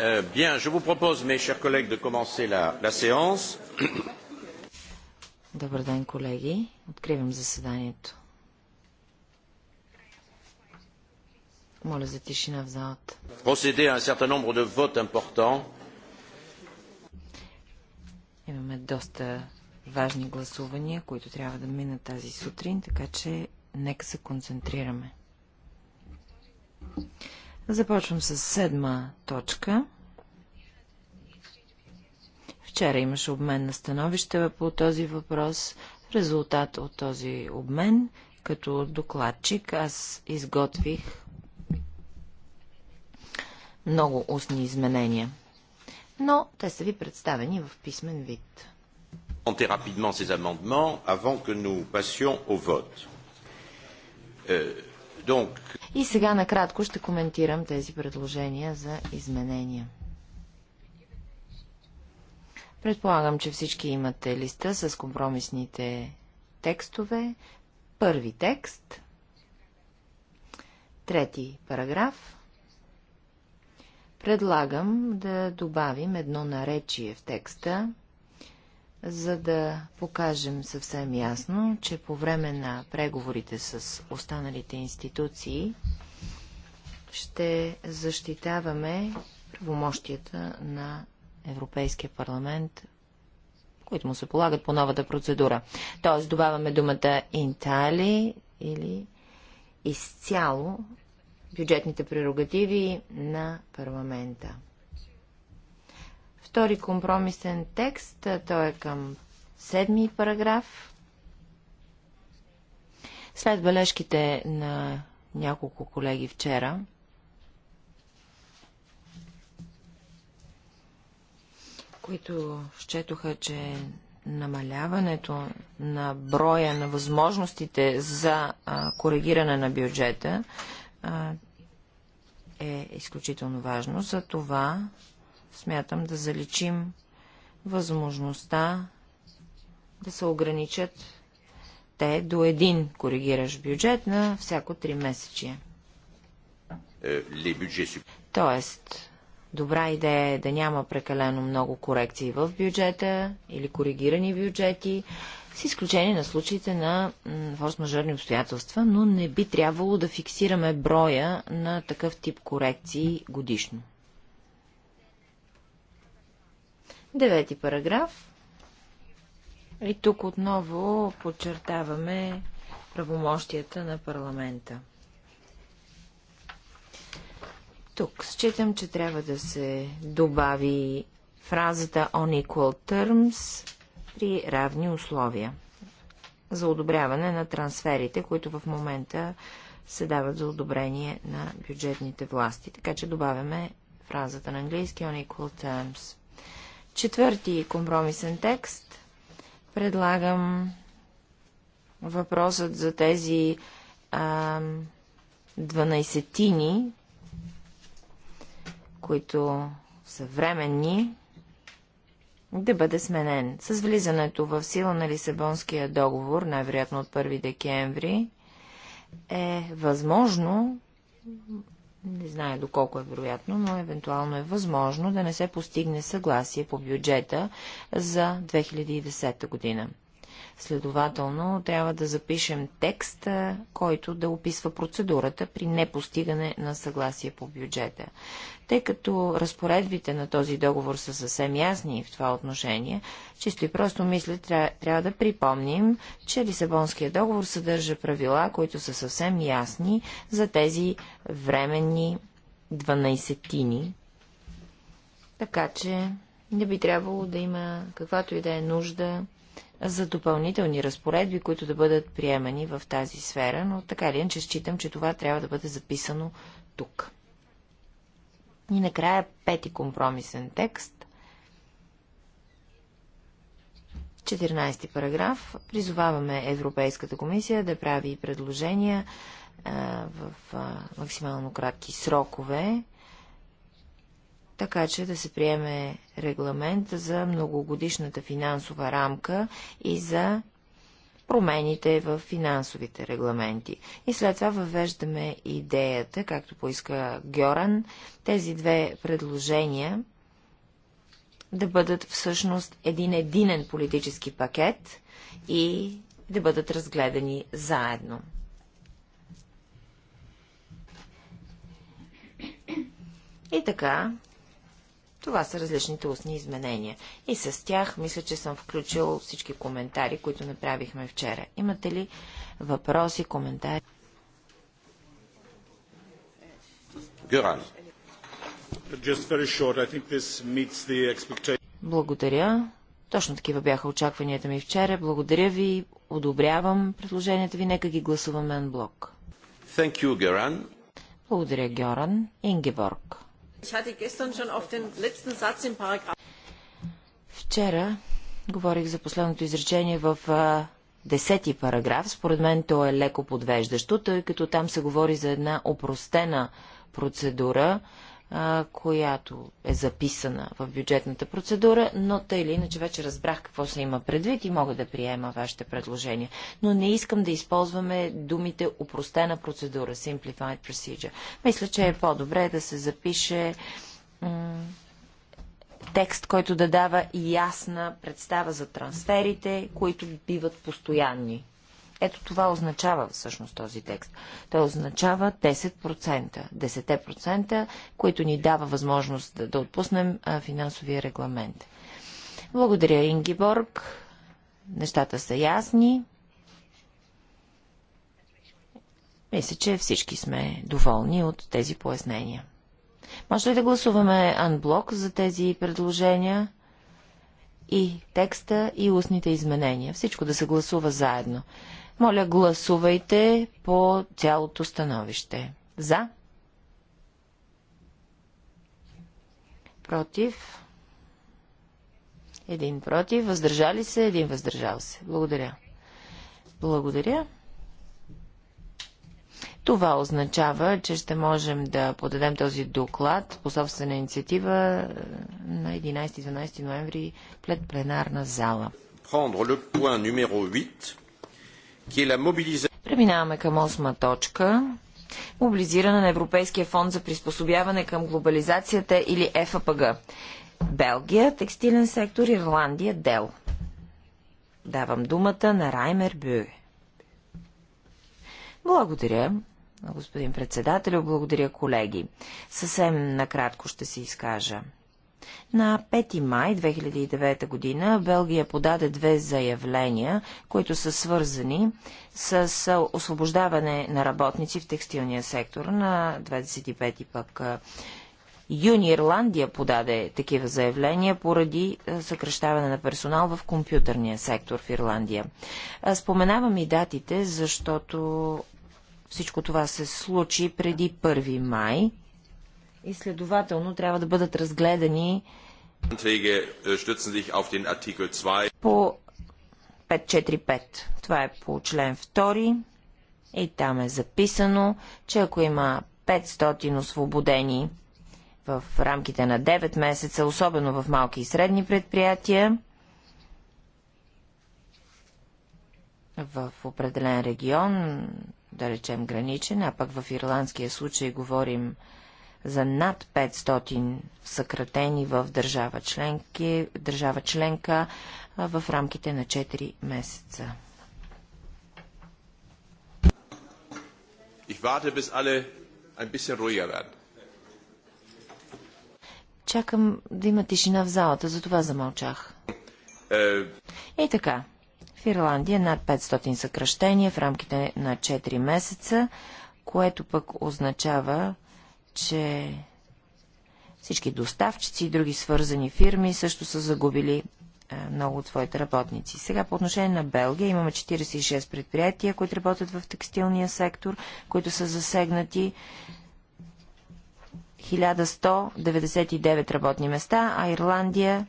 Euh, je vous propose, mes chers collègues, de commencer la, la séance. Добър ден, колеги. Откривам заседанието. Моля за тишина в залата. Procéder à un certain nombre de votes importants. Имаме доста важни гласувания, които трябва да минат тази сутрин, така че нека се концентрираме. Започвам с седма точка. Вчера имаше обмен на становища по този въпрос. резултат от този обмен, като докладчик, аз изготвих много устни изменения. Но те са ви представени в писмен вид. rapidement ces amendements avant que nous passions au vote. Euh, donc... И сега накратко ще коментирам тези предложения за изменения. Предполагам, че всички имате листа с компромисните текстове. Първи текст, трети параграф. Предлагам да добавим едно наречие в текста за да покажем съвсем ясно, че по време на преговорите с останалите институции ще защитаваме правомощията на Европейския парламент, които му се полагат по новата процедура. Тоест добавяме думата интали или изцяло бюджетните прерогативи на парламента. Втори компромисен текст, той е към седми параграф. След бележките на няколко колеги вчера, които счетоха, че намаляването на броя на възможностите за а, коригиране на бюджета а, е изключително важно. За това смятам да заличим възможността да се ограничат те до един коригиращ бюджет на всяко три месечи. Е, Тоест, добра идея е да няма прекалено много корекции в бюджета или коригирани бюджети, с изключение на случаите на форс-мажорни обстоятелства, но не би трябвало да фиксираме броя на такъв тип корекции годишно. Девети параграф. И тук отново подчертаваме правомощията на парламента. Тук считам, че трябва да се добави фразата on equal terms при равни условия за одобряване на трансферите, които в момента се дават за одобрение на бюджетните власти. Така че добавяме фразата на английски on equal terms. Четвърти компромисен текст. Предлагам въпросът за тези дванайсетини, които са временни, да бъде сменен. С влизането в сила на Лисабонския договор, най-вероятно от 1 декември, е възможно не знае доколко е вероятно, но евентуално е възможно да не се постигне съгласие по бюджета за 2010 година. Следователно, трябва да запишем текст, който да описва процедурата при непостигане на съгласие по бюджета. Тъй като разпоредбите на този договор са съвсем ясни в това отношение, чисто и просто мисля, трябва да припомним, че Лисабонския договор съдържа правила, които са съвсем ясни за тези временни дванайсетини. Така че не би трябвало да има каквато и да е нужда за допълнителни разпоредби, които да бъдат приемани в тази сфера, но така ли е, че считам, че това трябва да бъде записано тук. И накрая пети компромисен текст. 14 параграф. Призоваваме Европейската комисия да прави предложения а, в а, максимално кратки срокове така че да се приеме регламент за многогодишната финансова рамка и за промените в финансовите регламенти. И след това въвеждаме идеята, както поиска Гьоран, тези две предложения да бъдат всъщност един единен политически пакет и да бъдат разгледани заедно. И така, това са различните устни изменения. И с тях мисля, че съм включил всички коментари, които направихме вчера. Имате ли въпроси, коментари? Гъран. Благодаря. Точно такива бяха очакванията ми вчера. Благодаря ви. Одобрявам предложенията ви. Нека ги гласуваме анблок. блок. Благодаря, Геран. Ингеборг. Вчера говорих за последното изречение в десети параграф. Според мен то е леко подвеждащо, тъй като там се говори за една опростена процедура, която е записана в бюджетната процедура, но тъй или иначе вече разбрах какво се има предвид и мога да приема вашите предложения. Но не искам да използваме думите упростена процедура, simplified procedure. Мисля, че е по-добре да се запише текст, който да дава ясна представа за трансферите, които биват постоянни. Ето това означава всъщност този текст. Той означава 10%. 10%, които ни дава възможност да, да отпуснем а, финансовия регламент. Благодаря, Ингиборг. Нещата са ясни. Мисля, че всички сме доволни от тези пояснения. Може ли да гласуваме анблок за тези предложения? И текста, и устните изменения. Всичко да се гласува заедно. Моля, гласувайте по цялото становище. За? Против? Един против. Въздържали се? Един въздържал се. Благодаря. Благодаря. Това означава, че ще можем да подадем този доклад по собствена инициатива е, на 11-12 ноември пред пленарна зала. Prendre le point numéro 8 Преминаваме към осма точка. Мобилизиране на Европейския фонд за приспособяване към глобализацията или ФАПГ. Белгия, текстилен сектор, Ирландия, Дел. Давам думата на Раймер Бюе. Благодаря, господин председател, благодаря колеги. Съвсем накратко ще се изкажа. На 5 май 2009 година Белгия подаде две заявления, които са свързани с освобождаване на работници в текстилния сектор. На 25 пък юни Ирландия подаде такива заявления поради съкрещаване на персонал в компютърния сектор в Ирландия. Споменавам и датите, защото всичко това се случи преди 1 май и следователно трябва да бъдат разгледани äh, по 545. Това е по член 2 и там е записано, че ако има 500 освободени в рамките на 9 месеца, особено в малки и средни предприятия, в определен регион, да речем граничен, а пък в ирландския случай говорим за над 500 съкратени в държава, членки, държава членка в рамките на 4 месеца. Ich warte, bis alle ein bisschen ruhiger werden. Чакам да има тишина в залата, затова замълчах. Uh... И така, в Ирландия над 500 съкръщения в рамките на 4 месеца, което пък означава че всички доставчици и други свързани фирми също са загубили е, много от своите работници. Сега по отношение на Белгия имаме 46 предприятия, които работят в текстилния сектор, които са засегнати. 1199 работни места, а Ирландия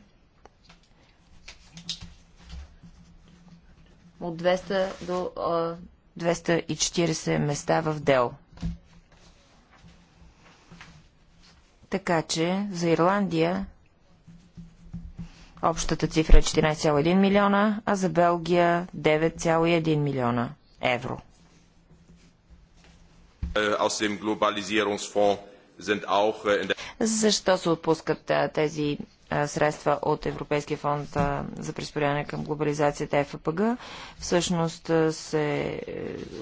от 200 до 240 е, места в Дел. Така че за Ирландия общата цифра е 14,1 милиона, а за Белгия 9,1 милиона евро. Е, е, Защо се отпускат е, тези средства от Европейския фонд за приспоряване към глобализацията ФПГ, всъщност се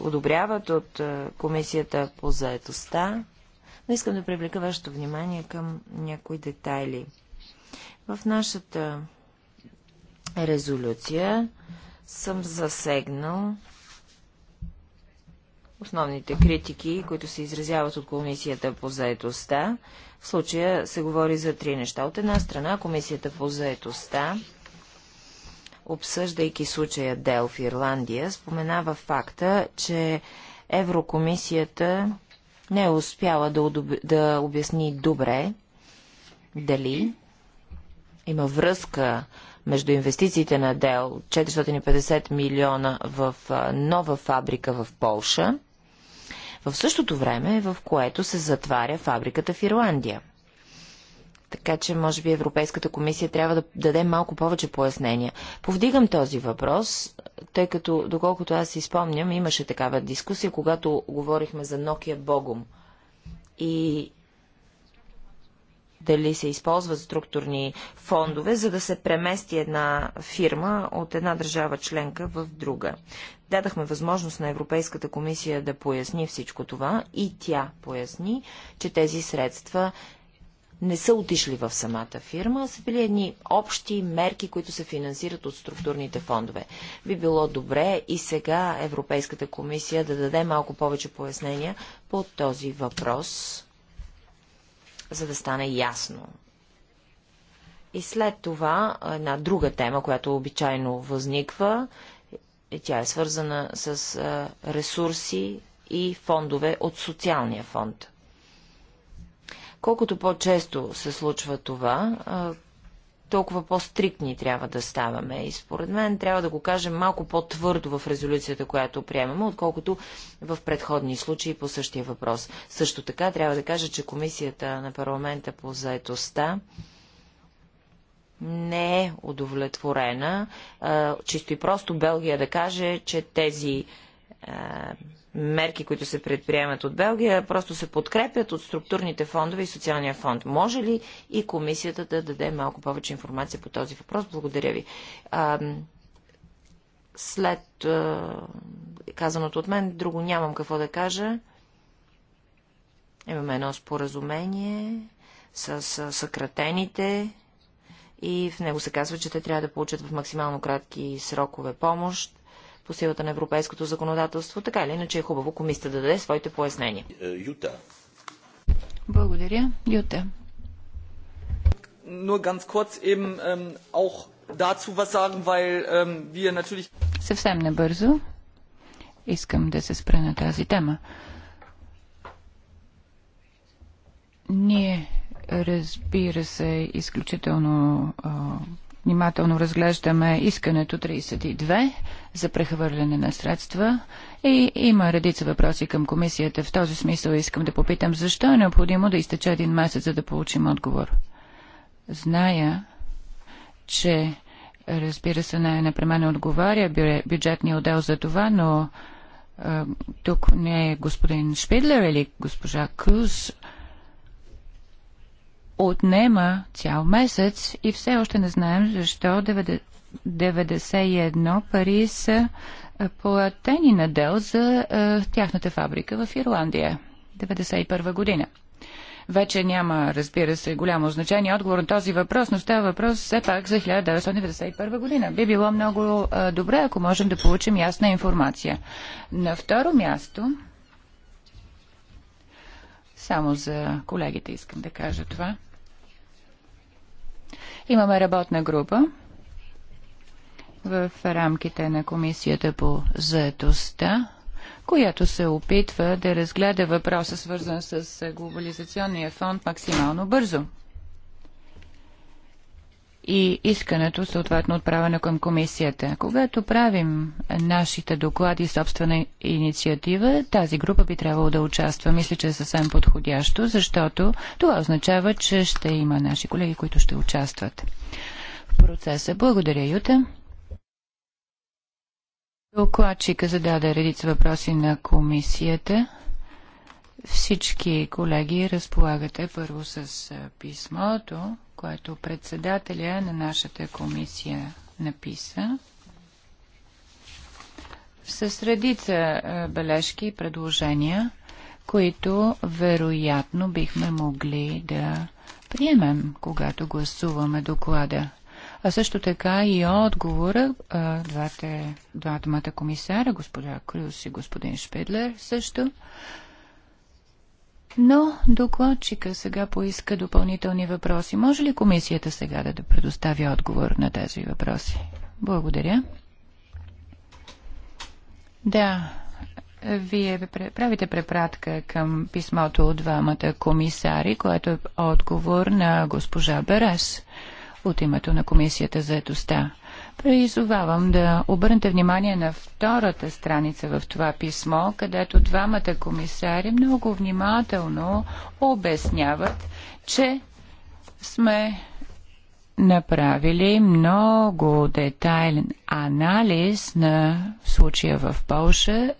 одобряват от Комисията по заедостта но искам да привлека вашето внимание към някои детайли. В нашата резолюция съм засегнал основните критики, които се изразяват от Комисията по заедостта. В случая се говори за три неща. От една страна, Комисията по заедостта, обсъждайки случая Дел в Ирландия, споменава факта, че Еврокомисията не е успяла да, удоб... да обясни добре дали има връзка между инвестициите на Дел 450 милиона в нова фабрика в Полша, в същото време, в което се затваря фабриката в Ирландия – така че, може би, Европейската комисия трябва да даде малко повече пояснения. Повдигам този въпрос, тъй като, доколкото аз си спомням, имаше такава дискусия, когато говорихме за Nokia Богом И дали се използват структурни фондове, за да се премести една фирма от една държава членка в друга. Дадахме възможност на Европейската комисия да поясни всичко това и тя поясни, че тези средства не са отишли в самата фирма, са били едни общи мерки, които се финансират от структурните фондове. Би било добре и сега Европейската комисия да даде малко повече пояснения по този въпрос, за да стане ясно. И след това една друга тема, която обичайно възниква, и тя е свързана с ресурси и фондове от социалния фонд. Колкото по-често се случва това, толкова по-стриктни трябва да ставаме. И според мен трябва да го кажем малко по-твърдо в резолюцията, която приемаме, отколкото в предходни случаи по същия въпрос. Също така трябва да кажа, че Комисията на парламента по заетостта не е удовлетворена. Чисто и просто Белгия да каже, че тези мерки, които се предприемат от Белгия, просто се подкрепят от структурните фондове и социалния фонд. Може ли и комисията да даде малко повече информация по този въпрос? Благодаря ви. А, след а, казаното от мен, друго нямам какво да кажа. Имаме едно споразумение с, с съкратените и в него се казва, че те трябва да получат в максимално кратки срокове помощ по силата на европейското законодателство. Така или иначе е хубаво комисията да даде своите пояснения. Е, Юта. Благодаря. Юта. Nur ganz kurz eben ähm, auch dazu was sagen, weil ähm, wir natürlich... Съвсем небързо искам да се спра на тази тема. Ние, разбира се, изключително а, Внимателно разглеждаме искането 32 за прехвърляне на средства и има редица въпроси към комисията. В този смисъл искам да попитам защо е необходимо да изтече един месец, за да получим отговор. Зная, че разбира се не непременно отговаря бюджетния отдел за това, но тук не е господин Шпидлер или госпожа Круз отнема цял месец и все още не знаем защо 91 пари са е, платени на дел за е, тяхната фабрика в Ирландия 91 година. Вече няма, разбира се, голямо значение отговор на този въпрос, но става въпрос все пак за 1991 година. Би било много е, добре, ако можем да получим ясна информация. На второ място, само за колегите искам да кажа това. Имаме работна група в рамките на Комисията по заетостта, която се опитва да разгледа въпроса, свързан с глобализационния фонд максимално бързо и искането съответно отправено към комисията. Когато правим нашите доклади собствена инициатива, тази група би трябвало да участва. Мисля, че е съвсем подходящо, защото това означава, че ще има наши колеги, които ще участват в процеса. Благодаря, Юта. Докладчика зададе редица въпроси на комисията. Всички колеги разполагате първо с писмото което председателя на нашата комисия написа. С редица бележки и предложения, които вероятно бихме могли да приемем, когато гласуваме доклада. А също така и отговора двата, двамата комисара, господа Крюс и господин Шпидлер също, но докладчика сега поиска допълнителни въпроси. Може ли комисията сега да, предостави отговор на тези въпроси? Благодаря. Да, вие правите препратка към писмото от двамата комисари, което е отговор на госпожа Берес от името на комисията за етоста. Призовавам да обърнете внимание на втората страница в това писмо, където двамата комисари много внимателно обясняват, че сме направили много детайлен анализ на случая в Полша.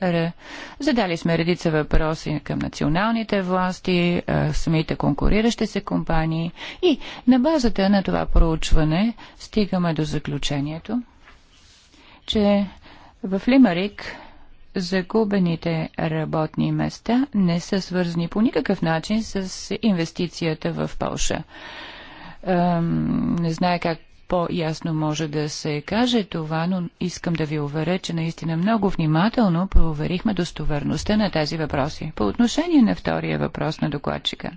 Задали сме редица въпроси към националните власти, самите конкуриращи се компании и на базата на това проучване стигаме до заключението, че в Лимарик загубените работни места не са свързани по никакъв начин с инвестицията в Полша. Не знае как по-ясно може да се каже това, но искам да ви уверя, че наистина много внимателно проверихме достоверността на тези въпроси. По отношение на втория въпрос на докладчика.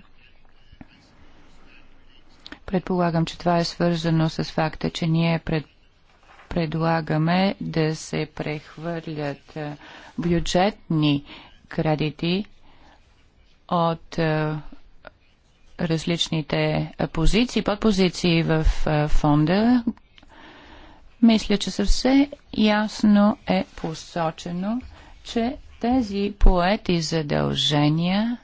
Предполагам, че това е свързано с факта, че ние пред предлагаме да се прехвърлят бюджетни кредити от различните позиции, подпозиции в фонда, мисля, че съвсем ясно е посочено, че тези поети задължения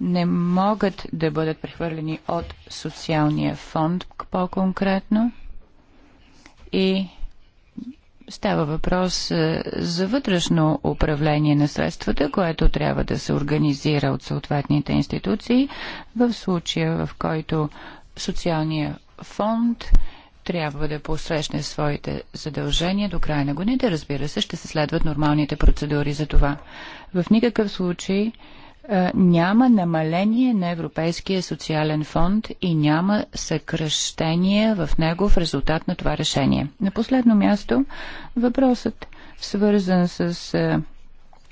не могат да бъдат прехвърлени от социалния фонд по-конкретно и Става въпрос е, за вътрешно управление на средствата, което трябва да се организира от съответните институции в случая, в който социалния фонд трябва да посрещне своите задължения до края на годините. Разбира се, ще се следват нормалните процедури за това. В никакъв случай е, няма намаление на Европейския социален фонд и няма съкръщение в него в резултат на това решение. На последно място въпросът свързан с е,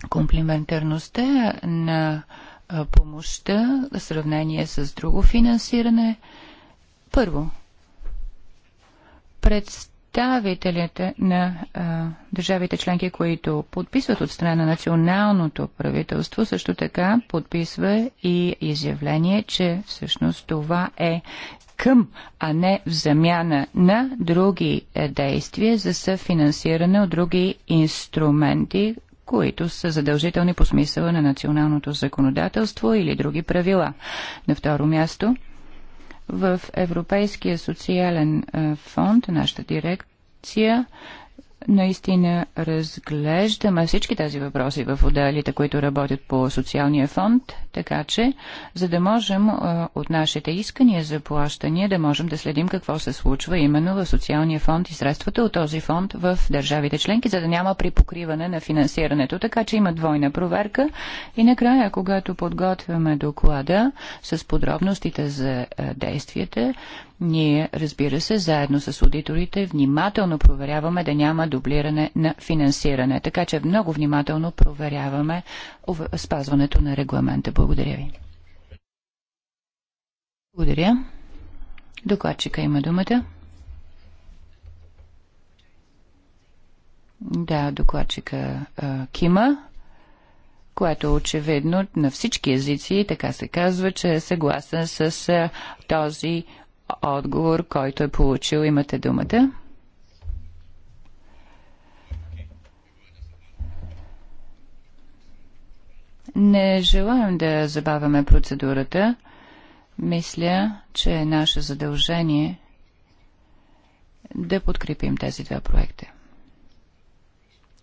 комплиментарността на е, помощта в сравнение с друго финансиране. Първо, пред представителите на а, държавите членки, които подписват от страна на националното правителство, също така подписва и изявление, че всъщност това е към, а не в замяна на други е, действия за съфинансиране от други инструменти, които са задължителни по смисъла на националното законодателство или други правила. На второ място – в Европейския социален фонд, нашата дирекция, наистина разглеждаме всички тези въпроси в отделите, които работят по социалния фонд, така че, за да можем от нашите искания за плащания да можем да следим какво се случва именно в социалния фонд и средствата от този фонд в държавите членки, за да няма припокриване на финансирането. Така че има двойна проверка и накрая, когато подготвяме доклада с подробностите за действията, ние, разбира се, заедно с аудиторите внимателно проверяваме да няма дублиране на финансиране, така че много внимателно проверяваме спазването на регламента. Благодаря ви. Благодаря. Докладчика има думата. Да, докладчика а, Кима, което е очевидно на всички езици, така се казва, че е съгласен с а, този отговор, който е получил. Имате думата. Не желаем да забавяме процедурата. Мисля, че е наше задължение да подкрепим тези два проекта.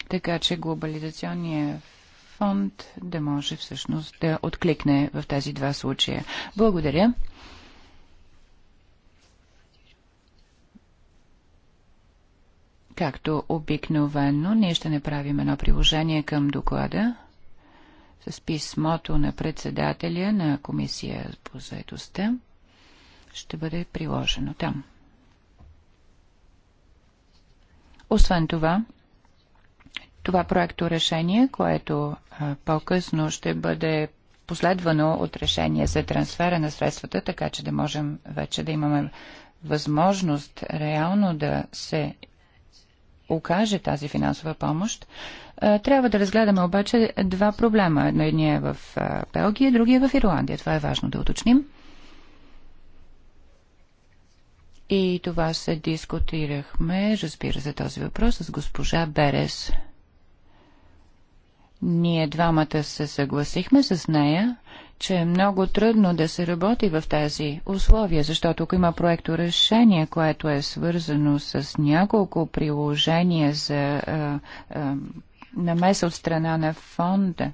Така че глобализационният фонд да може всъщност да откликне в тези два случая. Благодаря. Както обикновено, ние ще направим едно приложение към доклада с писмото на председателя на комисия по заедостта. Ще бъде приложено там. Освен това, това проекто решение, което по-късно ще бъде последвано от решение за трансфера на средствата, така че да можем вече да имаме възможност реално да се окаже тази финансова помощ. Е, трябва да разгледаме обаче два проблема. Едно е в е, Белгия, другия е в Ирландия. Това е важно да уточним. И това се дискутирахме, разбира се, този въпрос с госпожа Берес. Ние двамата се съгласихме с нея, че е много трудно да се работи в тези условия, защото ако има проекто решение, което е свързано с няколко приложения за а, а, намеса от страна на фонда,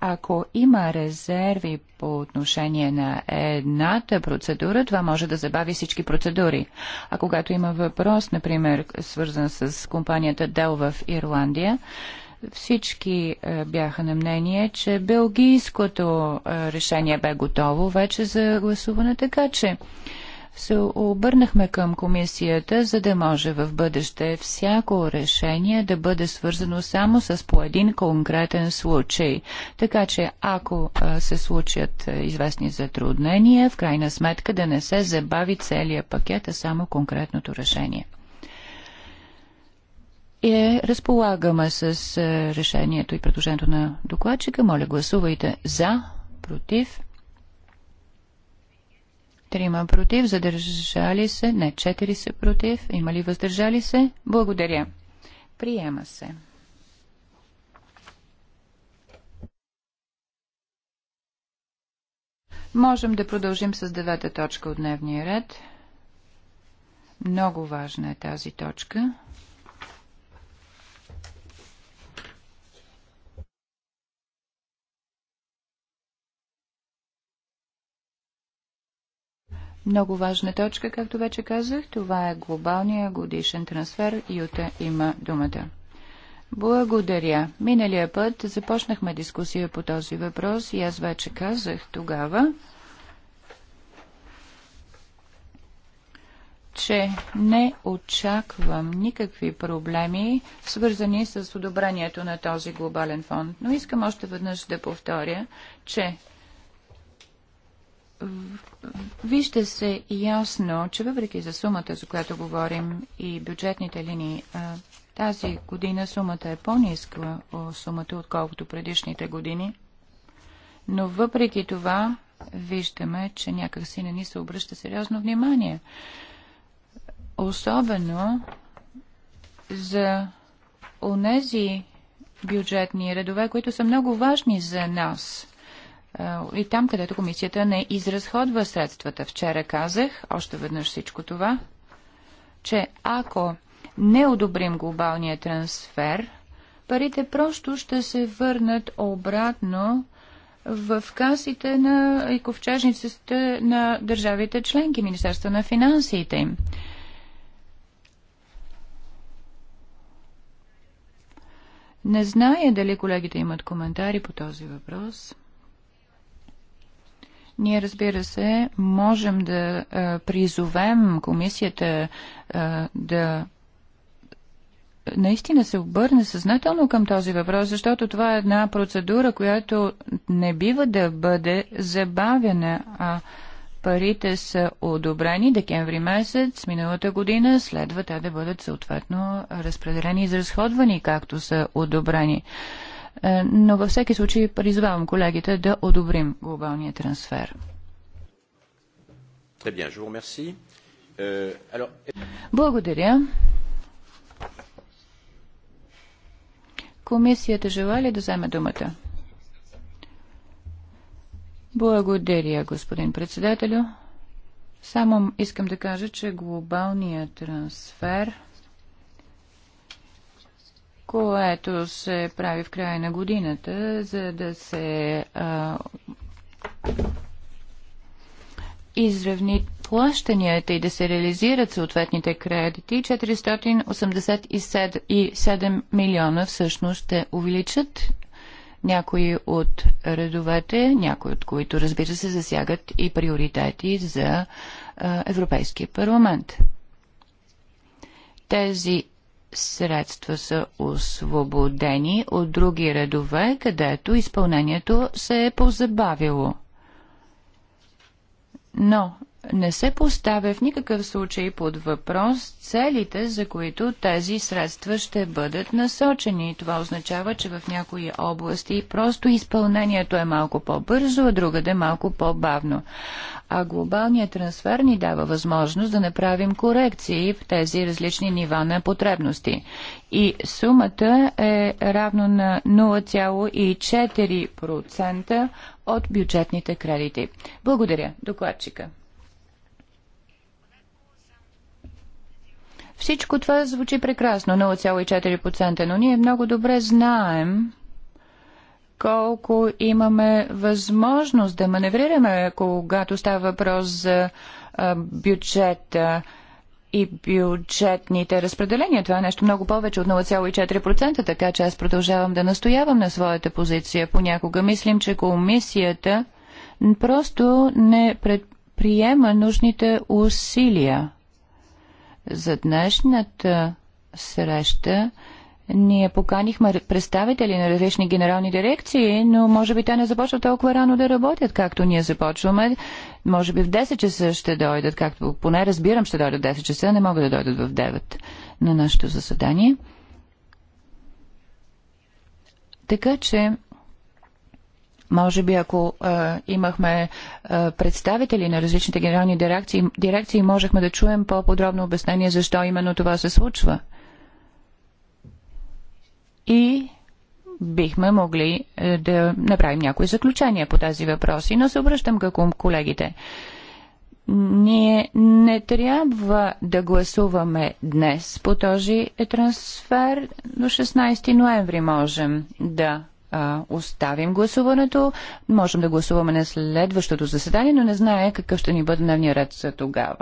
ако има резерви по отношение на едната процедура, това може да забави всички процедури. А когато има въпрос, например, свързан с компанията Дел в Ирландия, всички е, бяха на мнение, че белгийското е, решение бе готово вече за гласуване, така че се обърнахме към комисията, за да може в бъдеще всяко решение да бъде свързано само с по един конкретен случай. Така че ако е, се случат известни затруднения, в крайна сметка да не се забави целият пакет, а само конкретното решение е, разполагаме с е, решението и предложението на докладчика. Моля, гласувайте за, против. Трима против, задържали се, не, четири са против. Има ли въздържали се? Благодаря. Приема се. Можем да продължим с девета точка от дневния ред. Много важна е тази точка. Много важна точка, както вече казах, това е глобалния годишен трансфер. Юта има думата. Благодаря. Миналия път започнахме дискусия по този въпрос и аз вече казах тогава, че не очаквам никакви проблеми, свързани с одобрението на този глобален фонд. Но искам още веднъж да повторя, че Вижда се ясно, че въпреки за сумата, за която говорим и бюджетните линии, тази година сумата е по-ниска от сумата, отколкото предишните години. Но въпреки това виждаме, че някакси не ни се обръща сериозно внимание. Особено за онези бюджетни редове, които са много важни за нас – е, и там, където комисията не изразходва средствата. Вчера казах, още веднъж всичко това, че ако не одобрим глобалния трансфер, парите просто ще се върнат обратно в касите на и ковчежниците на държавите членки, Министерство на финансите им. Не зная дали колегите имат коментари по този въпрос. Ние, разбира се, можем да призовем комисията да наистина се обърне съзнателно към този въпрос, защото това е една процедура, която не бива да бъде забавена, а парите са одобрени декември месец миналата година, следва те да бъдат съответно разпределени и изразходвани, както са одобрени. Е, но във всеки случай призвавам колегите да одобрим глобалния трансфер. Euh, Благодаря. Комисията желая ли да вземе думата? Благодаря, господин председателю. Само искам да кажа, че глобалният трансфер – което се прави в края на годината, за да се а, изравни плащанията и да се реализират съответните кредити, 487 милиона всъщност ще увеличат някои от редовете, някои от които, разбира се, засягат и приоритети за а, Европейския парламент. Тези средства са освободени от други редове, където изпълнението се е позабавило. Но не се поставя в никакъв случай под въпрос целите, за които тези средства ще бъдат насочени. Това означава, че в някои области просто изпълнението е малко по-бързо, а другаде малко по-бавно. А глобалният трансфер ни дава възможност да направим корекции в тези различни нива на потребности. И сумата е равно на 0,4% от бюджетните кредити. Благодаря, докладчика. Всичко това звучи прекрасно, 0,4%, но ние много добре знаем, колко имаме възможност да маневрираме, когато става въпрос за бюджета и бюджетните разпределения. Това е нещо много повече от 0,4%, така че аз продължавам да настоявам на своята позиция. Понякога мислим, че комисията просто не предприема нужните усилия за днешната среща ние поканихме представители на различни генерални дирекции, но може би те не започват толкова рано да работят, както ние започваме. Може би в 10 часа ще дойдат, както поне разбирам, ще дойдат в 10 часа, не могат да дойдат в 9 на нашето заседание. Така че може би ако а, имахме а, представители на различните генерални дирекции, дирекции, можехме да чуем по-подробно обяснение защо именно това се случва. И бихме могли а, е, да направим някои заключения по тези въпроси, но се обръщам към колегите. Ние не трябва да гласуваме днес по този е, трансфер. До 16 ноември можем да а, оставим гласуването. Можем да гласуваме на следващото заседание, но не знае какъв ще ни бъде дневния ред за тогава.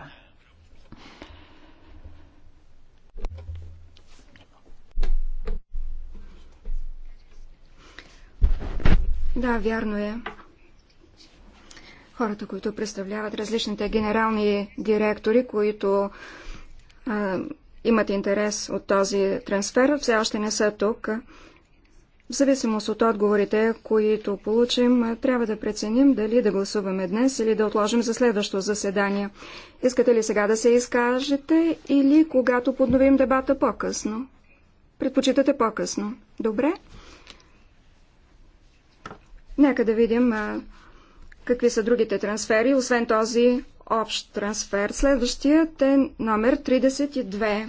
Да, вярно е. Хората, които представляват различните генерални директори, които а, имат интерес от този трансфер, все още не са тук. В зависимост от отговорите, които получим, трябва да преценим дали да гласуваме днес или да отложим за следващо заседание. Искате ли сега да се изкажете или когато подновим дебата по-късно? Предпочитате по-късно. Добре? Нека да видим а, какви са другите трансфери, освен този общ трансфер. Следващият е номер 32.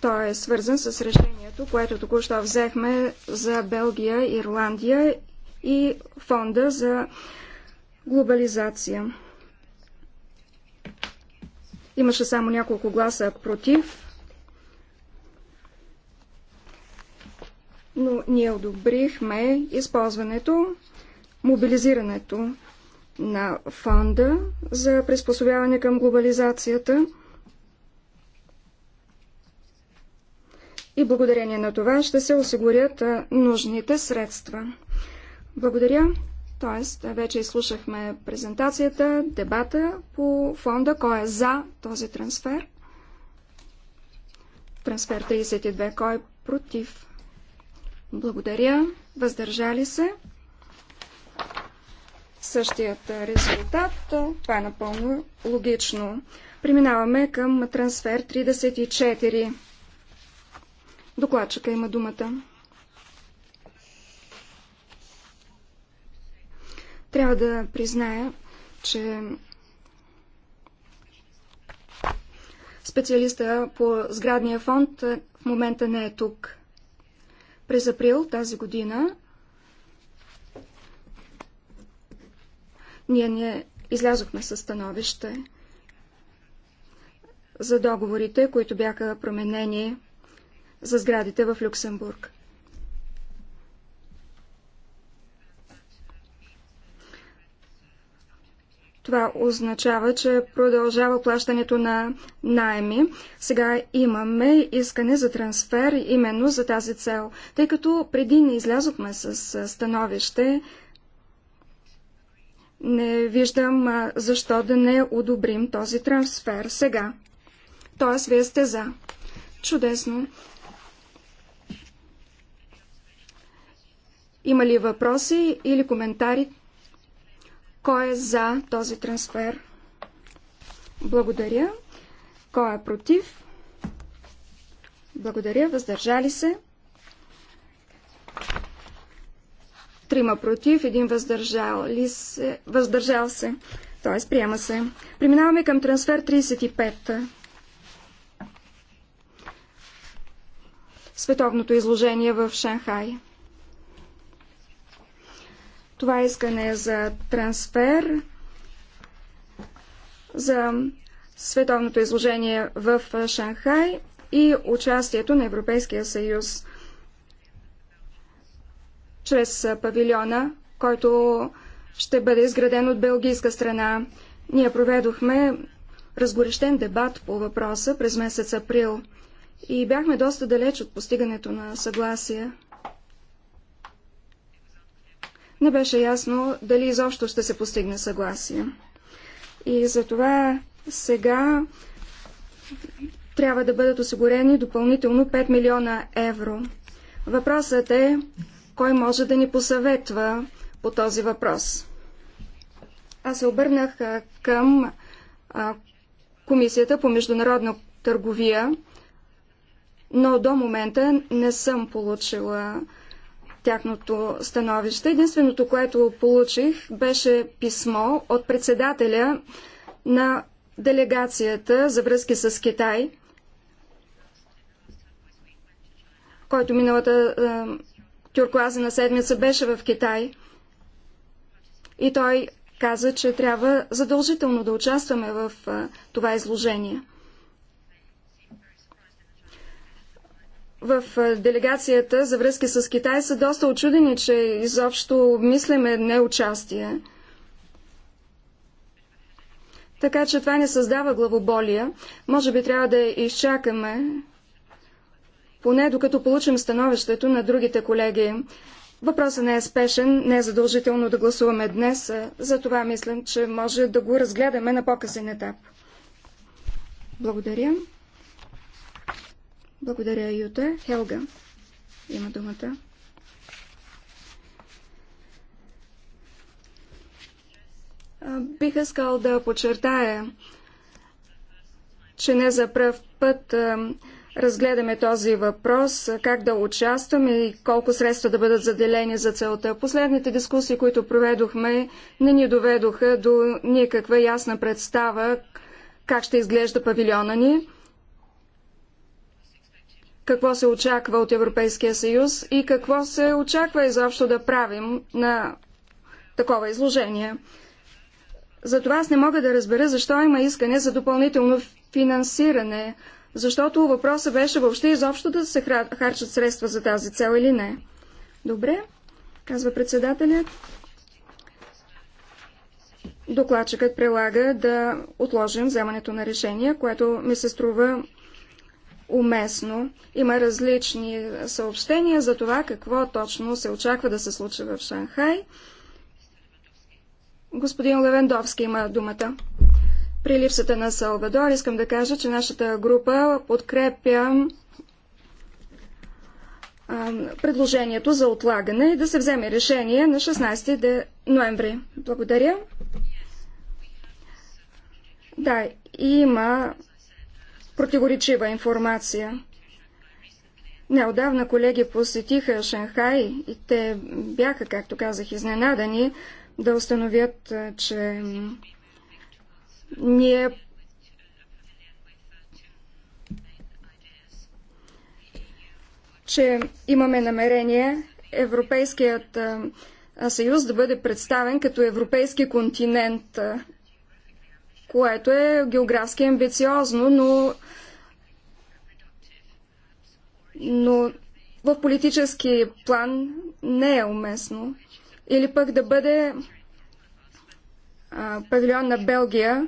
Той е свързан с решението, което току-що взехме за Белгия, Ирландия и фонда за глобализация. Имаше само няколко гласа против, но ние одобрихме използването, мобилизирането на фонда за приспособяване към глобализацията – и благодарение на това ще се осигурят нужните средства. Благодаря. Тоест, вече изслушахме презентацията, дебата по фонда, кой е за този трансфер. Трансфер 32, кой е против. Благодаря. Въздържали се. Същият резултат. Това е напълно логично. Преминаваме към трансфер 34. Докладчика има думата. Трябва да призная, че специалиста по сградния фонд в момента не е тук. През април тази година ние не излязохме със становище за договорите, които бяха променени за сградите в Люксембург. Това означава, че продължава плащането на найеми. Сега имаме искане за трансфер именно за тази цел, тъй като преди не излязохме с становище. Не виждам защо да не одобрим този трансфер сега. Тоест, вие сте за. Чудесно. Има ли въпроси или коментари? Кой е за този трансфер? Благодаря. Кой е против? Благодаря. Въздържали се? Трима против, един въздържал, ли се, въздържал се. Тоест, приема се. Преминаваме към трансфер 35. Световното изложение в Шанхай. Това искане е за трансфер за световното изложение в Шанхай и участието на Европейския съюз чрез павилиона, който ще бъде изграден от белгийска страна. Ние проведохме разгорещен дебат по въпроса през месец април и бяхме доста далеч от постигането на съгласие не беше ясно дали изобщо ще се постигне съгласие. И затова сега трябва да бъдат осигурени допълнително 5 милиона евро. Въпросът е, кой може да ни посъветва по този въпрос? Аз се обърнах към Комисията по международна търговия, но до момента не съм получила тяхното становище. Единственото, което получих, беше писмо от председателя на делегацията за връзки с Китай, който миналата е, на седмица беше в Китай. И той каза, че трябва задължително да участваме в е, това изложение. в делегацията за връзки с Китай са доста очудени, че изобщо мислиме участие. Така че това не създава главоболия. Може би трябва да изчакаме, поне докато получим становището на другите колеги. Въпросът не е спешен, не е задължително да гласуваме днес, затова мислям, че може да го разгледаме на по-късен етап. Благодаря. Благодаря, Юта. Хелга има думата. Бих искал да подчертая, че не за пръв път разгледаме този въпрос, как да участваме и колко средства да бъдат заделени за целта. Последните дискусии, които проведохме, не ни доведоха до никаква ясна представа как ще изглежда павилиона ни какво се очаква от Европейския съюз и какво се очаква изобщо да правим на такова изложение. Затова аз не мога да разбера защо има искане за допълнително финансиране, защото въпросът беше въобще изобщо да се харчат средства за тази цел или не. Добре, казва председателят. Докладчикът прилага да отложим вземането на решение, което ми се струва уместно. Има различни съобщения за това какво точно се очаква да се случи в Шанхай. Господин Левендовски има думата. При липсата на Салвадор искам да кажа, че нашата група подкрепя предложението за отлагане и да се вземе решение на 16 ноември. Благодаря. Да, има противоречива информация. Неодавна колеги посетиха Шанхай и те бяха, както казах, изненадани да установят, че ние че имаме намерение Европейският съюз да бъде представен като европейски континент което е географски амбициозно, но, но в политически план не е уместно. Или пък да бъде а, павилион на Белгия,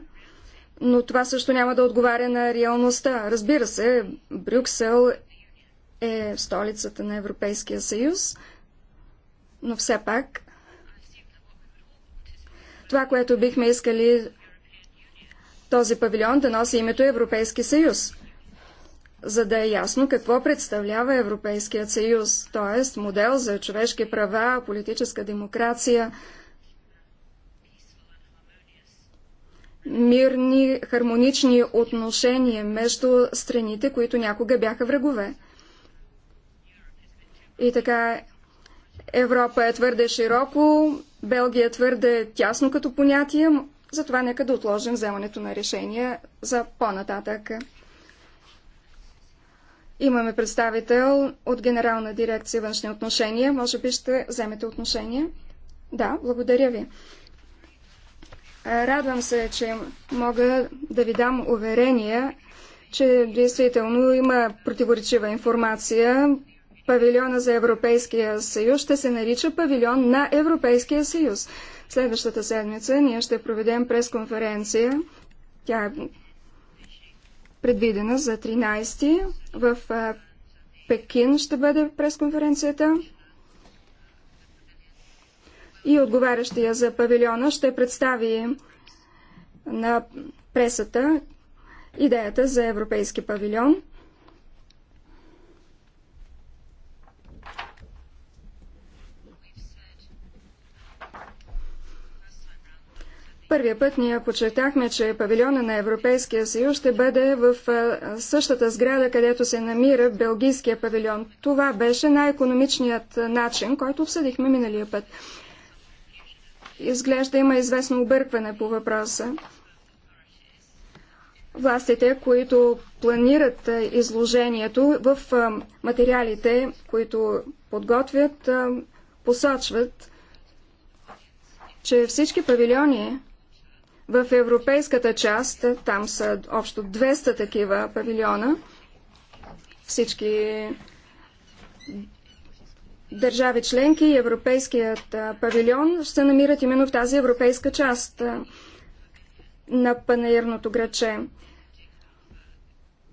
но това също няма да отговаря на реалността. Разбира се, Брюксел е столицата на Европейския съюз, но все пак това, което бихме искали този павилион да носи името Европейски съюз, за да е ясно какво представлява Европейският съюз, т.е. модел за човешки права, политическа демокрация, мирни, хармонични отношения между страните, които някога бяха врагове. И така, Европа е твърде широко, Белгия е твърде тясно като понятие, затова нека да отложим вземането на решения за по-нататък. Имаме представител от Генерална дирекция външни отношения. Може би ще вземете отношение. Да, благодаря ви. Радвам се, че мога да ви дам уверения, че действително има противоречива информация. Павилиона за Европейския съюз ще се нарича павилион на Европейския съюз. Следващата седмица ние ще проведем пресконференция. Тя е предвидена за 13 в Пекин ще бъде пресконференцията. И отговарящия за павилиона ще представи на пресата идеята за европейски павилион. Първия път ние подчертахме, че павилиона на Европейския съюз ще бъде в същата сграда, където се намира Белгийския павилион. Това беше най-економичният начин, който обсъдихме миналия път. Изглежда има известно объркване по въпроса. Властите, които планират изложението в материалите, които подготвят, посочват, че всички павилиони в европейската част, там са общо 200 такива павилиона, всички държави членки и Европейският павилион се намират именно в тази европейска част на панаирното граче.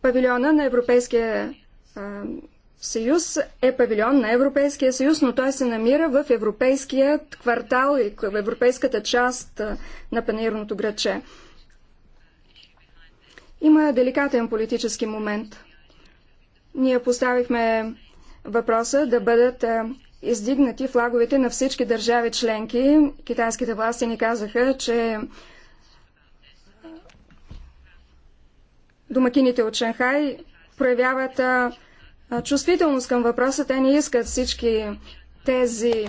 Павилиона на Европейския съюз е павилион на Европейския съюз, но той се намира в европейският квартал и в европейската част на панирното градче. Има деликатен политически момент. Ние поставихме въпроса да бъдат издигнати флаговете на всички държави членки. Китайските власти ни казаха, че домакините от Шанхай проявяват чувствителност към въпроса. Те не искат всички тези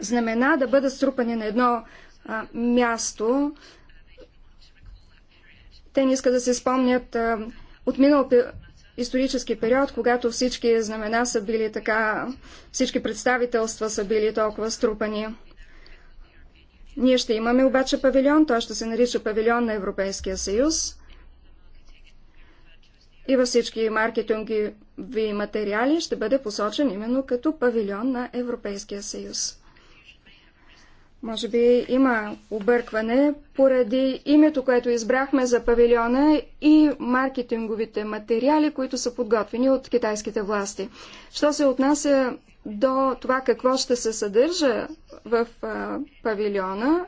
знамена да бъдат струпани на едно а, място. Те не искат да се спомнят а, от минал исторически период, когато всички знамена са били така, всички представителства са били толкова струпани. Ние ще имаме обаче павилион, той ще се нарича павилион на Европейския съюз и във всички маркетингови материали ще бъде посочен именно като павилион на Европейския съюз. Може би има объркване поради името, което избрахме за павилиона и маркетинговите материали, които са подготвени от китайските власти. Що се отнася до това какво ще се съдържа в а, павилиона,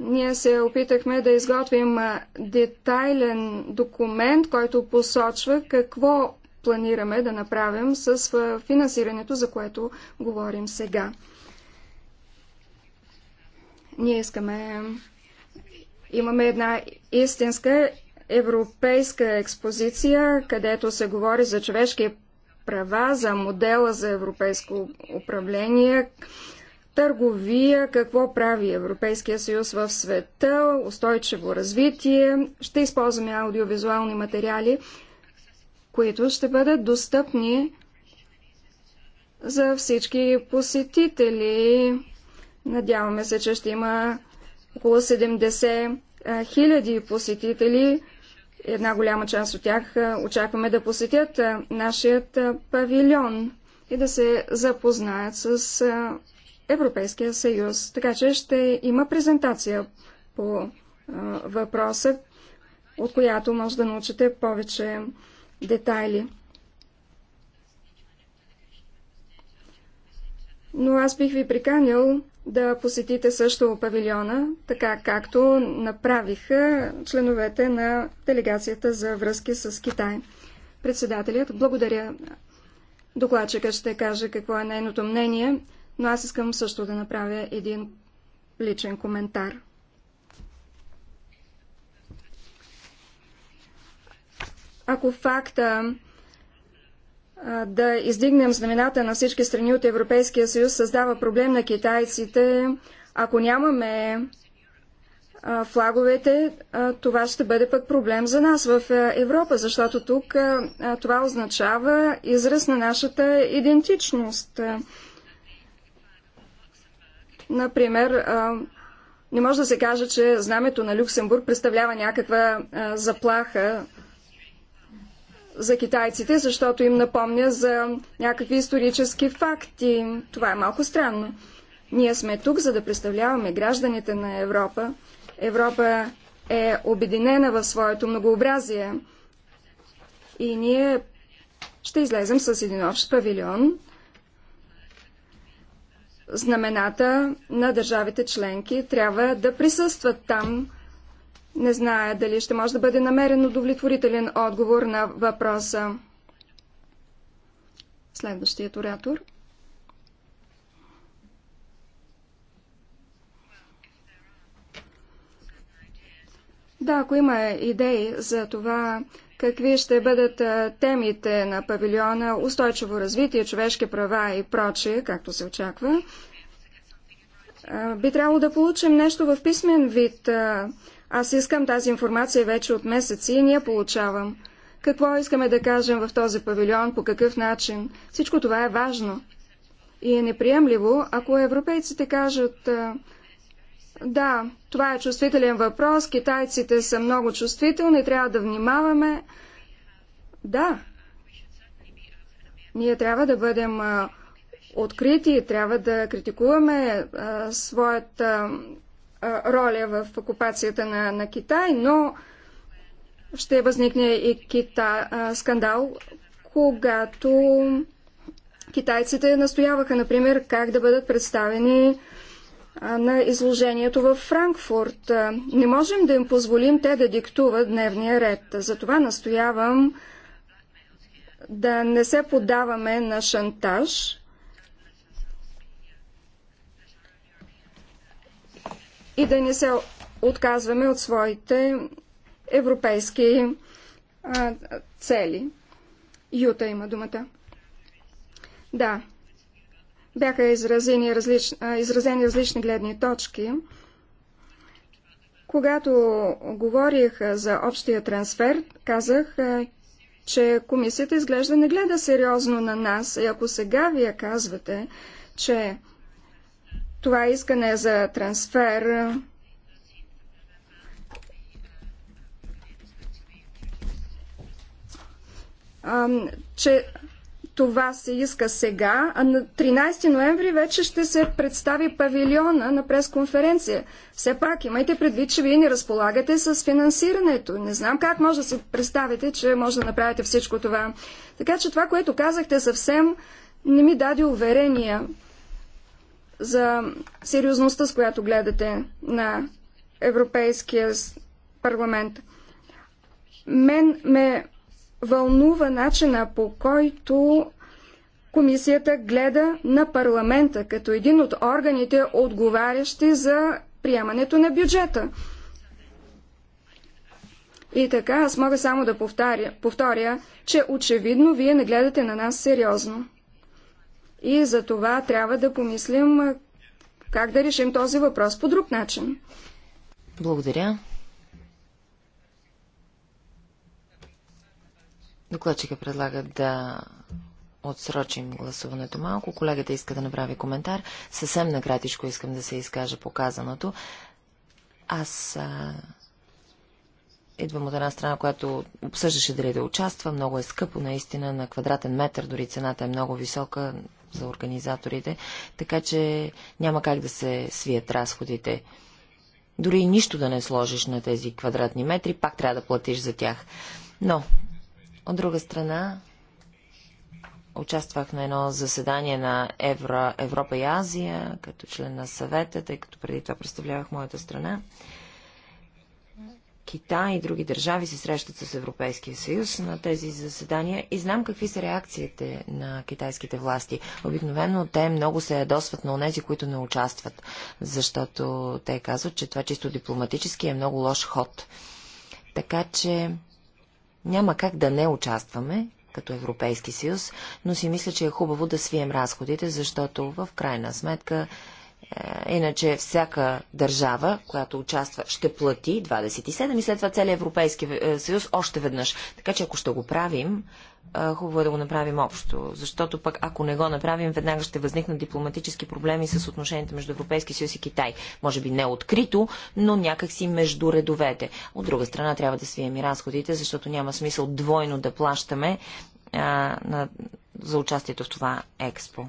ние се опитахме да изготвим детайлен документ, който посочва какво планираме да направим с финансирането, за което говорим сега. Ние искаме. Имаме една истинска европейска експозиция, където се говори за човешки права, за модела за европейско управление, търговия, какво прави Европейския съюз в света, устойчиво развитие. Ще използваме аудиовизуални материали, които ще бъдат достъпни за всички посетители. Надяваме се, че ще има около 70 хиляди посетители. Една голяма част от тях очакваме да посетят нашият павилион и да се запознаят с Европейския съюз. Така че ще има презентация по а, въпроса, от която може да научите повече детайли. Но аз бих ви приканил да посетите също павилиона, така както направиха членовете на делегацията за връзки с Китай. Председателят, благодаря. Докладчика ще каже какво е нейното мнение но аз искам също да направя един личен коментар. Ако факта да издигнем знамената на всички страни от Европейския съюз създава проблем на китайците, ако нямаме флаговете, това ще бъде пък проблем за нас в Европа, защото тук това означава израз на нашата идентичност. Например, не може да се каже, че знамето на Люксембург представлява някаква заплаха за китайците, защото им напомня за някакви исторически факти. Това е малко странно. Ние сме тук, за да представляваме гражданите на Европа. Европа е обединена в своето многообразие. И ние ще излезем с един общ павилион, знамената на държавите членки. Трябва да присъстват там. Не зная дали ще може да бъде намерен удовлетворителен отговор на въпроса. Следващият оратор. Да, ако има идеи за това какви ще бъдат темите на павилиона устойчиво развитие, човешки права и прочие, както се очаква. Би трябвало да получим нещо в писмен вид. Аз искам тази информация вече от месеци и ние получавам. Какво искаме да кажем в този павилион, по какъв начин? Всичко това е важно. И е неприемливо, ако европейците кажат, да, това е чувствителен въпрос. Китайците са много чувствителни, трябва да внимаваме. Да, ние трябва да бъдем открити, трябва да критикуваме а, своята а, роля в окупацията на, на Китай, но ще възникне и кита, а, скандал, когато китайците настояваха, например, как да бъдат представени на изложението във Франкфурт. Не можем да им позволим те да диктуват дневния ред. Затова настоявам да не се поддаваме на шантаж и да не се отказваме от своите европейски а, цели. Юта има думата. Да, бяха изразени, различ... изразени различни гледни точки. Когато говорих за общия трансфер, казах, че комисията изглежда не гледа сериозно на нас. И ако сега вие казвате, че това искане за трансфер че това се иска сега, а на 13 ноември вече ще се представи павилиона на пресконференция. Все пак имайте предвид, че вие не разполагате с финансирането. Не знам как може да се представите, че може да направите всичко това. Така че това, което казахте съвсем не ми даде уверения за сериозността, с която гледате на Европейския парламент. Мен ме вълнува начина по който комисията гледа на парламента като един от органите, отговарящи за приемането на бюджета. И така, аз мога само да повторя, повторя, че очевидно вие не гледате на нас сериозно. И за това трябва да помислим как да решим този въпрос по друг начин. Благодаря. Докладчика предлага да отсрочим гласуването малко. Колегата иска да направи коментар. Съвсем наградичко искам да се изкажа показаното. Аз а... идвам от една страна, която обсъждаше дали да участва. Много е скъпо наистина на квадратен метър, дори цената е много висока за организаторите, така че няма как да се свият разходите. Дори и нищо да не сложиш на тези квадратни метри, пак трябва да платиш за тях. Но от друга страна, участвах на едно заседание на Евро, Европа и Азия, като член на съвета, тъй като преди това представлявах моята страна. Китай и други държави се срещат с Европейския съюз на тези заседания и знам какви са реакциите на китайските власти. Обикновено те много се ядосват на онези, които не участват, защото те казват, че това чисто дипломатически е много лош ход. Така че няма как да не участваме като Европейски съюз, но си мисля, че е хубаво да свием разходите, защото в крайна сметка е, Иначе всяка държава, която участва, ще плати 27 и след това целият Европейски е, съюз още веднъж. Така че ако ще го правим, хубаво е да го направим общо, защото пък ако не го направим, веднага ще възникнат дипломатически проблеми с отношенията между Европейски съюз и Китай. Може би не открито, но някакси между редовете. От друга страна трябва да свием и разходите, защото няма смисъл двойно да плащаме а, на, за участието в това експо.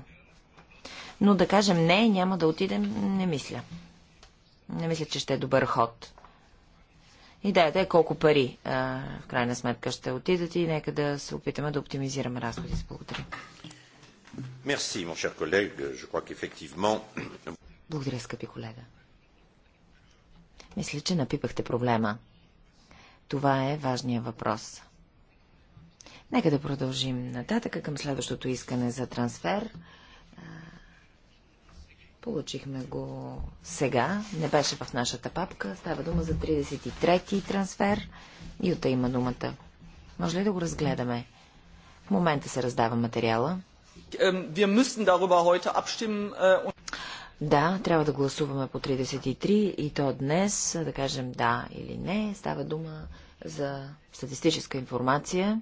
Но да кажем не, няма да отидем, не мисля. Не мисля, че ще е добър ход. Идеята е колко пари в крайна сметка ще отидат и нека да се опитаме да оптимизираме разходите. Благодаря. Merci, mon cher collègue. Je crois qu'effectivement... Благодаря, скъпи колега. Мисля, че напипахте проблема. Това е важният въпрос. Нека да продължим нататък към следващото искане за трансфер. Получихме го сега. Не беше в нашата папка. Става дума за 33-ти трансфер. Юта има думата. Може ли да го разгледаме? В момента се раздава материала. Äh, да, трябва да гласуваме по 33 и то днес, да кажем да или не. Става дума за статистическа информация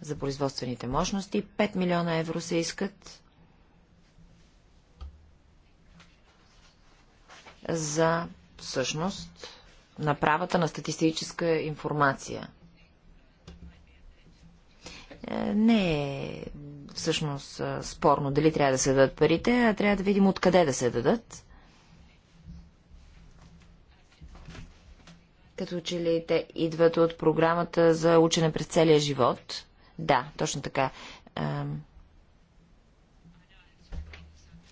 за производствените мощности. 5 милиона евро се искат. за всъщност направата на статистическа информация. Е, не е всъщност е, спорно дали трябва да се дадат парите, а трябва да видим откъде да се дадат. Като че ли те идват от програмата за учене през целия живот? Да, точно така.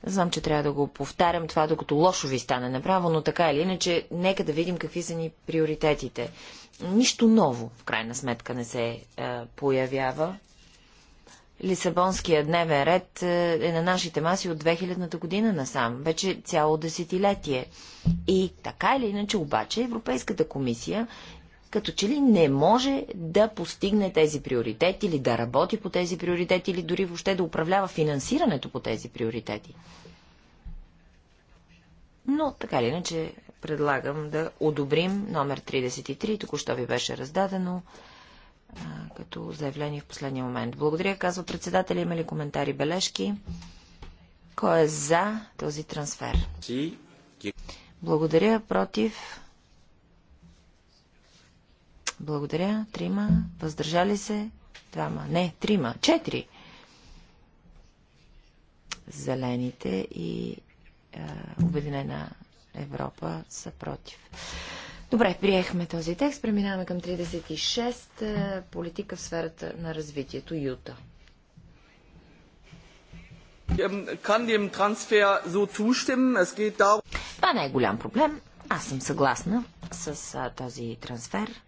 Знам, че трябва да го повтарям това, докато лошо ви стане направо, но така или иначе, нека да видим какви са ни приоритетите. Нищо ново, в крайна сметка, не се е, появява. Лисабонския дневен ред е, е на нашите маси от 2000-та година насам, вече цяло десетилетие. И така или иначе обаче Европейската комисия като че ли не може да постигне тези приоритети или да работи по тези приоритети или дори въобще да управлява финансирането по тези приоритети. Но така или иначе предлагам да одобрим номер 33, току-що ви беше раздадено а, като заявление в последния момент. Благодаря, казва председателя. Има ли коментари, бележки? Кой е за този трансфер? Благодаря, против. Благодаря. Трима. Въздържали се? Двама. Не, трима. Четири. Зелените и е, Обединена Европа са против. Добре, приехме този текст. Преминаваме към 36. Е, политика в сферата на развитието. Юта. Това не е голям проблем. Аз съм съгласна с този трансфер.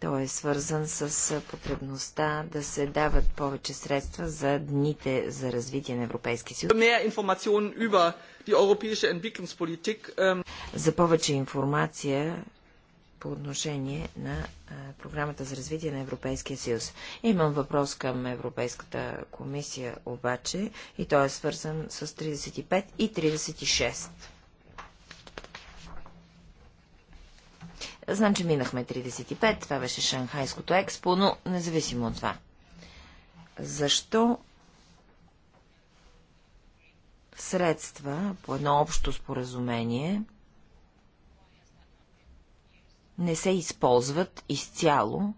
Той е свързан с потребността да се дават повече средства за дните за развитие на Европейския съюз. Ähm, за повече информация по отношение на програмата за развитие на Европейския съюз. Имам въпрос към Европейската комисия обаче и той е свързан с 35 и 36. Знам, че минахме 35, това беше Шанхайското експо, но независимо от това. Защо средства по едно общо споразумение не се използват изцяло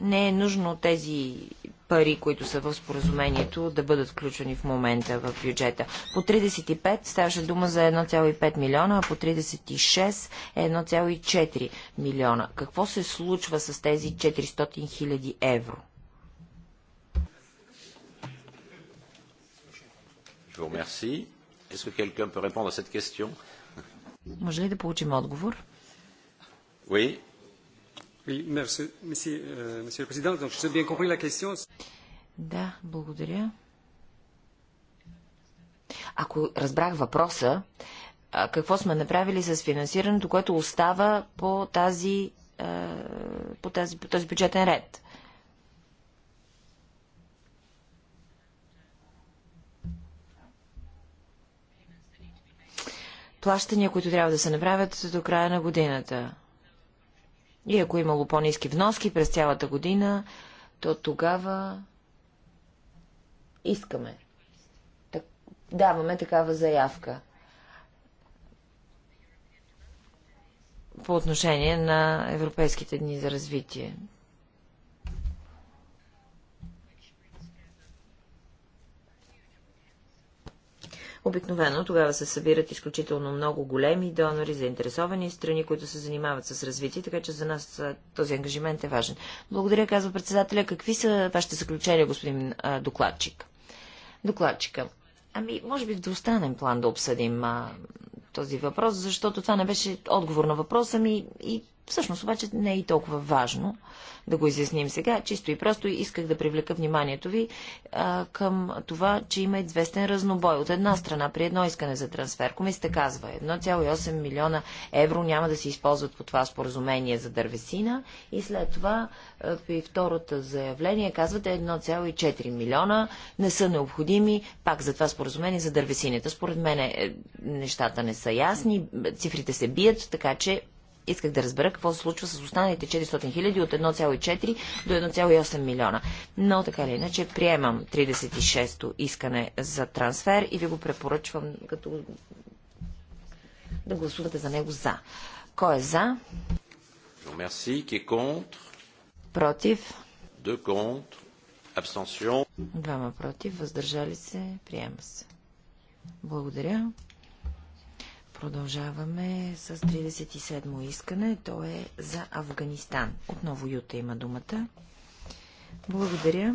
не е нужно тези пари, които са в споразумението, да бъдат включени в момента в бюджета. По 35 ставаше дума за 1,5 милиона, а по 36 е 1,4 милиона. Какво се случва с тези 400 хиляди евро? Може ли да получим отговор? Oui, да, благодаря. Ако разбрах въпроса, какво сме направили с финансирането, което остава по, тази, по, тази, по този бюджетен ред? Плащания, които трябва да се направят до края на годината. И ако е имало по-низки вноски през цялата година, то тогава искаме. Так... Даваме такава заявка. По отношение на Европейските дни за развитие. Обикновено тогава се събират изключително много големи донори, заинтересовани страни, които се занимават с развитие, така че за нас този ангажимент е важен. Благодаря, казва председателя. Какви са вашите заключения, господин а, докладчик? Докладчика. Ами, може би в останем план да обсъдим а, този въпрос, защото това не беше отговор на въпроса ми и Всъщност обаче не е и толкова важно да го изясним сега. Чисто и просто исках да привлека вниманието ви а, към това, че има известен разнобой. От една страна, при едно искане за трансфер, комисията казва 1,8 милиона евро няма да се използват по това споразумение за дървесина и след това при второто заявление казвате 1,4 милиона не са необходими пак за това споразумение за дървесината. Според мен е, е, нещата не са ясни, цифрите се бият, така че исках да разбера какво се случва с останалите 400 хиляди от 1,4 до 1,8 милиона. Но така или иначе приемам 36-то искане за трансфер и ви го препоръчвам като да гласувате за него за. Кой е за? Против. Двама против. Въздържали се. Приема се. Благодаря. Продължаваме с 37-о искане. То е за Афганистан. Отново Юта има думата. Благодаря.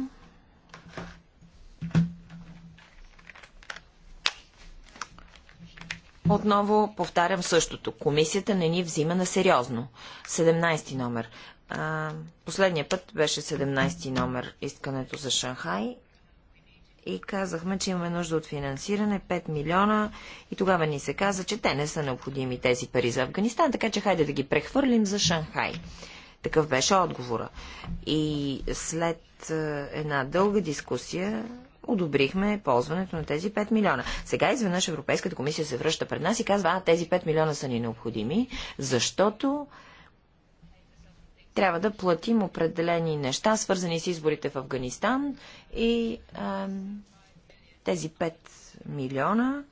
Отново повтарям същото. Комисията не ни взима на сериозно. 17 ти номер. Последният последния път беше 17 ти номер искането за Шанхай и казахме, че имаме нужда от финансиране 5 милиона и тогава ни се каза, че те не са необходими тези пари за Афганистан, така че хайде да ги прехвърлим за Шанхай. Такъв беше отговора. И след е, една дълга дискусия одобрихме ползването на тези 5 милиона. Сега изведнъж Европейската комисия се връща пред нас и казва, а тези 5 милиона са ни необходими, защото трябва да платим определени неща, свързани с изборите в Афганистан и а, тези 5 милиона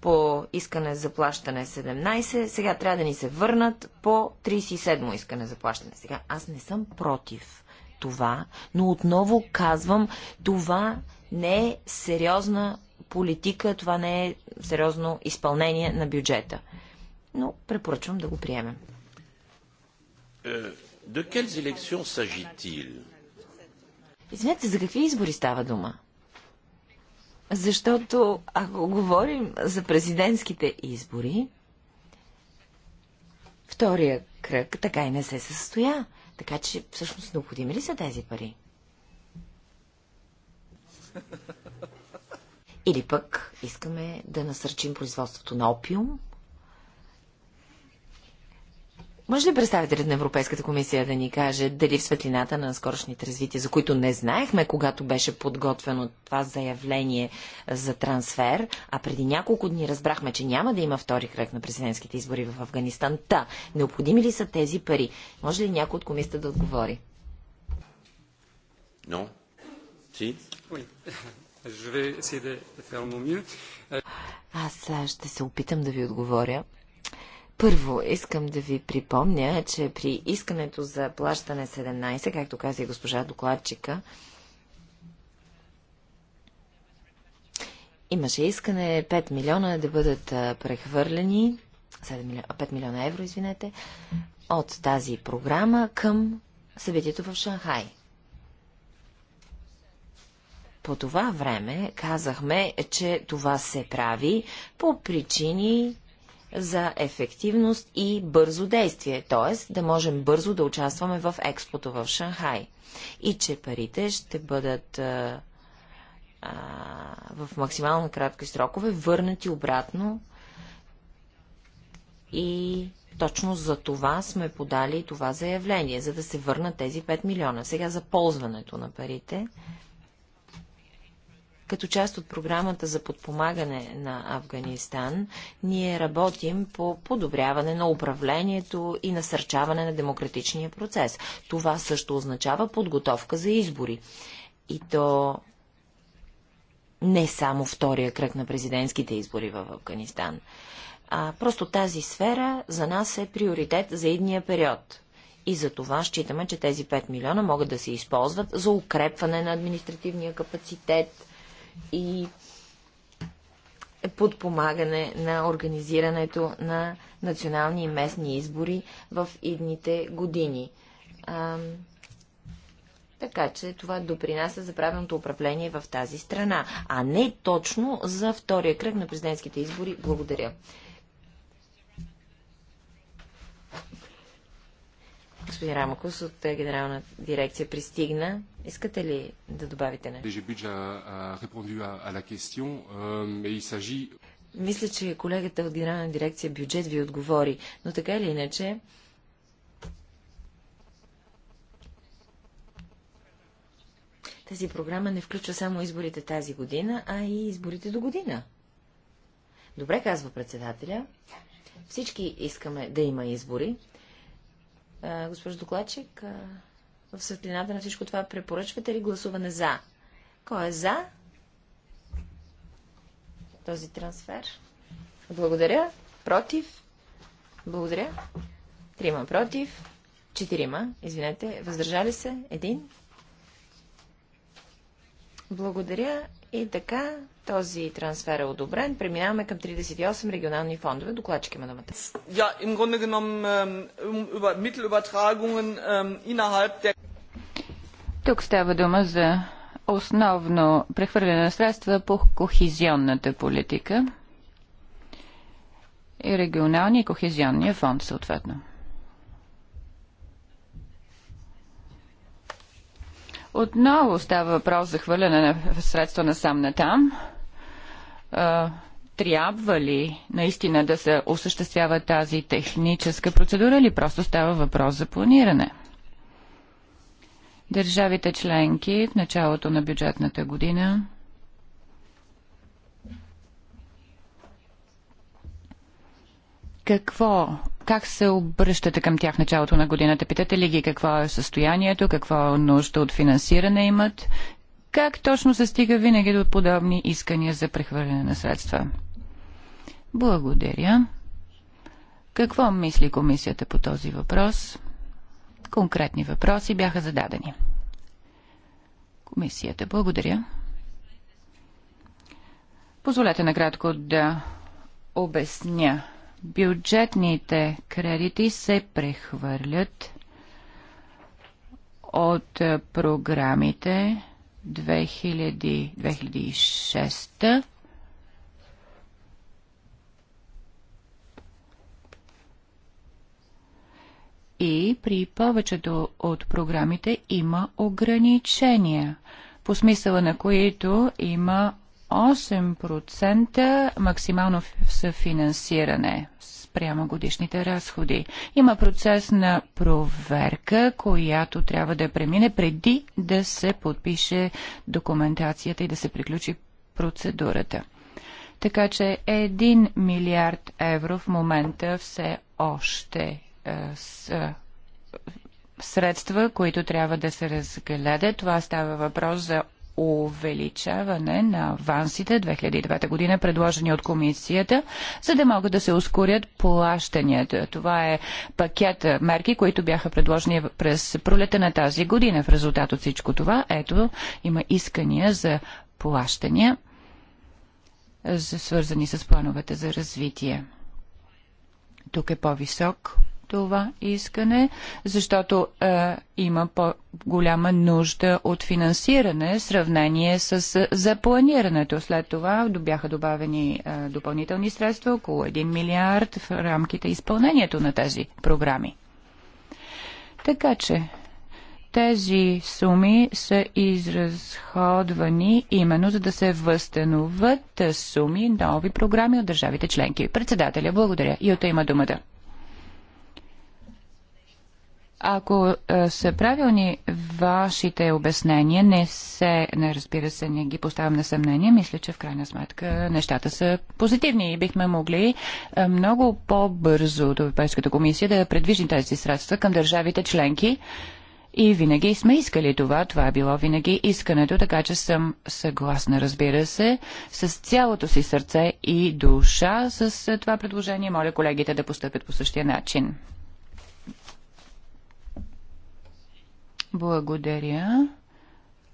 по искане за плащане 17, сега трябва да ни се върнат по 37 искане за плащане. Сега аз не съм против това, но отново казвам, това не е сериозна политика, това не е сериозно изпълнение на бюджета. Но препоръчвам да го приемем. Е, De quelles élections s'agit-il? Извинете, за какви избори става дума? Защото ако говорим за президентските избори, втория кръг така и не се състоя. Така че всъщност необходими ли са тези пари? Или пък искаме да насърчим производството на опиум може ли представителят на Европейската комисия да ни каже дали в светлината на скорошните развития, за които не знаехме, когато беше подготвено това заявление за трансфер, а преди няколко дни разбрахме, че няма да има втори кръг на президентските избори в Афганистан, та необходими ли са тези пари? Може ли някой от комисията да отговори? Но. Ти? Аз ще се опитам да ви отговоря. Първо, искам да ви припомня, че при искането за плащане 17, както каза и госпожа докладчика, имаше искане 5 милиона да бъдат прехвърлени, 7 милиона, 5 милиона евро, извинете, от тази програма към събитието в Шанхай. По това време казахме, че това се прави по причини за ефективност и бързо действие, т.е. да можем бързо да участваме в експото в Шанхай и че парите ще бъдат а, а, в максимално кратки срокове върнати обратно и точно за това сме подали това заявление, за да се върнат тези 5 милиона. Сега за ползването на парите като част от програмата за подпомагане на Афганистан, ние работим по подобряване на управлението и насърчаване на демократичния процес. Това също означава подготовка за избори. И то не само втория кръг на президентските избори в Афганистан. А просто тази сфера за нас е приоритет за идния период. И за това считаме, че тези 5 милиона могат да се използват за укрепване на административния капацитет, и подпомагане на организирането на национални и местни избори в идните години. А, така че това допринася за правилното управление в тази страна, а не точно за втория кръг на президентските избори. Благодаря. Господин Рамокос, от Генерална дирекция пристигна. Искате ли да добавите нещо? Euh, Мисля, че колегата от Генерална дирекция бюджет ви отговори, но така или иначе Тази програма не включва само изборите тази година, а и изборите до година. Добре, казва председателя. Всички искаме да има избори, Госпожо докладчик, в светлината на всичко това препоръчвате ли гласуване за? Кой е за този трансфер? Благодаря. Против? Благодаря. Трима против. Четирима, извинете. Въздържали се? Един. Благодаря. И така, този трансфер е одобрен. Преминаваме към 38 регионални фондове. Докладчик има думата. Ja, im Grunde genommen ähm, um, über Mittelübertragungen ähm, innerhalb der... Тук става дума за основно прехвърляне на средства по кохизионната политика и регионалния и кохезионния фонд съответно. Отново става въпрос за хвърляне на средства на сам на там. трябва ли наистина да се осъществява тази техническа процедура или просто става въпрос за планиране? Държавите членки в началото на бюджетната година какво, как се обръщате към тях в началото на годината? Питате ли ги какво е състоянието, какво нужда от финансиране имат? Как точно се стига винаги до подобни искания за прехвърляне на средства? Благодаря. Какво мисли комисията по този въпрос? Конкретни въпроси бяха зададени. Комисията, благодаря. Позволете накратко да обясня бюджетните кредити се прехвърлят от е, програмите 2000-2006 и при повечето от програмите има ограничения, по смисъла на които има 8% максимално съфинансиране спрямо годишните разходи. Има процес на проверка, която трябва да премине преди да се подпише документацията и да се приключи процедурата. Така че 1 милиард евро в момента все още е, с е, средства, които трябва да се разгледат. Това става въпрос за увеличаване на авансите 2009 година, предложени от комисията, за да могат да се ускорят плащанията. Това е пакет мерки, които бяха предложени през пролета на тази година. В резултат от всичко това, ето, има искания за плащания, свързани с плановете за развитие. Тук е по-висок това искане, защото е, има по-голяма нужда от финансиране в сравнение с е, запланирането. След това бяха добавени е, допълнителни средства, около 1 милиард в рамките изпълнението на тези програми. Така че тези суми са изразходвани именно за да се възстановят суми нови програми от държавите членки. Председателя, благодаря. Иота има думата. Ако а, е, са правилни вашите обяснения, не се, не разбира се, не ги поставям на съмнение, мисля, че в крайна сметка нещата са позитивни и бихме могли а, е, много по-бързо от Европейската комисия да предвижим тези средства към държавите членки. И винаги сме искали това, това е било винаги искането, така че съм съгласна, разбира се, с цялото си сърце и душа с е, това предложение. Моля колегите да постъпят по същия начин. Благодаря,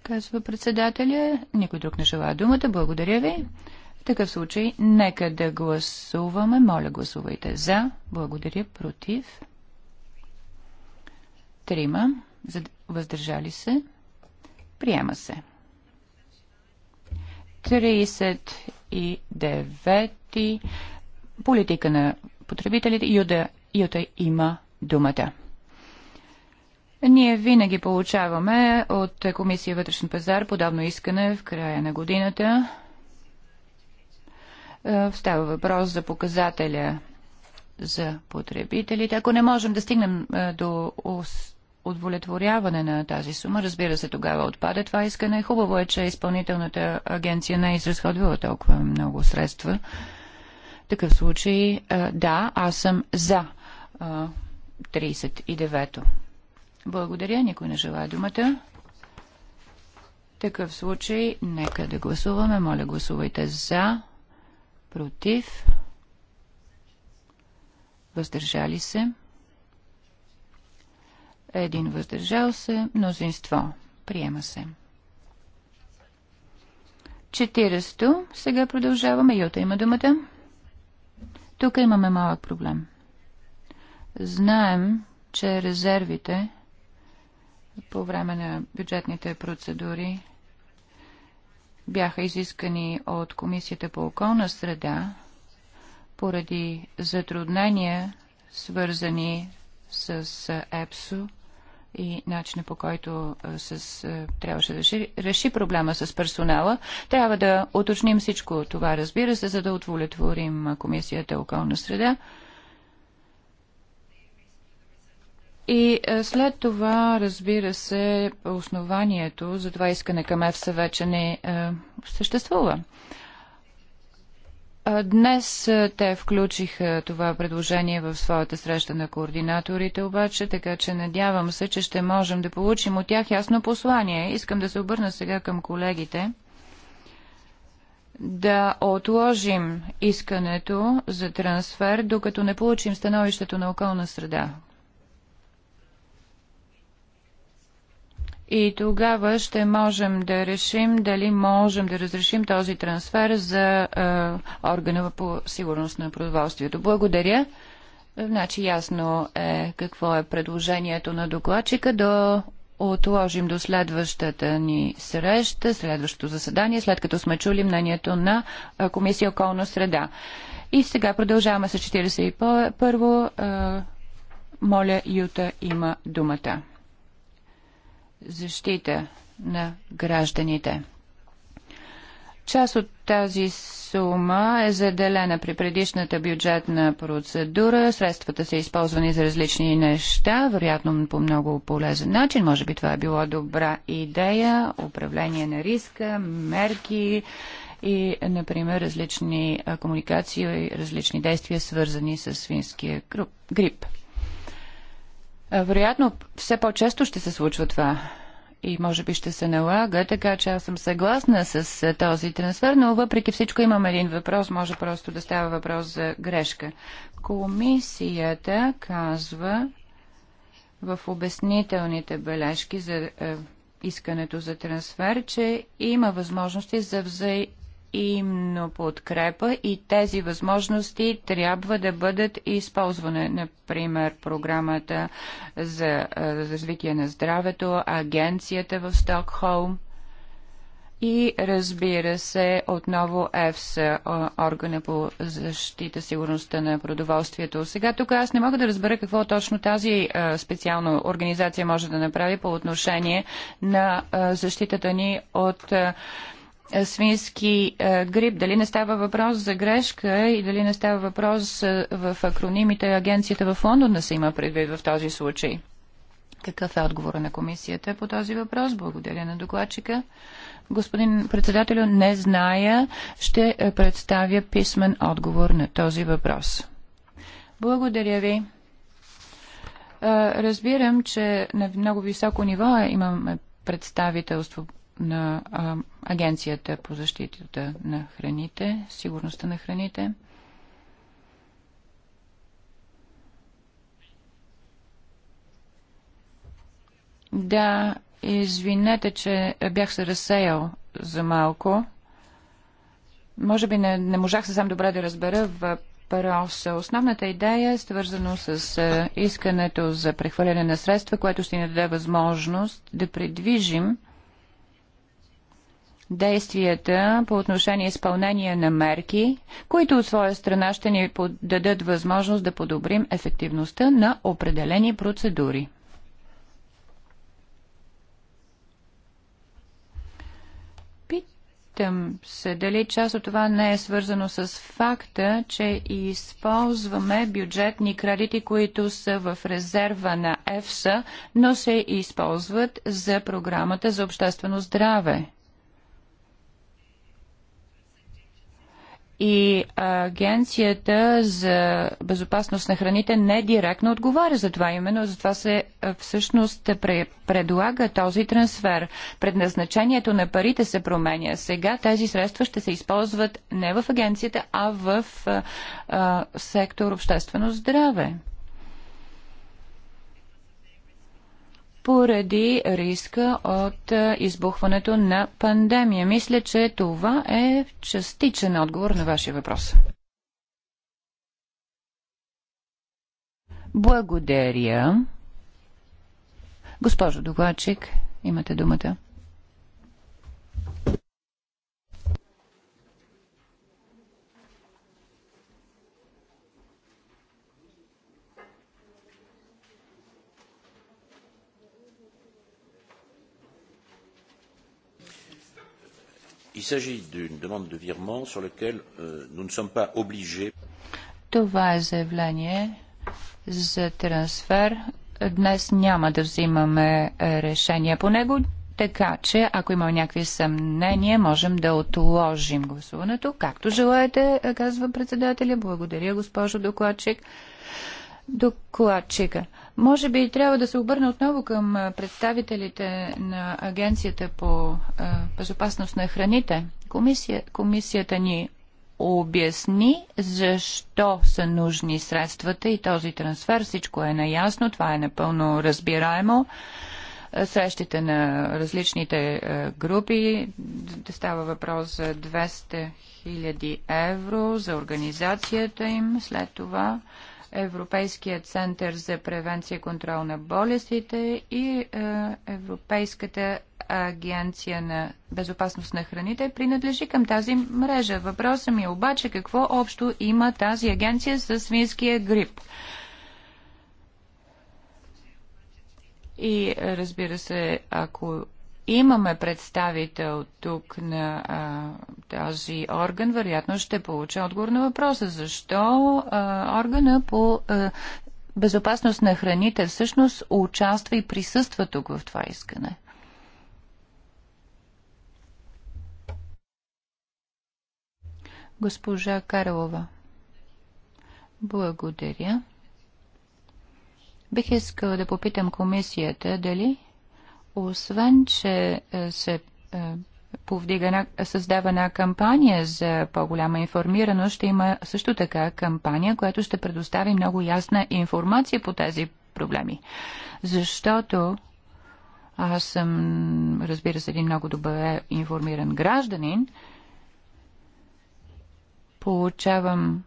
казва председателя. Никой друг не желая думата. Благодаря ви. В такъв случай, нека да гласуваме. Моля, гласувайте за. Благодаря. Против. Трима. Въздържали се. Приема се. 39. Политика на потребителите. Юда, Юта има думата. Ние винаги получаваме от Комисия вътрешен пазар подобно искане в края на годината. Е, става въпрос за показателя за потребителите. Ако не можем да стигнем е, до удовлетворяване на тази сума, разбира се, тогава отпада това искане. Хубаво е, че изпълнителната агенция не е изразходвала толкова много средства. В такъв случай, е, да, аз съм за 39-то благодаря. Никой не желая думата. Такъв случай, нека да гласуваме. Моля, гласувайте за, против, въздържали се. Един въздържал се, мнозинство. Приема се. 40. Сега продължаваме. Йота има думата. Тук имаме малък проблем. Знаем, че резервите по време на бюджетните процедури бяха изискани от Комисията по околна среда поради затруднения, свързани с ЕПСО и начина по който с, трябваше да реши, реши проблема с персонала. Трябва да уточним всичко това, разбира се, за да удовлетворим Комисията околна среда И е, след това, разбира се, основанието за това искане към ЕФСА вече не е, съществува. Днес е, те включиха това предложение в своята среща на координаторите, обаче, така че надявам се, че ще можем да получим от тях ясно послание. Искам да се обърна сега към колегите да отложим искането за трансфер, докато не получим становището на околна среда и тогава ще можем да решим дали можем да разрешим този трансфер за е, органа по сигурност на продоволствието. Благодаря. Значи ясно е какво е предложението на докладчика да отложим до следващата ни среща, следващото заседание, след като сме чули мнението на Комисия околна среда. И сега продължаваме с 41 Моля, Юта има думата защита на гражданите. Част от тази сума е заделена при предишната бюджетна процедура. Средствата са използвани за различни неща, вероятно по много полезен начин. Може би това е било добра идея, управление на риска, мерки и, например, различни комуникации, и различни действия, свързани с свинския грип. Е, вероятно, все по-често ще се случва това и може би ще се налага, така че аз съм съгласна с е, този трансфер, но въпреки всичко имам един въпрос, може просто да става въпрос за грешка. Комисията казва в обяснителните бележки за е, искането за трансфер, че има възможности за взаимодействие взаимно подкрепа и тези възможности трябва да бъдат използвани. Например, програмата за развитие на здравето, агенцията в Стокхолм и разбира се отново ЕФС, органа по защита сигурността на продоволствието. Сега тук аз не мога да разбера какво точно тази специална организация може да направи по отношение на защитата ни от свински е, грип, дали не става въпрос за грешка и дали не става въпрос е, в акронимите агенцията в Лондон да се има предвид в този случай? Какъв е отговора на комисията по този въпрос? Благодаря на докладчика. Господин председателю, не зная. Ще е, представя писмен отговор на този въпрос. Благодаря ви. Разбирам, че на много високо ниво имаме представителство на а, Агенцията по защитата на храните, сигурността на храните. Да, извинете, че бях се разсеял за малко. Може би не, не можах сам добре да разбера въпроса. Основната идея е свързано с искането за прехвърляне на средства, което ще ни даде възможност да придвижим действията по отношение изпълнение на мерки, които от своя страна ще ни дадат възможност да подобрим ефективността на определени процедури. Питам се дали част от това не е свързано с факта, че използваме бюджетни кредити, които са в резерва на ЕФСА, но се използват за програмата за обществено здраве. и Агенцията за безопасност на храните не директно отговаря за това. Именно за това се всъщност предлага този трансфер. Предназначението на парите се променя. Сега тези средства ще се използват не в агенцията, а в а, сектор обществено здраве. поради риска от е, избухването на пандемия. Мисля, че това е частичен отговор на вашия въпрос. Благодаря. Госпожо докладчик, имате думата. s'agit d'une demande de virement sur laquelle euh, nous ne sommes pas obligés. Това е заявление за трансфер. Днес няма да взимаме решение по него, така че ако има някакви съмнения, можем да отложим гласуването. Както желаете, казва председателя. Благодаря, госпожо докладчик. Докладчика. Може би трябва да се обърна отново към представителите на Агенцията по безопасност на храните. Комисия, комисията ни обясни защо са нужни средствата и този трансфер. Всичко е наясно, това е напълно разбираемо. Срещите на различните групи, да става въпрос за 200 000 евро за организацията им, след това Европейския център за превенция и контрол на болестите и е, Европейската агенция на безопасност на храните принадлежи към тази мрежа. Въпросът ми е обаче какво общо има тази агенция с свинския грип. И разбира се, ако имаме представител тук на а, този орган, вероятно ще получа отговор на въпроса защо а, органа по а, безопасност на храните всъщност участва и присъства тук в това искане. Госпожа Карлова. Благодаря. Бих искала да попитам комисията дали освен, че е, се е, повдига, създава една кампания за по-голяма информираност, ще има също така кампания, която ще предостави много ясна информация по тези проблеми. Защото аз съм, разбира се, един много добре информиран гражданин. Получавам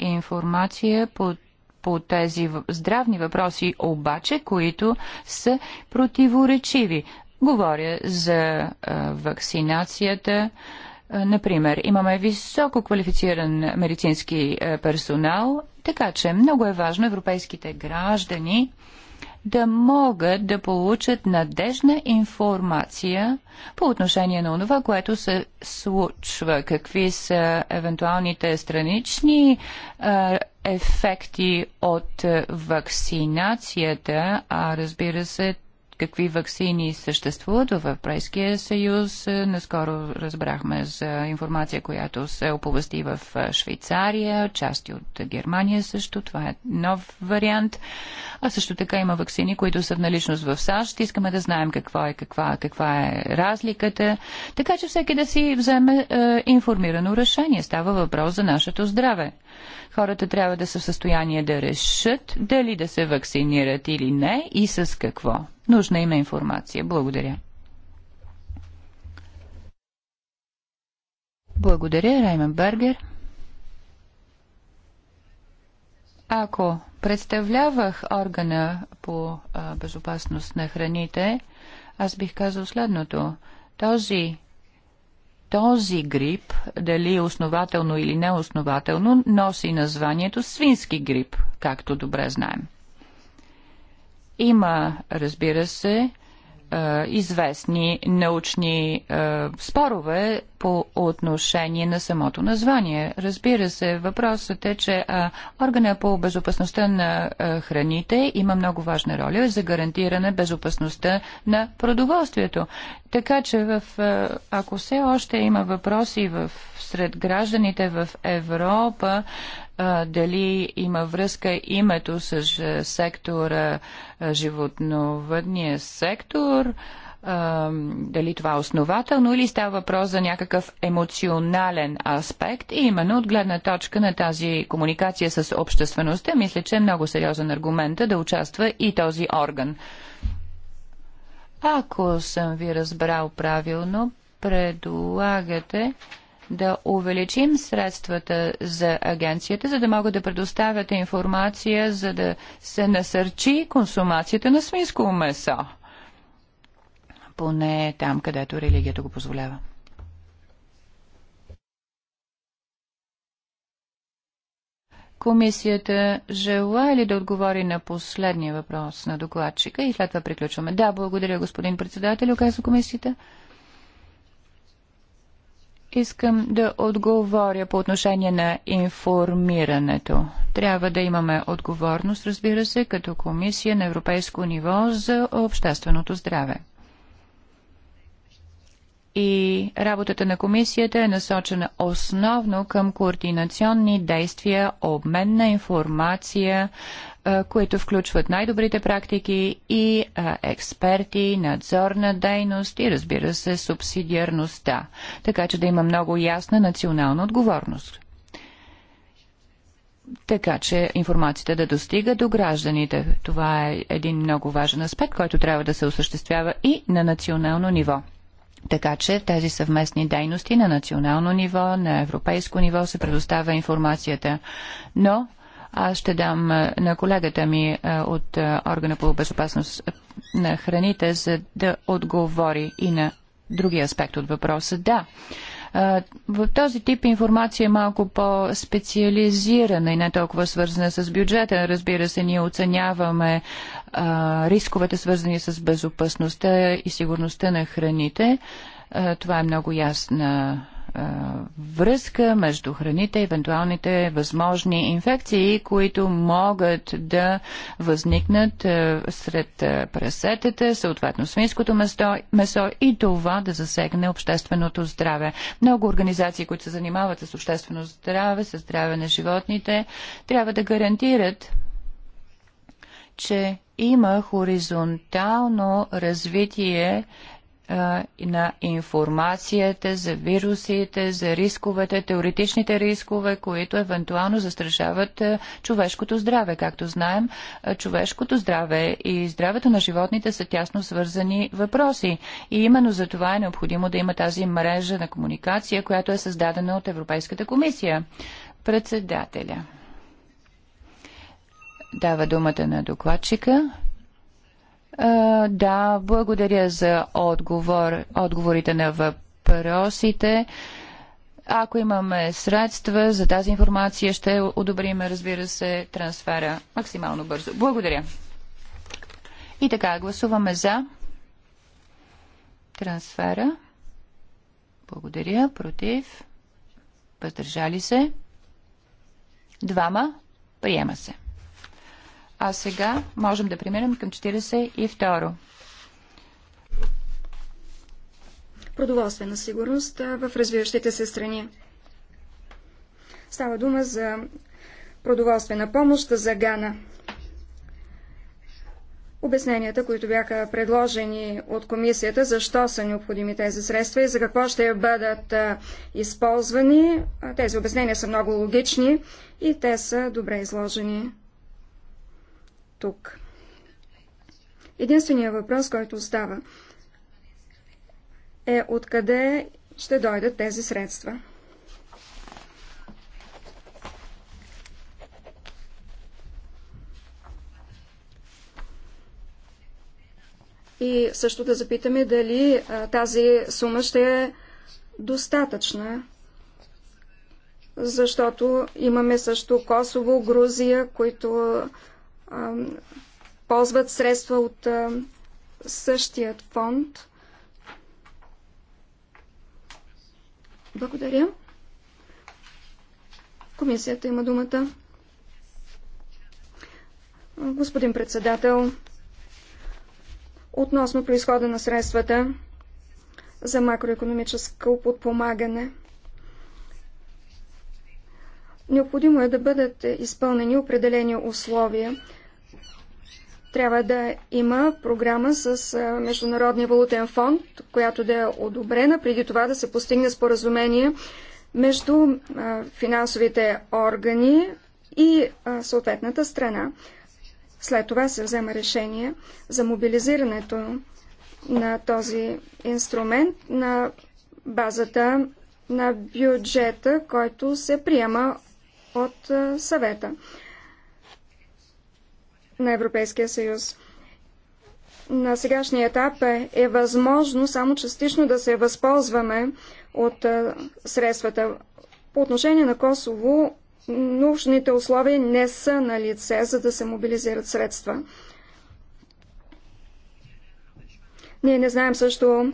информация по по тези здравни въпроси, обаче, които са противоречиви. Говоря за а, вакцинацията. А, например, имаме високо квалифициран медицински а, персонал, така че много е важно европейските граждани да могат да получат надежна информация по отношение на това, което се случва, какви са евентуалните странични ефекти от вакцинацията, а разбира се, какви вакцини съществуват в Европейския съюз. Е, наскоро разбрахме за информация, която се оповести в е, Швейцария, части от Германия също. Това е нов вариант. А също така има вакцини, които са в наличност в САЩ. Искаме да знаем какво е, каква, каква е разликата. Така че всеки да си вземе е, информирано решение. Става въпрос за нашето здраве. Хората трябва да са в състояние да решат дали да се вакцинират или не и с какво нужна им информация. Благодаря. Благодаря, Раймен Бергер. Ако представлявах органа по безопасност на храните, аз бих казал следното. Този, този грип, дали основателно или неоснователно, носи названието свински грип, както добре знаем. Има, разбира се, е, известни научни е, спорове по отношение на самото название. Разбира се, въпросът е, че органа по безопасността на е, храните има много важна роля за гарантиране безопасността на продоволствието. Така че, в, ако все още има въпроси в, сред гражданите в Европа дали има връзка името с сектора, животновъдния сектор, дали това е основателно или става въпрос за някакъв емоционален аспект и именно от гледна точка на тази комуникация с обществеността, мисля, че е много сериозен аргумент да участва и този орган. Ако съм ви разбрал правилно, предлагате да увеличим средствата за агенцията, за да могат да предоставят информация, за да се насърчи консумацията на свинско месо. Поне там, където религията го позволява. Комисията желая ли да отговори на последния въпрос на докладчика и след това приключваме? Да, благодаря господин председател, оказа комисията. Искам да отговоря по отношение на информирането. Трябва да имаме отговорност, разбира се, като комисия на европейско ниво за общественото здраве. И работата на комисията е насочена основно към координационни действия, обмен на информация, които включват най-добрите практики и експерти, надзорна дейност и разбира се субсидиарността, така че да има много ясна национална отговорност така че информацията да достига до гражданите. Това е един много важен аспект, който трябва да се осъществява и на национално ниво. Така че тези съвместни дейности на национално ниво, на европейско ниво се предоставя информацията. Но аз ще дам на колегата ми от органа по безопасност на храните, за да отговори и на другия аспект от въпроса. Да. В този тип информация е малко по-специализирана и не толкова свързана с бюджета. Разбира се, ние оценяваме рисковете, свързани с безопасността и сигурността на храните. това е много ясна връзка между храните и евентуалните възможни инфекции, които могат да възникнат сред прасетата, съответно свинското месо, месо и това да засегне общественото здраве. Много организации, които се занимават с обществено здраве, с здраве на животните, трябва да гарантират, че има хоризонтално развитие на информацията за вирусите, за рисковете, теоретичните рискове, които евентуално застрашават човешкото здраве. Както знаем, човешкото здраве и здравето на животните са тясно свързани въпроси. И именно за това е необходимо да има тази мрежа на комуникация, която е създадена от Европейската комисия. Председателя. Дава думата на докладчика. Да, благодаря за отговор, отговорите на въпросите. Ако имаме средства за тази информация, ще одобриме, разбира се, трансфера максимално бързо. Благодаря. И така, гласуваме за трансфера. Благодаря. Против. Въздържали се. Двама. Приема се. А сега можем да преминем към 42. Продоволствена сигурност в развиващите се страни. Става дума за продоволствена помощ за Гана. Обясненията, които бяха предложени от комисията, защо са необходими тези средства и за какво ще бъдат използвани, тези обяснения са много логични и те са добре изложени тук. Единственият въпрос, който остава, е откъде ще дойдат тези средства. И също да запитаме дали а, тази сума ще е достатъчна, защото имаме също Косово, Грузия, които ползват средства от същият фонд. Благодаря. Комисията има думата. Господин председател, относно происхода на средствата за макроекономическо подпомагане, необходимо е да бъдат изпълнени определени условия, трябва да има програма с Международния валутен фонд, която да е одобрена, преди това да се постигне споразумение между финансовите органи и съответната страна. След това се взема решение за мобилизирането на този инструмент на базата на бюджета, който се приема от съвета на Европейския съюз. На сегашния етап е, е възможно само частично да се възползваме от а, средствата. По отношение на Косово, нужните условия не са на лице, за да се мобилизират средства. Ние не знаем също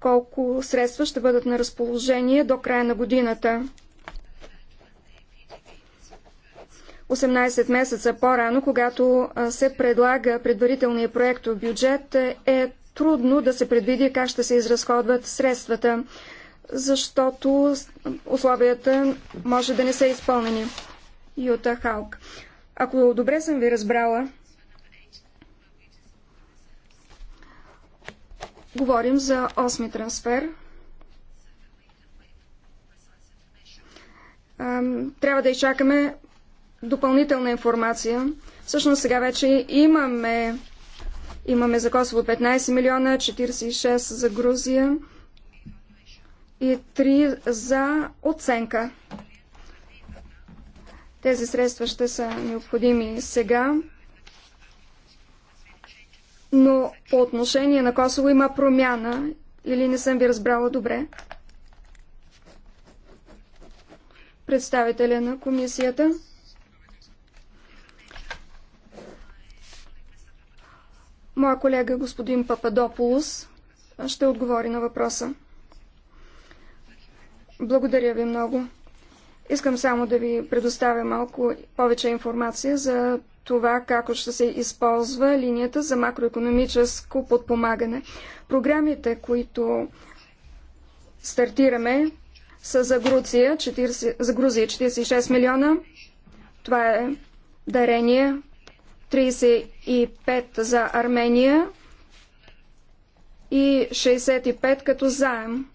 колко средства ще бъдат на разположение до края на годината. 18 месеца по-рано, когато се предлага предварителния проект в бюджет, е, е трудно да се предвиди как ще се изразходват средствата, защото условията може да не са изпълнени. Юта Халк. Ако добре съм ви разбрала, говорим за 8 трансфер. Трябва да изчакаме допълнителна информация. Всъщност сега вече имаме, имаме за Косово 15 милиона, 46 за Грузия и 3 за оценка. Тези средства ще са необходими сега. Но по отношение на Косово има промяна или не съм ви разбрала добре? Представителя на комисията. Моя колега господин Пападополус ще отговори на въпроса. Благодаря ви много. Искам само да ви предоставя малко повече информация за това как ще се използва линията за макроекономическо подпомагане. Програмите, които стартираме, са за Грузия, 40, за Грузия 46 милиона. Това е дарение 35 за Армения и 65 като заем.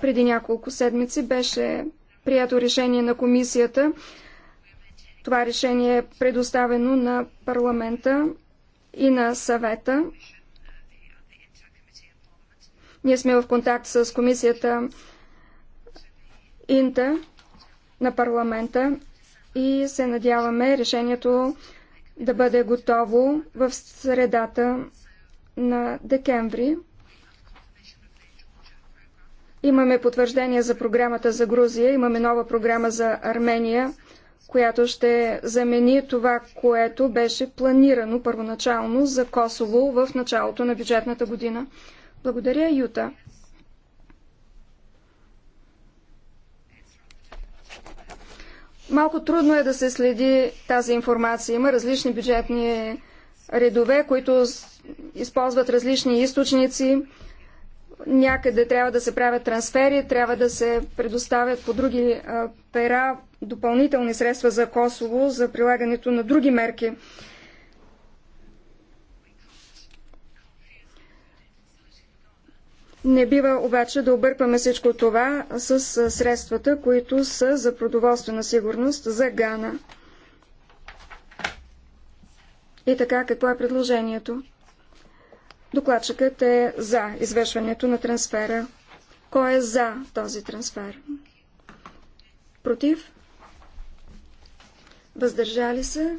Преди няколко седмици беше прието решение на комисията. Това решение е предоставено на парламента и на съвета. Ние сме в контакт с комисията Инта на парламента и се надяваме решението да бъде готово в средата на декември. Имаме потвърждение за програмата за Грузия, имаме нова програма за Армения, която ще замени това, което беше планирано първоначално за Косово в началото на бюджетната година. Благодаря, Юта. Малко трудно е да се следи тази информация. Има различни бюджетни редове, които използват различни източници. Някъде трябва да се правят трансфери, трябва да се предоставят по други пера допълнителни средства за Косово, за прилагането на други мерки. Не бива обаче да объркваме всичко това с средствата, които са за продоволствена сигурност за Гана. И така, какво е предложението? Докладчикът е за извършването на трансфера. Кой е за този трансфер? Против? Въздържали се?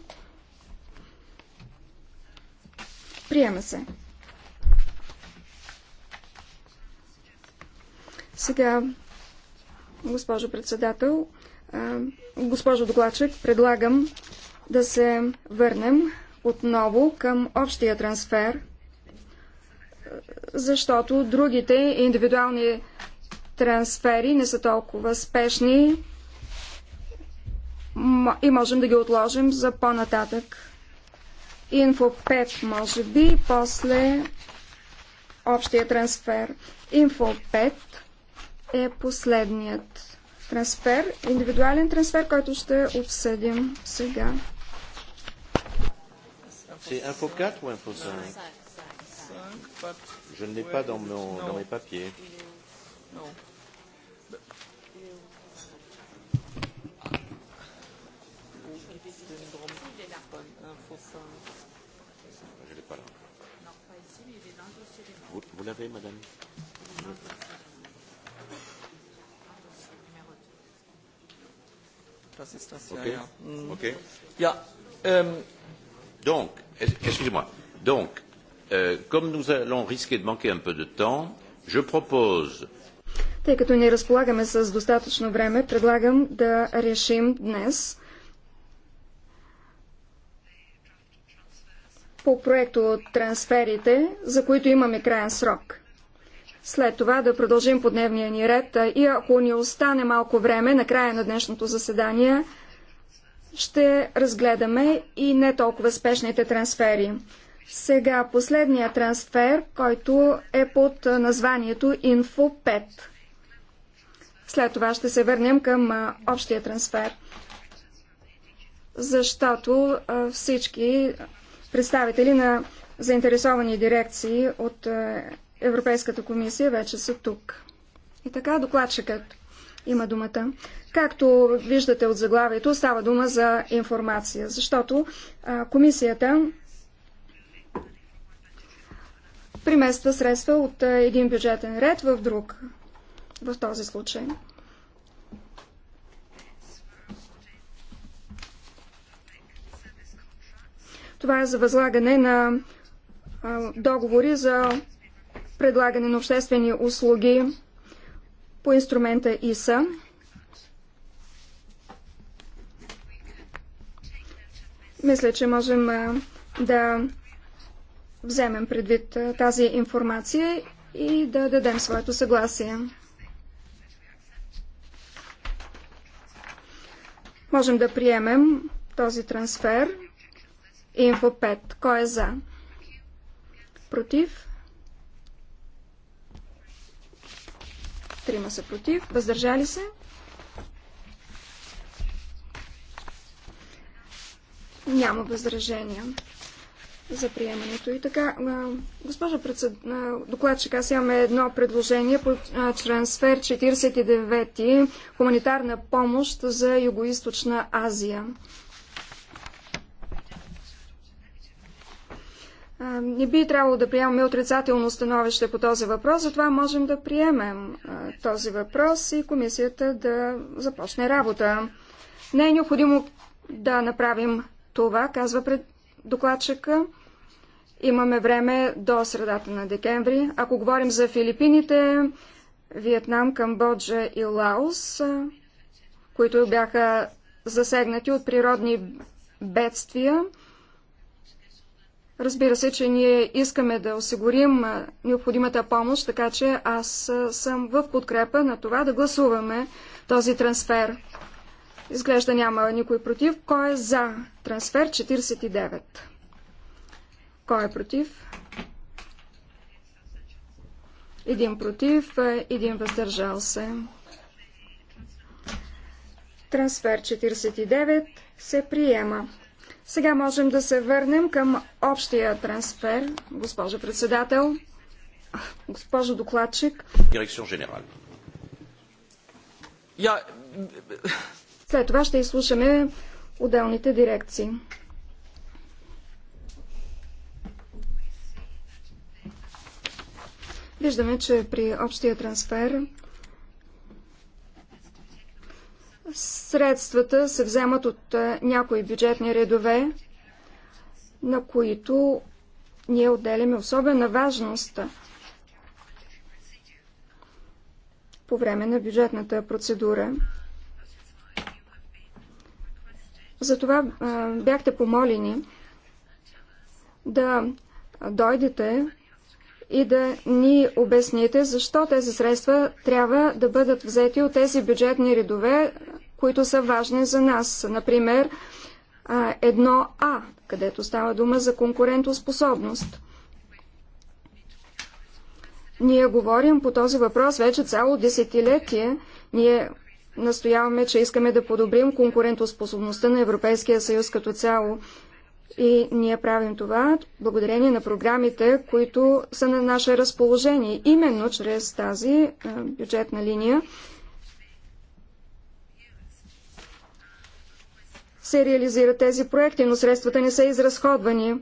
Приема се. Сега, госпожо председател, госпожо Доклачек, предлагам да се върнем отново към общия трансфер, защото другите индивидуални трансфери не са толкова спешни и можем да ги отложим за по-нататък. Инфо 5, може би, после общия трансфер. Инфо 5 е последният трансфер, индивидуален трансфер, който ще обсъдим сега. C'est info 4 ou info 5 Je ne l'ai pas dans, mon, dans mes papiers. Non. Je ne l'ai pas là. Vous, vous l'avez, madame das ist das ja. Okay. Ja. Mhm. okay. ja ähm, Donc, excusez-moi. Donc, euh, comme nous allons risquer de manquer un peu de temps, je propose. Тъй като не разполагаме с достатъчно време, предлагам да решим днес по проекто трансферите, за които имаме крайен срок след това да продължим по дневния ни ред и ако ни остане малко време, на края на днешното заседание, ще разгледаме и не толкова спешните трансфери. Сега последният трансфер, който е под названието Info 5. След това ще се върнем към общия трансфер, защото всички представители на заинтересовани дирекции от Европейската комисия вече са тук. И така докладчикът има думата. Както виждате от заглавието, става дума за информация, защото а, комисията примества средства от а, един бюджетен ред в друг, в този случай. Това е за възлагане на а, договори за предлагане на обществени услуги по инструмента ИСА. Мисля, че можем да вземем предвид тази информация и да дадем своето съгласие. Можем да приемем този трансфер. Инфо 5. Кой е за? Против? трима са против, въздържали се. Няма възражения за приемането. И така, госпожа председ... докладчик, аз имаме едно предложение по трансфер 49 хуманитарна помощ за Юго-Источна Азия. не би трябвало да приемаме отрицателно становище по този въпрос, затова можем да приемем този въпрос и комисията да започне работа. Не е необходимо да направим това, казва пред докладчика. Имаме време до средата на декември. Ако говорим за Филипините, Виетнам, Камбоджа и Лаос, които бяха засегнати от природни бедствия, Разбира се, че ние искаме да осигурим необходимата помощ, така че аз съм в подкрепа на това да гласуваме този трансфер. Изглежда няма никой против. Кой е за трансфер 49? Кой е против? Един против, един въздържал се. Трансфер 49 се приема. Сега можем да се върнем към общия трансфер, госпожо председател, госпожо докладчик. генерал. Я... След това ще изслушаме отделните дирекции. Виждаме, че при общия трансфер Средствата се вземат от някои бюджетни редове, на които ние отделяме особена важност по време на бюджетната процедура. Затова бяхте помолени да дойдете и да ни обясните защо тези средства трябва да бъдат взети от тези бюджетни редове, които са важни за нас. Например, едно а където става дума за конкурентоспособност. Ние говорим по този въпрос вече цяло десетилетие. Ние настояваме, че искаме да подобрим конкурентоспособността на Европейския съюз като цяло. И ние правим това благодарение на програмите, които са на наше разположение, именно чрез тази бюджетна линия се реализират тези проекти, но средствата не са изразходвани,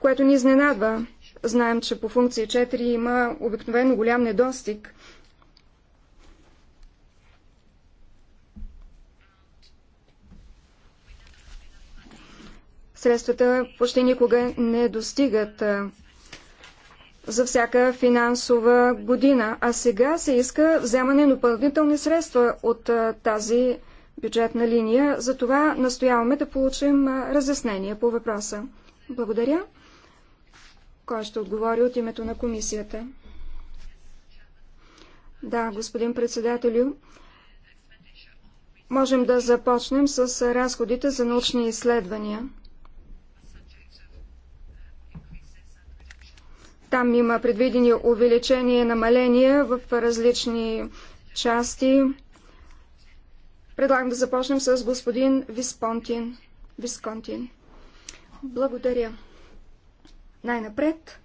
което ни изненадва. Знаем, че по функция 4 има обикновено голям недостиг. Средствата почти никога не достигат за всяка финансова година, а сега се иска вземане на допълнителни средства от тази бюджетна линия. Затова настояваме да получим разяснение по въпроса. Благодаря. Кой ще отговори от името на комисията? Да, господин председателю. Можем да започнем с разходите за научни изследвания. Там има предвидени увеличения и намаления в различни части. Предлагам да започнем с господин Виспонтин. Висконтин. Благодаря. Най-напред.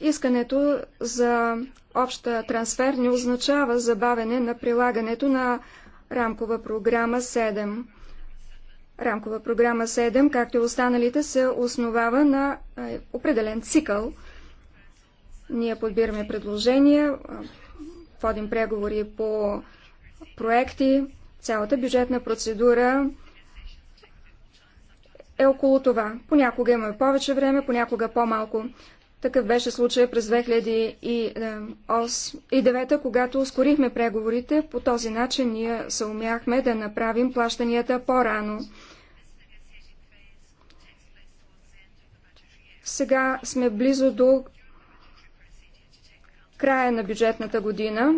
Искането за обща трансфер не означава забавене на прилагането на рамкова програма 7. Рамкова програма 7, както и останалите, се основава на определен цикъл. Ние подбираме предложения, водим преговори по проекти. Цялата бюджетна процедура е около това. Понякога имаме повече време, понякога по-малко. Такъв беше случай през 2009, когато ускорихме преговорите. По този начин ние се умяхме да направим плащанията по-рано. Сега сме близо до края на бюджетната година,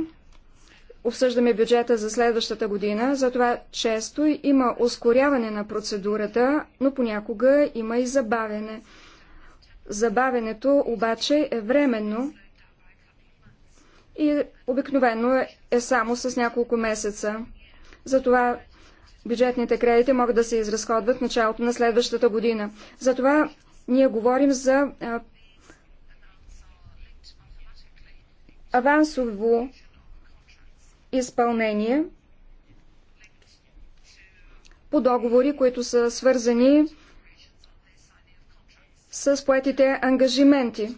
обсъждаме бюджета за следващата година, затова често има ускоряване на процедурата, но понякога има и забавене. Забавенето обаче е временно и обикновено е, е само с няколко месеца. Затова бюджетните кредити могат да се изразходват в началото на следващата година. Затова ние говорим за авансово изпълнение по договори, които са свързани с поетите ангажименти,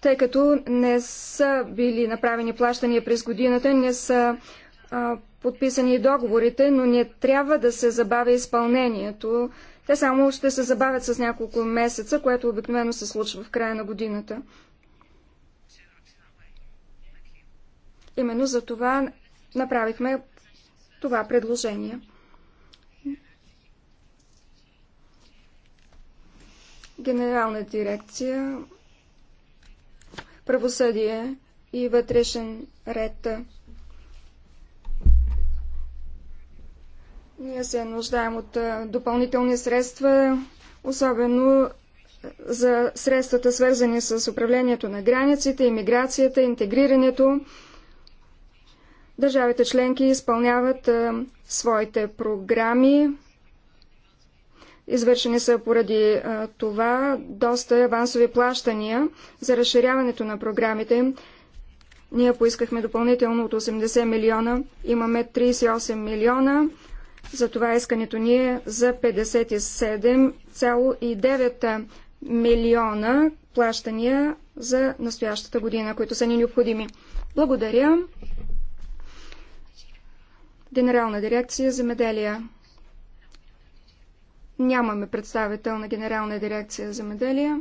тъй като не са били направени плащания през годината, не са а, подписани договорите, но не трябва да се забавя изпълнението. Те само ще се забавят с няколко месеца, което обикновено се случва в края на годината. Именно за това направихме това предложение. Генерална дирекция правосъдие и вътрешен ред. Ние се нуждаем от допълнителни средства, особено за средствата свързани с управлението на границите, иммиграцията, интегрирането. Държавите членки изпълняват своите програми. Извършени са поради това доста авансови плащания за разширяването на програмите. Ние поискахме допълнително от 80 милиона. Имаме 38 милиона. Затова искането ни е за 57,9 милиона плащания за настоящата година, които са ни необходими. Благодаря. Генерална дирекция Земеделия. Нямаме представител на Генерална дирекция Земеделия.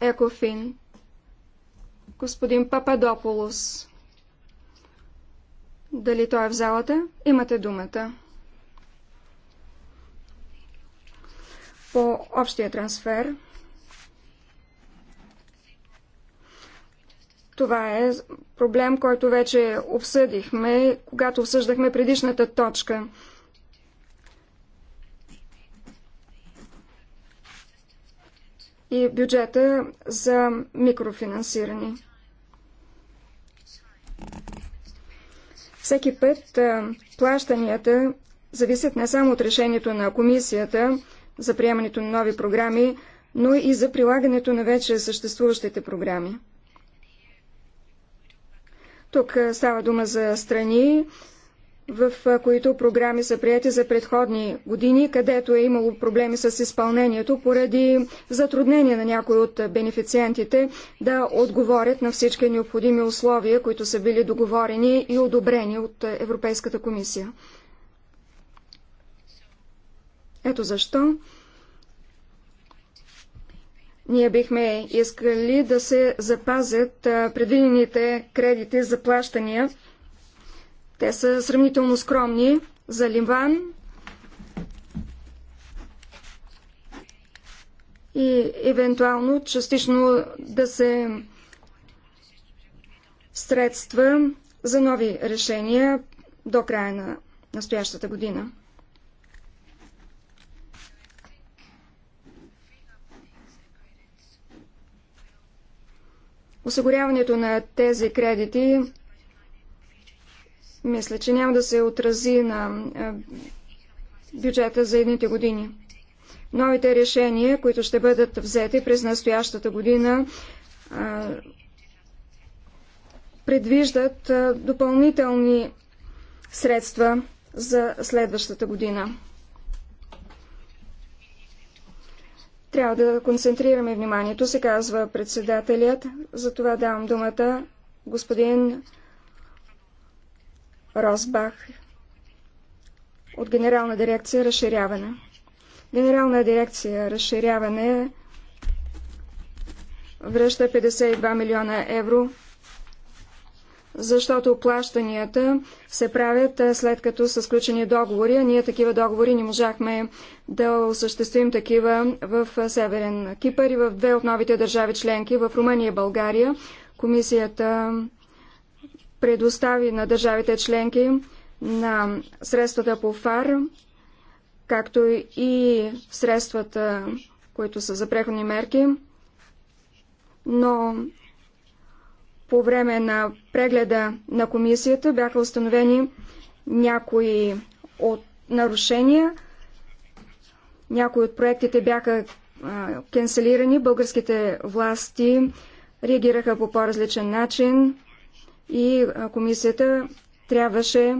Екофин. Господин Пападополос. Дали той е в залата? Имате думата. По общия трансфер Това е проблем, който вече обсъдихме, когато обсъждахме предишната точка. И бюджета за микрофинансиране. Всеки път плащанията зависят не само от решението на комисията за приемането на нови програми, но и за прилагането на вече съществуващите програми. Тук става дума за страни, в които програми са прияти за предходни години, където е имало проблеми с изпълнението поради затруднение на някои от бенефициентите да отговорят на всички необходими условия, които са били договорени и одобрени от Европейската комисия. Ето защо ние бихме искали да се запазят предвидените кредити за плащания. Те са сравнително скромни за Ливан и евентуално частично да се средства за нови решения до края на настоящата година. Осигуряването на тези кредити мисля, че няма да се отрази на бюджета за едните години. Новите решения, които ще бъдат взети през настоящата година, предвиждат допълнителни средства за следващата година. Трябва да концентрираме вниманието, се казва председателят. Затова давам думата господин Росбах от Генерална дирекция Разширяване. Генерална дирекция Разширяване връща 52 милиона евро защото плащанията се правят след като са сключени договори, а ние такива договори не можахме да осъществим такива в Северен Кипър и в две от новите държави членки, в Румъния и България. Комисията предостави на държавите членки на средствата по ФАР, както и средствата, които са за преходни мерки, но по време на прегледа на комисията бяха установени някои от нарушения. Някои от проектите бяха а, кенселирани. Българските власти реагираха по по-различен начин и комисията трябваше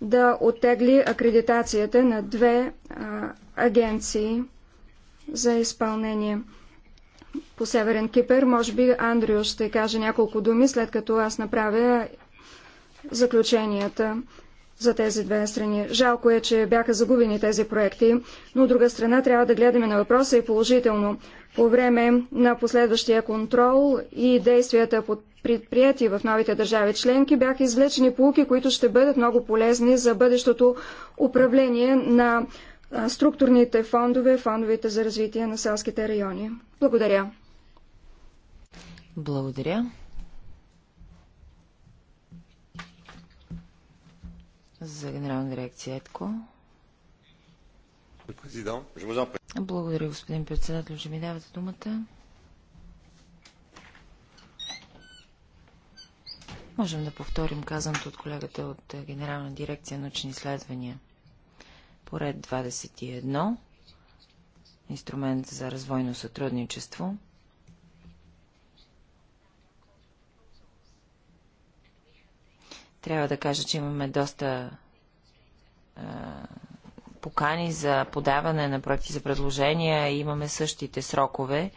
да оттегли акредитацията на две а, агенции за изпълнение по Северен Кипър. Може би Андрио ще каже няколко думи, след като аз направя заключенията за тези две страни. Жалко е, че бяха загубени тези проекти, но от друга страна трябва да гледаме на въпроса и положително. По време на последващия контрол и действията под предприяти в новите държави членки бяха извлечени полуки, които ще бъдат много полезни за бъдещото управление на структурните фондове, фондовете за развитие на селските райони. Благодаря. Благодаря. За генерална дирекция ЕТКО. Благодаря, господин председател, че ми давате думата. Можем да повторим казаното от колегата от е, Генерална дирекция научни изследвания – по ред 21 инструмент за развойно сътрудничество. Трябва да кажа, че имаме доста а, покани за подаване на проекти за предложения. Имаме същите срокове,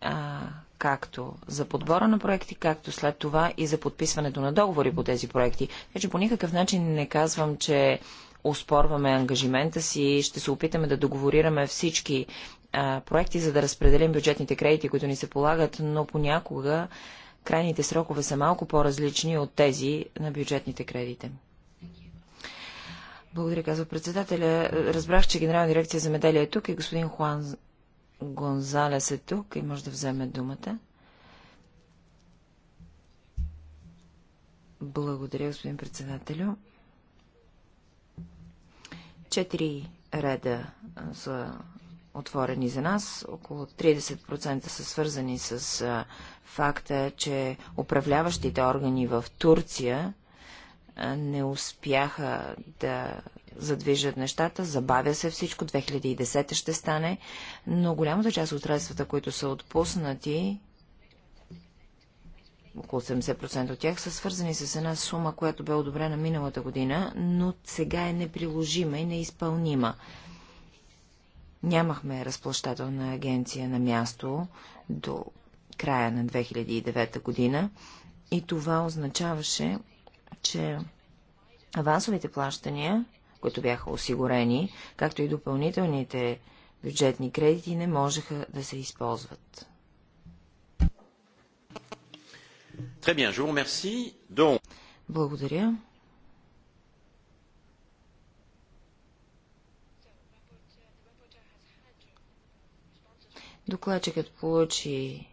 а, както за подбора на проекти, както след това и за подписването на договори по тези проекти. Вече по никакъв начин не казвам, че оспорваме ангажимента си и ще се опитаме да договорираме всички а, проекти, за да разпределим бюджетните кредити, които ни се полагат, но понякога крайните срокове са малко по-различни от тези на бюджетните кредити. Благодаря, казва председателя. Разбрах, че Генерална дирекция за земеделие е тук и господин Хуан Гонзалес е тук и може да вземе думата. Благодаря, господин председателю четири реда са отворени за нас. Около 30% са свързани с а, факта, че управляващите органи в Турция а, не успяха да задвижат нещата. Забавя се всичко. 2010 ще стане. Но голямата част от средствата, които са отпуснати, около 70% от тях са свързани с една сума, която бе одобрена миналата година, но сега е неприложима и неизпълнима. Нямахме разплащателна агенция на място до края на 2009 година и това означаваше, че авансовите плащания, които бяха осигурени, както и допълнителните бюджетни кредити, не можеха да се използват. Très bien, je vous remercie. Donc... Благодаря. Докладчикът получи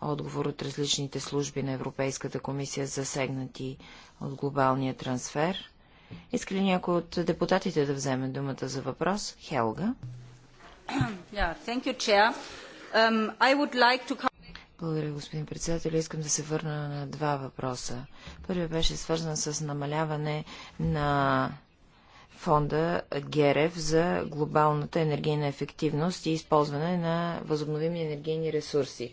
отговор от различните служби на Европейската комисия, засегнати от глобалния трансфер. Иска ли някой от депутатите да вземе думата за въпрос? Хелга. Yeah, you, um, like to... Благодаря, господин председател. Искам да се върна на два въпроса. Първият беше свързан с намаляване на фонда ГЕРЕВ за глобалната енергийна ефективност и използване на възобновими енергийни ресурси.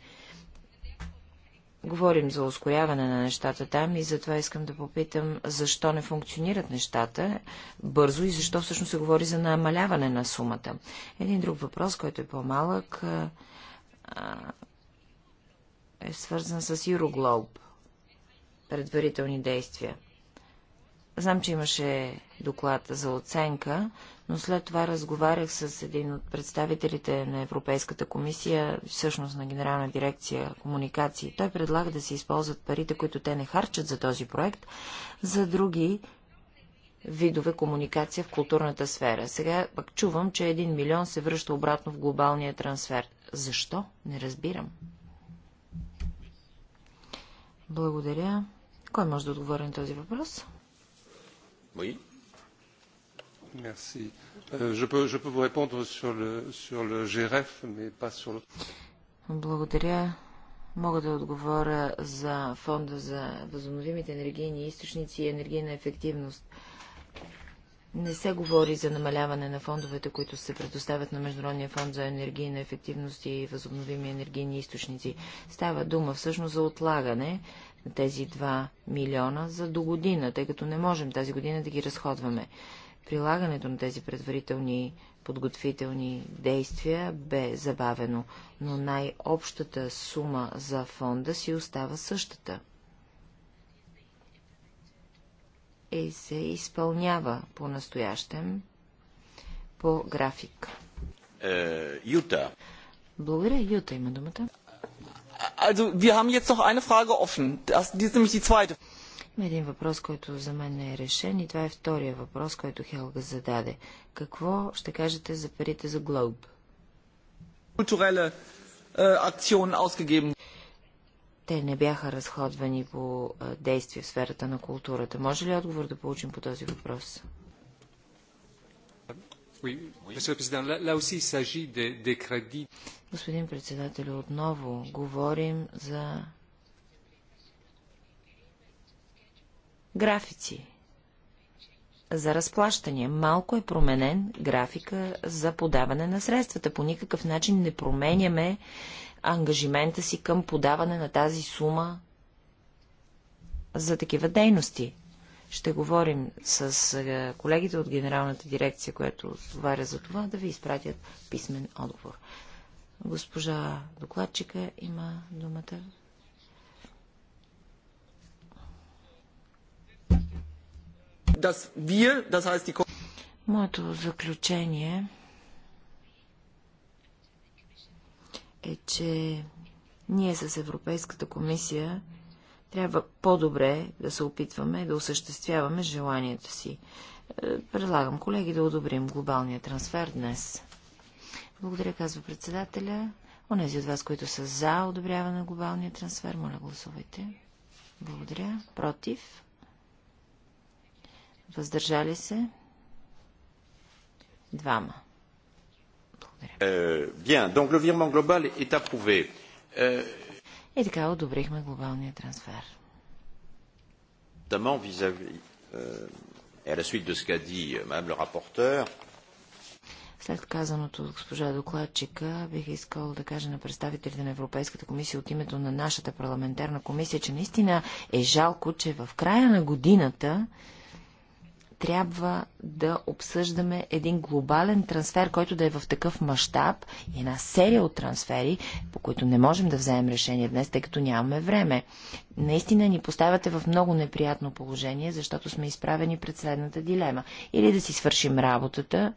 Говорим за ускоряване на нещата там и затова искам да попитам защо не функционират нещата бързо и защо всъщност се говори за намаляване на сумата. Един друг въпрос, който е по-малък е свързан с Юроглоб. Предварителни действия. Знам, че имаше доклад за оценка, но след това разговарях с един от представителите на Европейската комисия, всъщност на Генерална дирекция комуникации. Той предлага да се използват парите, които те не харчат за този проект, за други видове комуникация в културната сфера. Сега пък чувам, че един милион се връща обратно в глобалния трансфер. Защо? Не разбирам. Благодаря. Кой може да отговори на този въпрос? Oui. Merci. Euh, je peux, je peux vous répondre sur le, sur le GRF, mais pas sur le... Благодаря. Мога да отговоря за фонда за възобновимите енергийни източници и енергийна ефективност. Не се говори за намаляване на фондовете, които се предоставят на Международния фонд за енергийна ефективност и възобновими енергийни източници. Става дума всъщност за отлагане на тези 2 милиона за до година, тъй като не можем тази година да ги разходваме. Прилагането на тези предварителни подготвителни действия бе забавено, но най-общата сума за фонда си остава същата – и е, се изпълнява по-настоящем по график. Е, Юта. Благодаря, Юта има думата. Also, wir haben jetzt noch eine Frage offen. Das, die ist nämlich die zweite. Има един въпрос, който за мен не е решен и това е втория въпрос, който Хелга зададе. Какво ще кажете за парите за Глоб? Културеле акцион ausgegeben те не бяха разходвани по действия в сферата на културата. Може ли отговор да получим по този въпрос? Господин председател, отново говорим за графици, за разплащания. Малко е променен графика за подаване на средствата. По никакъв начин не променяме ангажимента си към подаване на тази сума за такива дейности. Ще говорим с е, колегите от Генералната дирекция, което отговаря за това, да ви изпратят писмен отговор. Госпожа докладчика има думата. Моето заключение е, че ние с Европейската комисия трябва по-добре да се опитваме да осъществяваме желанието си. Е, предлагам, колеги, да одобрим глобалния трансфер днес. Благодаря, казва председателя. Онези от вас, които са за одобряване на глобалния трансфер, моля гласувайте. Благодаря. Против? Въздържали се? Двама. Благодаря. Е, е, И така одобрихме глобалния трансфер. Notamment vis-à-vis, euh, à la suite de ce qu'a dit euh, Madame le rapporteur, след казаното от госпожа докладчика, бих искал да кажа на представителите на Европейската комисия от името на нашата парламентарна комисия, че наистина е жалко, че в края на годината трябва да обсъждаме един глобален трансфер, който да е в такъв мащаб и една серия от трансфери, по които не можем да вземем решение днес, тъй като нямаме време. Наистина ни поставяте в много неприятно положение, защото сме изправени пред следната дилема. Или да си свършим работата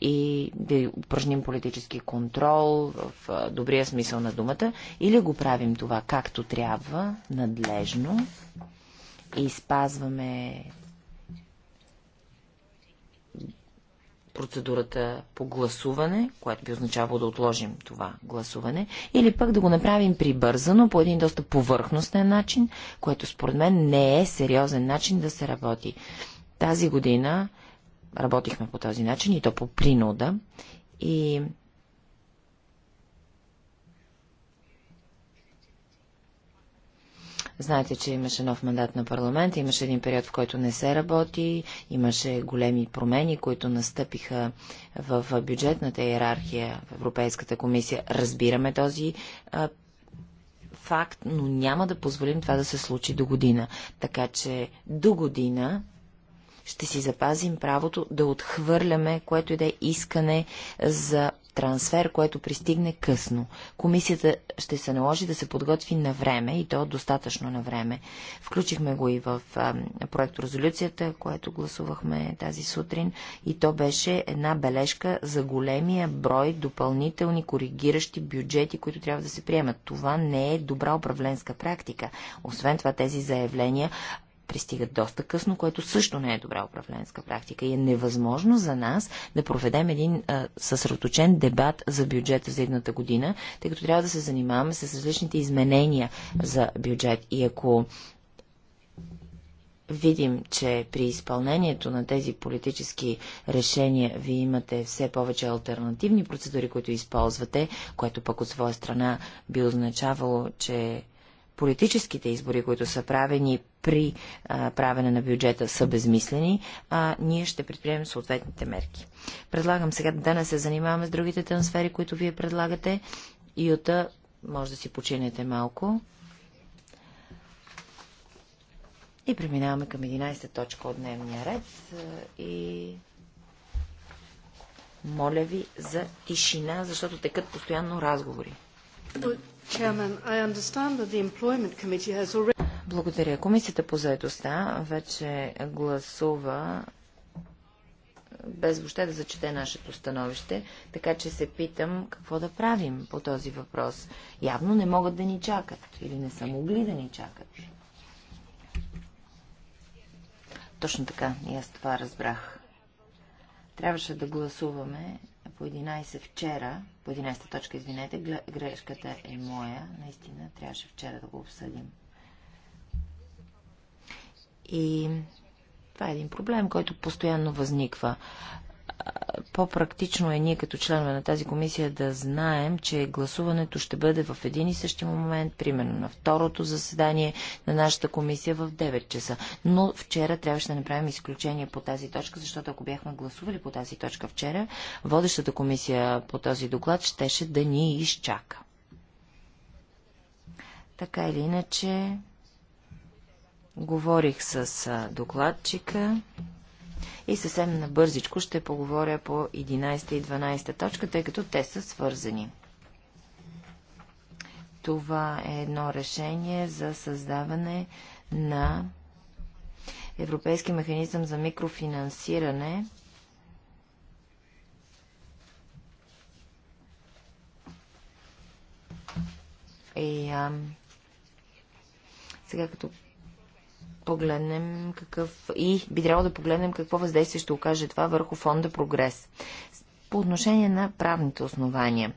и да упражним политически контрол в добрия смисъл на думата, или го правим това както трябва, надлежно и спазваме процедурата по гласуване, което би означавало да отложим това гласуване, или пък да го направим прибързано по един доста повърхностен начин, което според мен не е сериозен начин да се работи. Тази година работихме по този начин и то по принуда и Знаете, че имаше нов мандат на парламента, имаше един период, в който не се работи, имаше големи промени, които настъпиха в бюджетната иерархия в Европейската комисия. Разбираме този а, факт, но няма да позволим това да се случи до година. Така че до година ще си запазим правото да отхвърляме което и да е искане за трансфер, което пристигне късно. Комисията ще се наложи да се подготви на време и то достатъчно на време. Включихме го и в проект резолюцията, което гласувахме тази сутрин и то беше една бележка за големия брой допълнителни коригиращи бюджети, които трябва да се приемат. Това не е добра управленска практика. Освен това тези заявления пристигат доста късно, което също не е добра управленска практика и е невъзможно за нас да проведем един а, съсредоточен дебат за бюджета за едната година, тъй като трябва да се занимаваме с различните изменения за бюджет. И ако видим, че при изпълнението на тези политически решения вие имате все повече альтернативни процедури, които използвате, което пък от своя страна би означавало, че политическите избори, които са правени при а, правене на бюджета, са безмислени, а ние ще предприемем съответните мерки. Предлагам сега да не се занимаваме с другите трансфери, които вие предлагате. Юта, може да си починете малко. И преминаваме към 11 та точка от дневния ред. И моля ви за тишина, защото текат постоянно разговори. Благодаря. Комисията по заедостта вече гласува без въобще да зачете нашето становище, така че се питам какво да правим по този въпрос. Явно не могат да ни чакат или не са могли да ни чакат. Точно така, и аз това разбрах. Трябваше да гласуваме по 11 вчера, по 11 точка, извинете, грешката е моя. Наистина трябваше вчера да го обсъдим. И това е един проблем, който постоянно възниква по-практично е ние като членове на тази комисия да знаем, че гласуването ще бъде в един и същи момент, примерно на второто заседание на нашата комисия в 9 часа. Но вчера трябваше да направим изключение по тази точка, защото ако бяхме гласували по тази точка вчера, водещата комисия по този доклад щеше да ни изчака. Така или иначе, говорих с докладчика. И съвсем набързичко ще поговоря по 11 и 12 точка, тъй като те са свързани. Това е едно решение за създаване на Европейски механизъм за микрофинансиране, И а, сега като погледнем какъв и би трябвало да погледнем какво въздействие ще окаже това върху фонда Прогрес. По отношение на правните основания.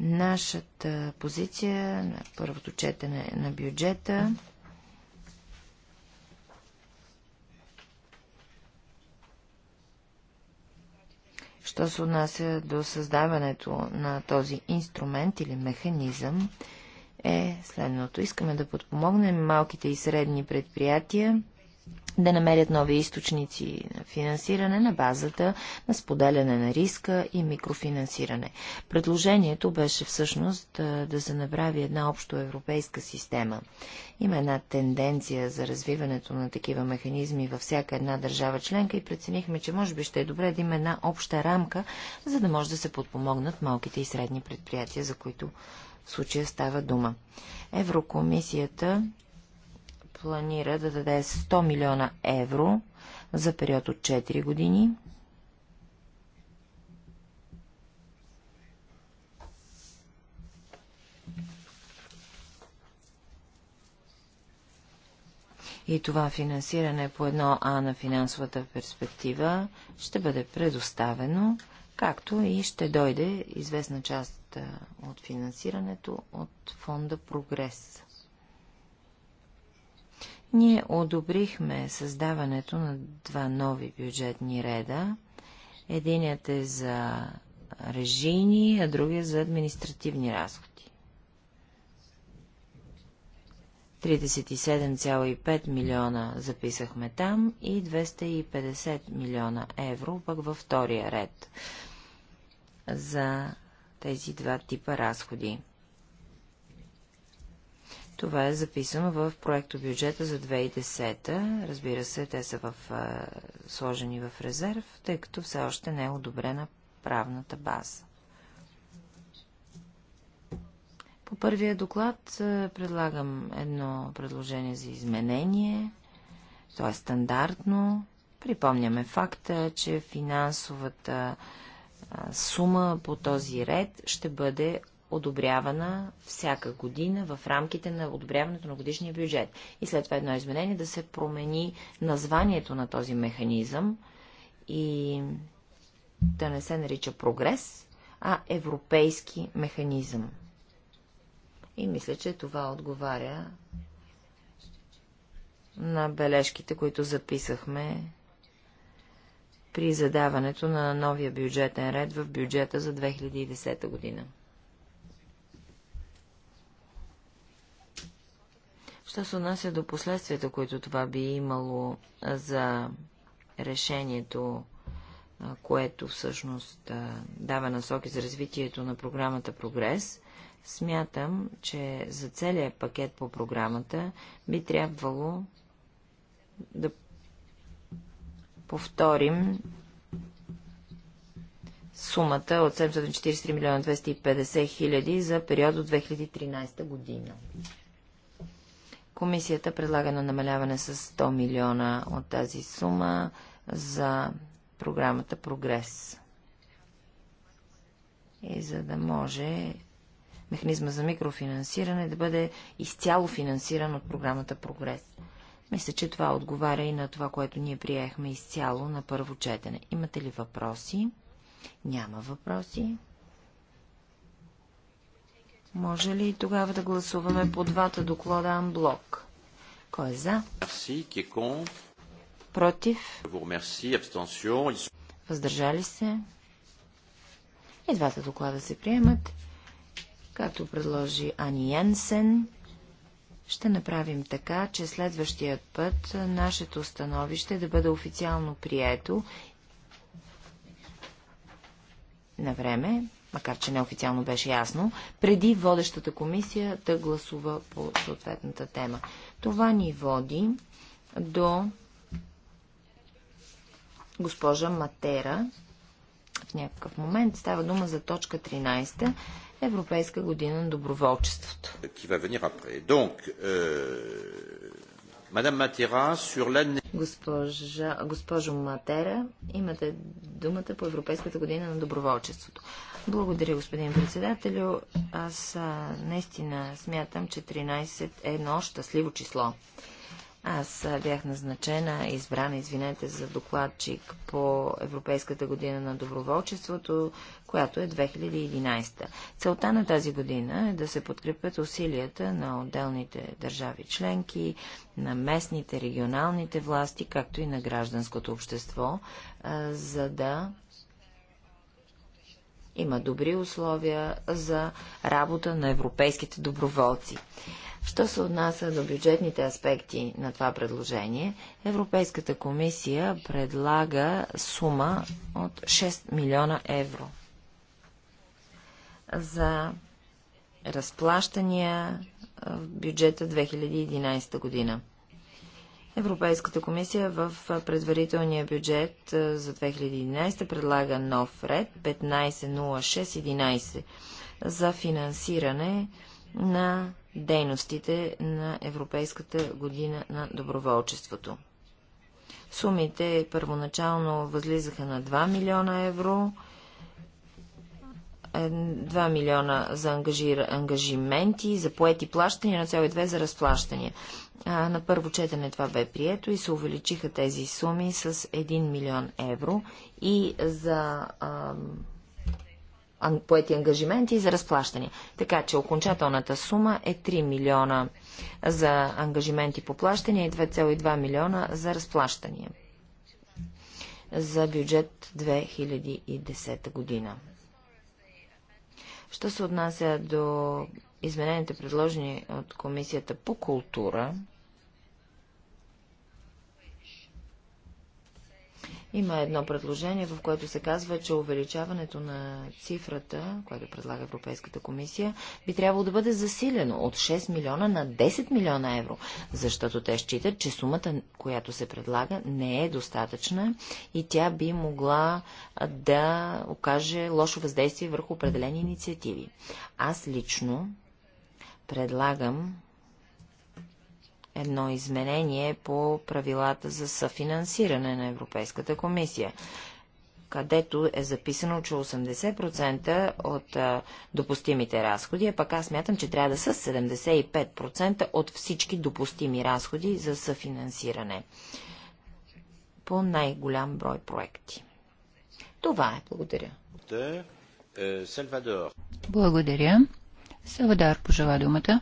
Нашата позиция на първото четене на бюджета що се отнася до създаването на този инструмент или механизъм, е следното. Искаме да подпомогнем малките и средни предприятия да намерят нови източници на финансиране на базата на споделяне на риска и микрофинансиране. Предложението беше всъщност да, да се направи една общо европейска система. Има една тенденция за развиването на такива механизми във всяка една държава членка и преценихме, че може би ще е добре да има една обща рамка, за да може да се подпомогнат малките и средни предприятия, за които случая става дума. Еврокомисията планира да даде 100 милиона евро за период от 4 години. И това финансиране по едно А на финансовата перспектива ще бъде предоставено както и ще дойде известна част от финансирането от фонда Прогрес. Ние одобрихме създаването на два нови бюджетни реда. Единият е за режини, а другият за административни разходи. 37,5 милиона записахме там и 250 милиона евро пък във втория ред за тези два типа разходи. Това е записано в проекто бюджета за 2010. Разбира се, те са в, а, сложени в резерв, тъй като все още не е одобрена правната база. По първия доклад а, предлагам едно предложение за изменение. То е стандартно. Припомняме факта, че финансовата а, сума по този ред ще бъде одобрявана всяка година в рамките на одобряването на годишния бюджет. И след това едно изменение да се промени названието на този механизъм и да не се нарича прогрес, а европейски механизъм. И мисля, че това отговаря на бележките, които записахме при задаването на новия бюджетен ред в бюджета за 2010 година. Що се отнася до последствията, които това би имало за решението, което всъщност дава насоки за развитието на програмата Прогрес, смятам, че за целият пакет по програмата би трябвало да повторим сумата от 743 милиона 250 хиляди за период от 2013 година. Комисията предлага на намаляване с 100 милиона от тази сума за програмата Прогрес. И за да може механизма за микрофинансиране да бъде изцяло финансиран от програмата Прогрес. Мисля, че това отговаря и на това, което ние приехме изцяло на първо четене. Имате ли въпроси? Няма въпроси. Може ли тогава да гласуваме по двата доклада Анблок? Кой е за? Против? Въздържали се? И двата доклада се приемат, както предложи Ани Янсен ще направим така, че следващият път нашето становище да бъде официално прието на време, макар че неофициално беше ясно, преди водещата комисия да гласува по съответната тема. Това ни води до госпожа Матера, в някакъв момент. Става дума за точка 13 Европейска година на доброволчеството. Euh, Госпожа, госпожо Матера, имате думата по Европейската година на доброволчеството. Благодаря, господин председателю. Аз наистина смятам, че 13 е едно щастливо число. Аз бях назначена, избрана, извинете, за докладчик по Европейската година на доброволчеството, която е 2011. Целта на тази година е да се подкрепят усилията на отделните държави членки, на местните, регионалните власти, както и на гражданското общество, за да има добри условия за работа на европейските доброволци. Що се отнася до бюджетните аспекти на това предложение, Европейската комисия предлага сума от 6 милиона евро за разплащания в бюджета 2011 година. Европейската комисия в предварителния бюджет за 2011 предлага нов ред 150611 за финансиране на дейностите на Европейската година на доброволчеството. Сумите първоначално възлизаха на 2 милиона евро, 2 е, милиона за ангажименти, за поети плащания, две за разплащания. А, на първо четене това бе прието и се увеличиха тези суми с 1 милион евро и за поети ангажименти и за разплащане. Така че окончателната сума е 3 милиона за ангажименти по плащане и 2,2 милиона за разплащания за бюджет 2010 година. Що се отнася до измененията, предложени от Комисията по култура, Има едно предложение, в което се казва, че увеличаването на цифрата, което предлага Европейската комисия, би трябвало да бъде засилено от 6 милиона на 10 милиона евро, защото те считат, че сумата, която се предлага, не е достатъчна и тя би могла да окаже лошо въздействие върху определени инициативи. Аз лично предлагам едно изменение по правилата за съфинансиране на Европейската комисия, където е записано, че 80% от допустимите разходи, а пък аз смятам, че трябва да са 75% от всички допустими разходи за съфинансиране по най-голям брой проекти. Това е. Благодаря. Е, Благодаря. Салвадор пожела думата.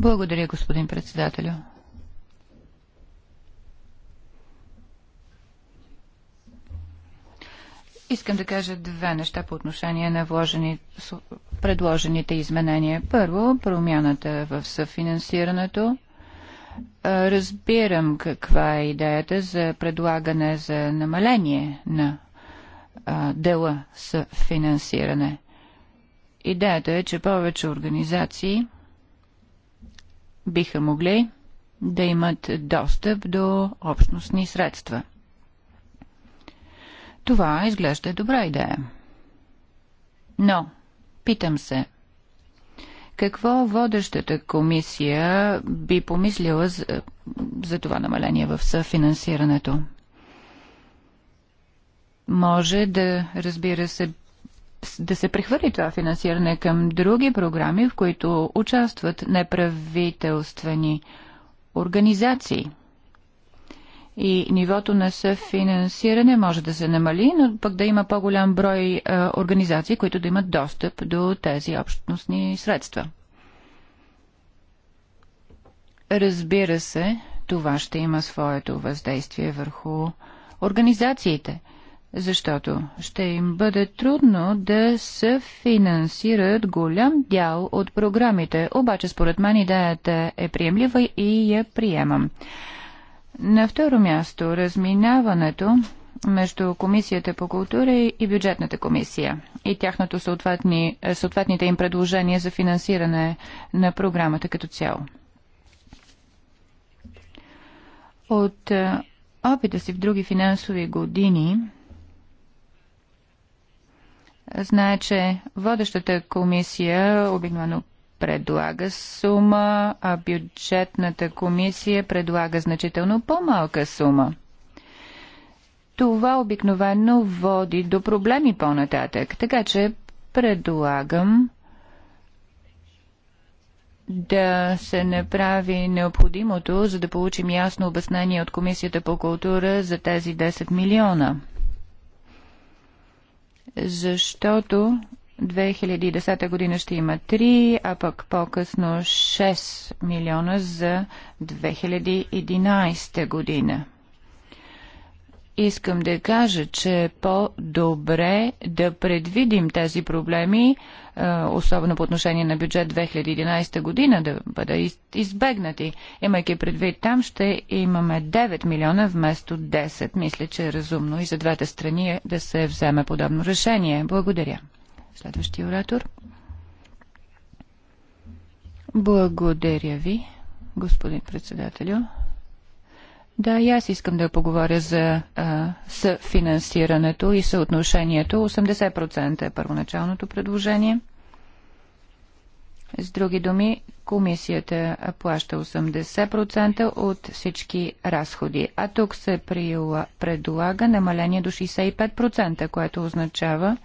Благодаря, господин председателю. Искам да кажа две неща по отношение на вложени, предложените изменения. Първо, промяната в съфинансирането. Разбирам каква е идеята за предлагане за намаление на дела с финансиране. Идеята е, че повече организации биха могли да имат достъп до общностни средства. Това изглежда добра идея. Но, питам се, какво водещата комисия би помислила за, за това намаление в съфинансирането? Може да, разбира се, да се прехвърли това финансиране към други програми, в които участват неправителствени организации. И нивото на съфинансиране може да се намали, но пък да има по-голям брой а, организации, които да имат достъп до тези общностни средства. Разбира се, това ще има своето въздействие върху организациите – защото ще им бъде трудно да се финансират голям дял от програмите. Обаче, според мен, идеята е приемлива и я приемам. На второ място, разминаването между Комисията по култура и бюджетната комисия и тяхното съответни, съответните им предложения за финансиране на програмата като цяло. От опита си в други финансови години Знае, че водещата комисия обикновено предлага сума, а бюджетната комисия предлага значително по-малка сума. Това обикновено води до проблеми по-нататък, така че предлагам да се направи необходимото, за да получим ясно обяснение от Комисията по култура за тези 10 милиона – защото 2010 година ще има 3, а пък по-късно 6 милиона за 2011 година. Искам да кажа, че е по-добре да предвидим тези проблеми, е, особено по отношение на бюджет 2011 година, да бъдат избегнати. Имайки предвид там, ще имаме 9 милиона вместо 10. Мисля, че е разумно и за двете страни е да се вземе подобно решение. Благодаря. Следващия оратор. Благодаря ви, господин председателю. Да, и аз искам да поговоря за а, съфинансирането и съотношението. 80% е първоначалното предложение. С други думи, комисията плаща 80% от всички разходи, а тук се предлага намаление до 65%, което означава,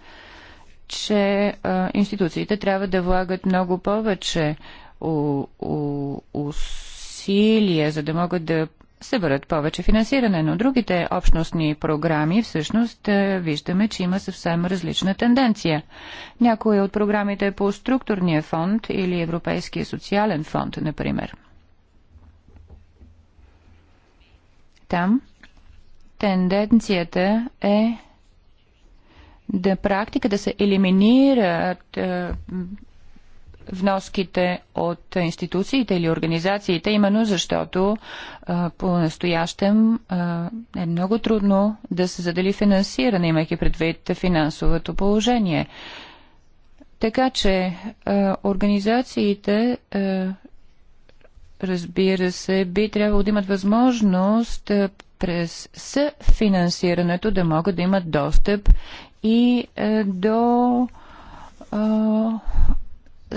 че а, институциите трябва да влагат много повече у, у, усилия, за да могат да съберат повече финансиране, но другите общностни програми всъщност е, виждаме, че има съвсем различна тенденция. Някои от програмите по структурния фонд или Европейския социален фонд, например. Там тенденцията е да практика да се елиминират е, вноските от институциите или организациите, именно защото по-настоящем е много трудно да се задели финансиране, имайки предвид финансовото положение. Така че организациите разбира се, би трябвало да имат възможност през съфинансирането да могат да имат достъп и до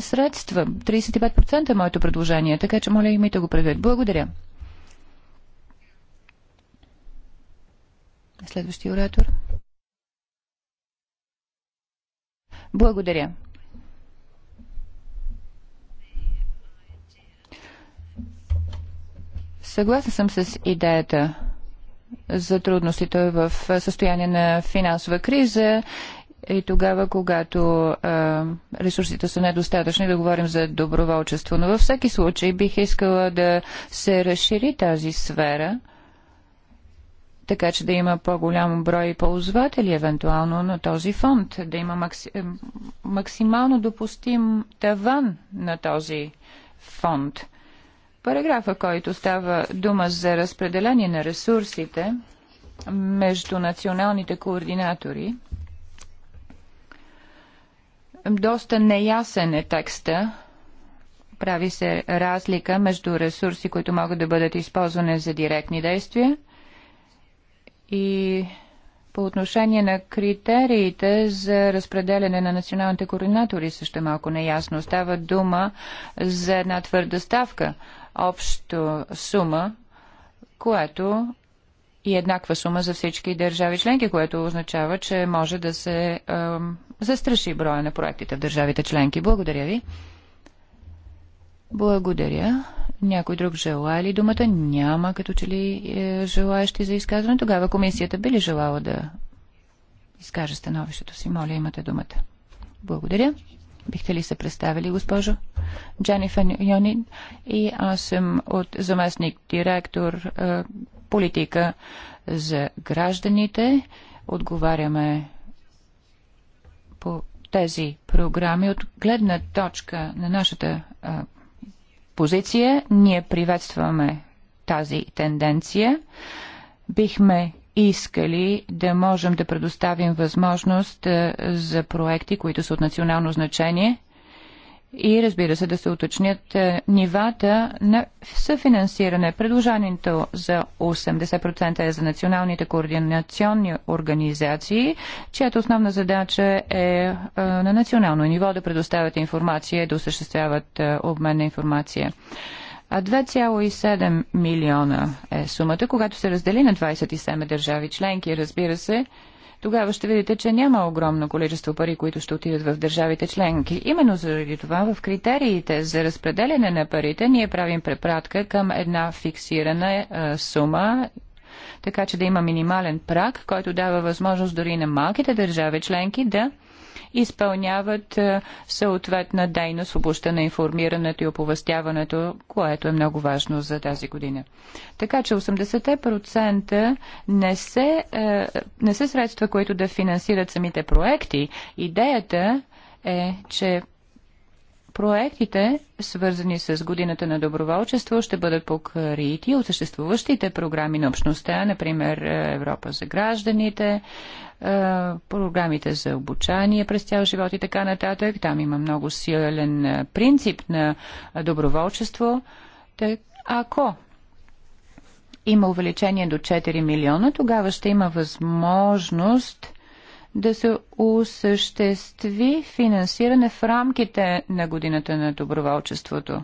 средства. 35% е моето предложение, така че моля имайте го предвид. Благодаря. Следващия оратор. Благодаря. Съгласна съм с идеята за трудностите в състояние на финансова криза и тогава, когато а, ресурсите са недостатъчни, да говорим за доброволчество. Но във всеки случай бих искала да се разшири тази сфера, така че да има по-голям брой ползватели евентуално на този фонд, да има макси... максимално допустим таван на този фонд. Параграфа, който става дума за разпределение на ресурсите между националните координатори – доста неясен е текста. Прави се разлика между ресурси, които могат да бъдат използвани за директни действия и по отношение на критериите за разпределяне на националните координатори също е малко неясно. Става дума за една твърда ставка, общо сума, което и еднаква сума за всички държави членки, което означава, че може да се застраши броя на проектите в държавите членки. Благодаря ви. Благодаря. Някой друг желая ли думата? Няма като че ли е, желаящи за изказване. Тогава комисията би ли желала да изкаже становището си? Моля, имате думата. Благодаря. Бихте ли се представили, госпожо? Джанифер Йонин и аз съм от заместник директор е, политика за гражданите. Отговаряме по тези програми от гледна точка на нашата а, позиция. Ние приветстваме тази тенденция. Бихме искали да можем да предоставим възможност а, за проекти, които са от национално значение – и разбира се да се уточнят е, нивата на съфинансиране. Предложението за 80% е за националните координационни организации, чиято основна задача е, е на национално ниво да предоставят информация и да осъществяват е, обмен на информация. А 2,7 милиона е сумата, когато се раздели на 27 държави членки, разбира се, тогава ще видите, че няма огромно количество пари, които ще отидат в държавите членки. Именно заради това в критериите за разпределяне на парите ние правим препратка към една фиксирана а, е, сума така че да има минимален прак, който дава възможност дори на малките държави членки да изпълняват е, съответна дейност в областта на информирането и оповестяването, което е много важно за тази година. Така че 80% не се, е, не се средства, които да финансират самите проекти. Идеята е, че Проектите, свързани с годината на доброволчество, ще бъдат покрити от съществуващите програми на общността, например е, Европа за гражданите, е, програмите за обучание през цял живот и така нататък. Там има много силен е, принцип на доброволчество. Так, ако има увеличение до 4 милиона, тогава ще има възможност да се осъществи финансиране в рамките на годината на доброволчеството.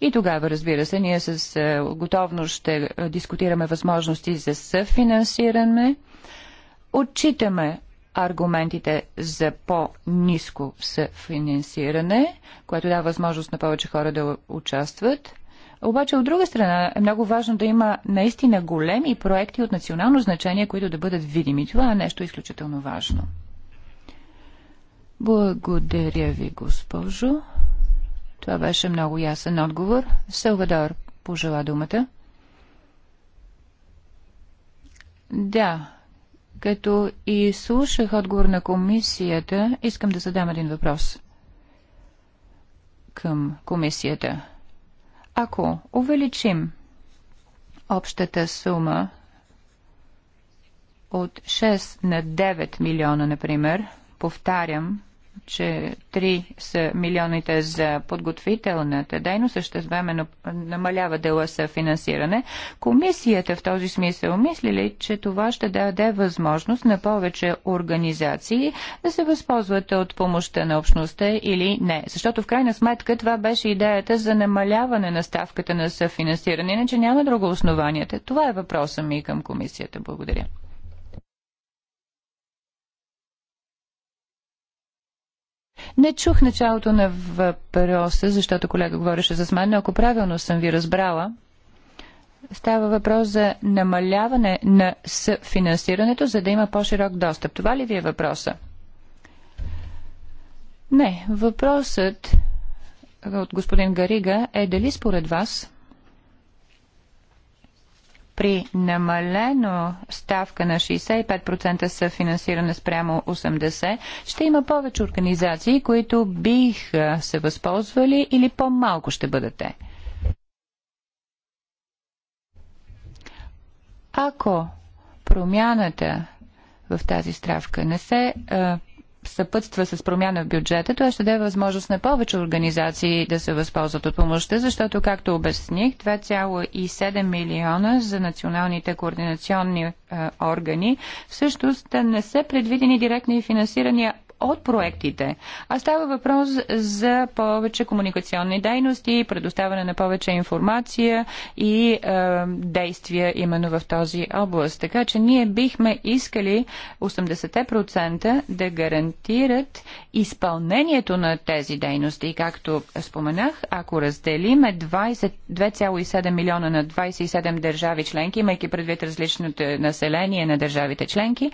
И тогава, разбира се, ние с е, готовност ще е, дискутираме възможности за съфинансиране. Отчитаме аргументите за по-низко съфинансиране, което дава възможност на повече хора да участват – обаче от друга страна е много важно да има наистина големи проекти от национално значение, които да бъдат видими. Това е нещо изключително важно. Благодаря ви, госпожо. Това беше много ясен отговор. Селвадор, пожела думата. Да, като и слушах отговор на комисията, искам да задам един въпрос към комисията. Ако увеличим общата сума от 6 на 9 милиона, например, повтарям, че 3 са милионите за подготвителната дейност, същевременно намалява дела за финансиране. Комисията в този смисъл мисли ли, че това ще даде възможност на повече организации да се възползват от помощта на общността или не? Защото в крайна сметка това беше идеята за намаляване на ставката на съфинансиране, иначе няма друго основание. Това е въпроса ми към комисията. Благодаря. Не чух началото на въпроса, защото колега говореше с мен, но ако правилно съм ви разбрала, става въпрос за намаляване на съфинансирането, за да има по-широк достъп. Това ли ви е въпроса? Не, въпросът от господин Гарига е дали според вас при намалено ставка на 65% съфинансиране спрямо 80%, ще има повече организации, които биха се възползвали или по-малко ще бъдете. Ако промяната в тази стравка не се съпътства с промяна в бюджета, това ще даде възможност на повече организации да се възползват от помощта, защото, както обясних, 2,7 милиона за националните координационни органи всъщност не са предвидени директни финансирания от проектите, а става въпрос за повече комуникационни дейности, предоставяне на повече информация и е, действия именно в този област. Така че ние бихме искали 80% да гарантират изпълнението на тези дейности. И както споменах, ако разделиме 2,7 милиона на 27 държави членки, имайки предвид различното население на държавите членки,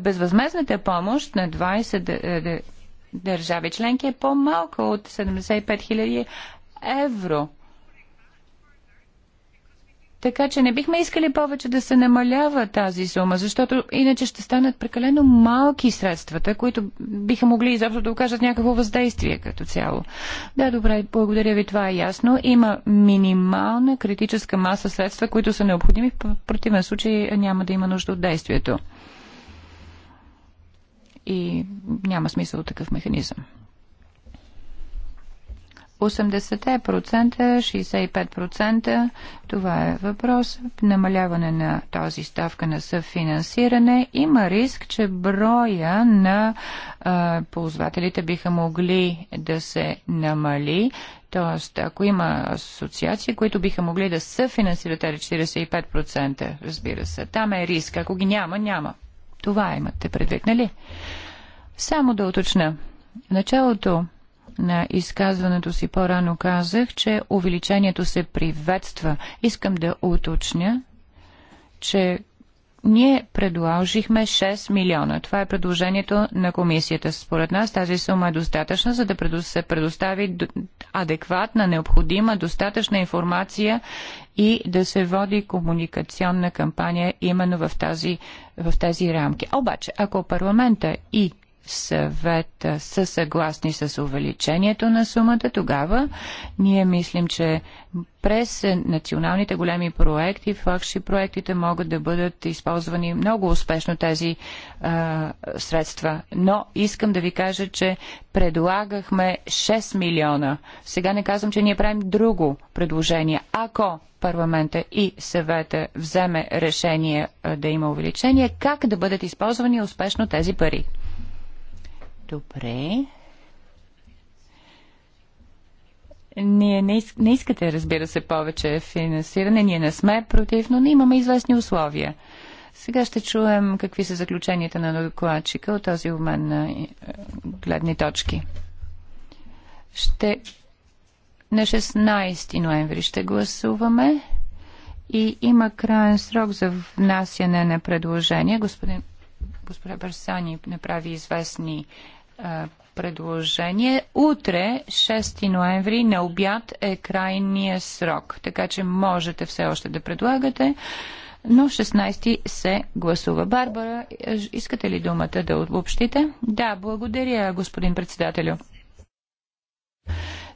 безвъзмезната помощ на 20 държави членки е по-малка от 75 000 евро. Така че не бихме искали повече да се намалява тази сума, защото иначе ще станат прекалено малки средствата, които биха могли изобщо да окажат някакво въздействие като цяло. Да, добре, благодаря ви, това е ясно. Има минимална критическа маса средства, които са необходими, в противен случай няма да има нужда от действието и няма смисъл такъв механизъм. 80%, 65%, това е въпрос. Намаляване на тази ставка на съфинансиране има риск, че броя на а, ползвателите биха могли да се намали. Тоест, ако има асоциации, които биха могли да съфинансират 45%, разбира се, там е риск. Ако ги няма, няма това имате предвид, нали? Само да уточня. Началото на изказването си по-рано казах, че увеличението се приветства. Искам да уточня, че ние предложихме 6 милиона. Това е предложението на комисията. Според нас тази сума е достатъчна, за да се предостави адекватна, необходима, достатъчна информация и да се води комуникационна кампания именно в, тази, в тези рамки. Обаче, ако парламента и съвета са съгласни с увеличението на сумата, тогава ние мислим, че през националните големи проекти, факши проектите могат да бъдат използвани много успешно тези а, средства. Но искам да ви кажа, че предлагахме 6 милиона. Сега не казвам, че ние правим друго предложение. Ако парламента и съвета вземе решение да има увеличение, как да бъдат използвани успешно тези пари? Добре. Ние не, не искате, разбира се, повече финансиране. Ние не сме против, но не имаме известни условия. Сега ще чуем какви са заключенията на докладчика от този обмен на е, гледни точки. Ще на 16 ноември ще гласуваме и има крайен срок за внасяне на предложения. Господин, госпожа Барсани направи известни предложение. Утре, 6 ноември, на обяд е крайния срок, така че можете все още да предлагате, но 16 се гласува. Барбара, искате ли думата да обобщите? Да, благодаря, господин председателю.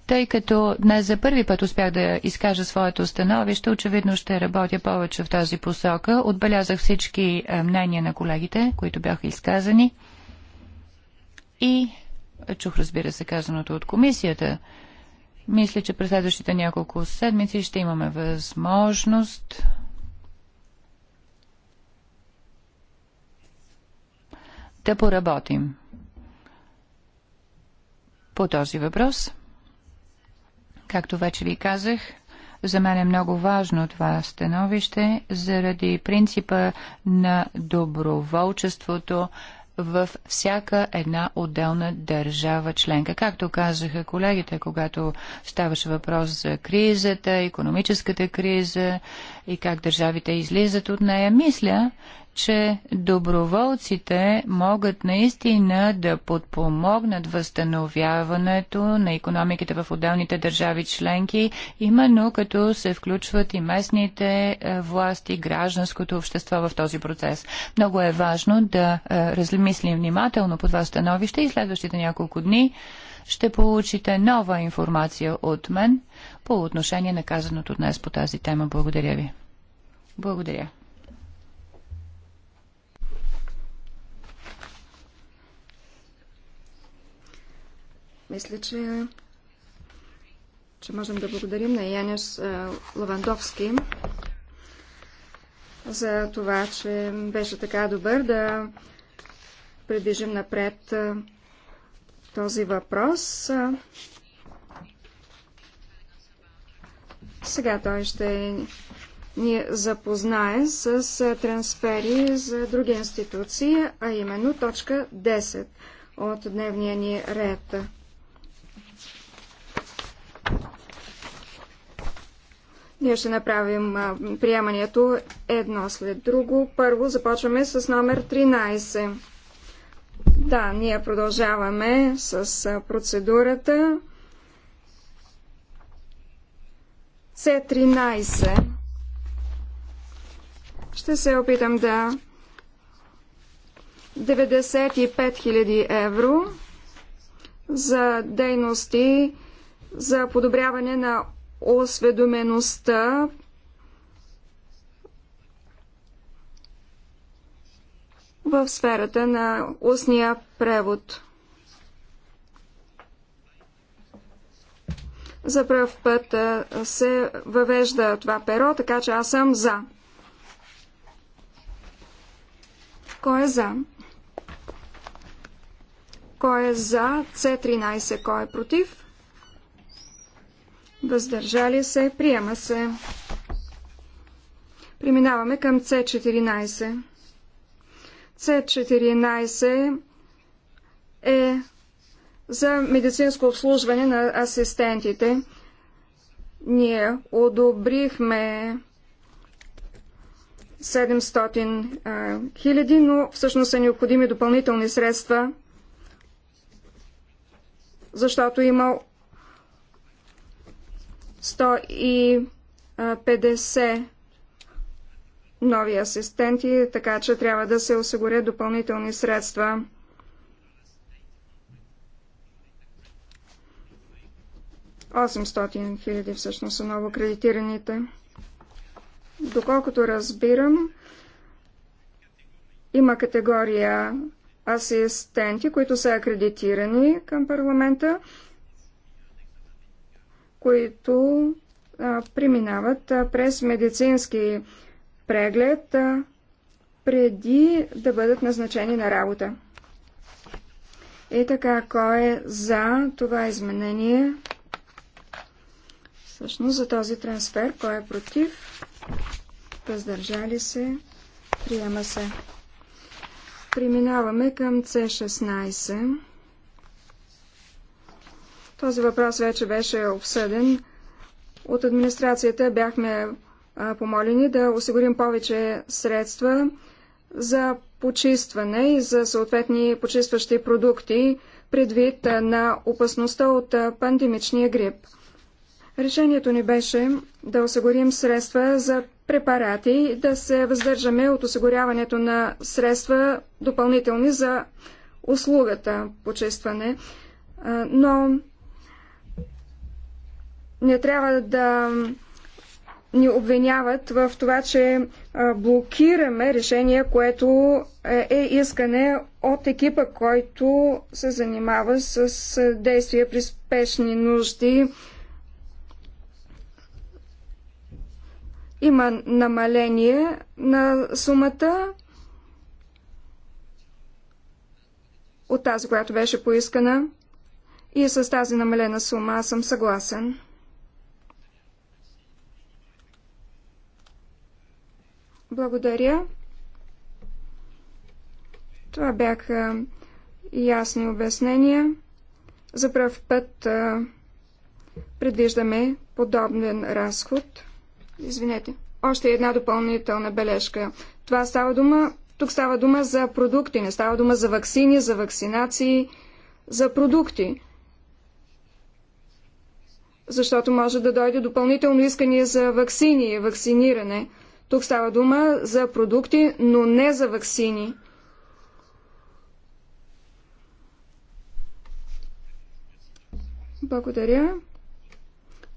Тъй като днес за първи път успях да изкажа своето становище, очевидно ще работя повече в тази посока. Отбелязах всички мнения на колегите, които бяха изказани. И чух, разбира се, казаното от комисията. Мисля, че през следващите няколко седмици ще имаме възможност да поработим по този въпрос. Както вече ви казах, за мен е много важно това становище заради принципа на доброволчеството в всяка една отделна държава членка. Както казаха колегите, когато ставаше въпрос за кризата, економическата криза, и как държавите излизат от нея. Мисля, че доброволците могат наистина да подпомогнат възстановяването на економиките в отделните държави членки, именно като се включват и местните е, власти, гражданското общество в този процес. Много е важно да е, размислим внимателно по това становище и следващите няколко дни ще получите нова информация от мен по отношение на казаното днес по тази тема. Благодаря ви. Благодаря. Мисля, че, че можем да благодарим на Янис Лавандовски за това, че беше така добър да придвижим напред този въпрос. Сега той ще ни запознае с трансфери за други институции, а именно точка 10 от дневния ни ред. Ние ще направим приемането едно след друго. Първо започваме с номер 13. Да, ние продължаваме с процедурата. С13 ще се опитам да 95 000 евро за дейности за подобряване на осведомеността в сферата на устния превод. За пръв път се въвежда това перо, така че аз съм за. Кой е за? Кой е за C13? Кой е против? Въздържали се. Приема се. Преминаваме към C14. C14 е за медицинско обслужване на асистентите. Ние одобрихме 700 хиляди, но всъщност са необходими допълнителни средства, защото има 150 нови асистенти, така че трябва да се осигурят допълнителни средства. Осемстотин хиляди всъщност са ново кредитираните. Доколкото разбирам, има категория асистенти, които са акредитирани към парламента, които а, преминават а, през медицински преглед а, преди да бъдат назначени на работа. И така, кой е за това изменение? Всъщност за този трансфер, кой е против? въздържали се, приема се. Преминаваме към C16. Този въпрос вече беше обсъден. От администрацията бяхме помолени да осигурим повече средства за почистване и за съответни почистващи продукти предвид на опасността от пандемичния грип. Решението ни беше да осигурим средства за препарати да се въздържаме от осигуряването на средства допълнителни за услугата почистване, но не трябва да ни обвиняват в това, че блокираме решение, което е, е искане от екипа, който се занимава с действия при спешни нужди Има намаление на сумата от тази, която беше поискана. И с тази намалена сума аз съм съгласен. Благодаря. Това бяха ясни обяснения. За пръв път предвиждаме подобен разход. Извинете. Още една допълнителна бележка. Това става дума, тук става дума за продукти, не става дума за вакцини, за вакцинации, за продукти. Защото може да дойде допълнително искане за вакцини и вакциниране. Тук става дума за продукти, но не за вакцини. Благодаря.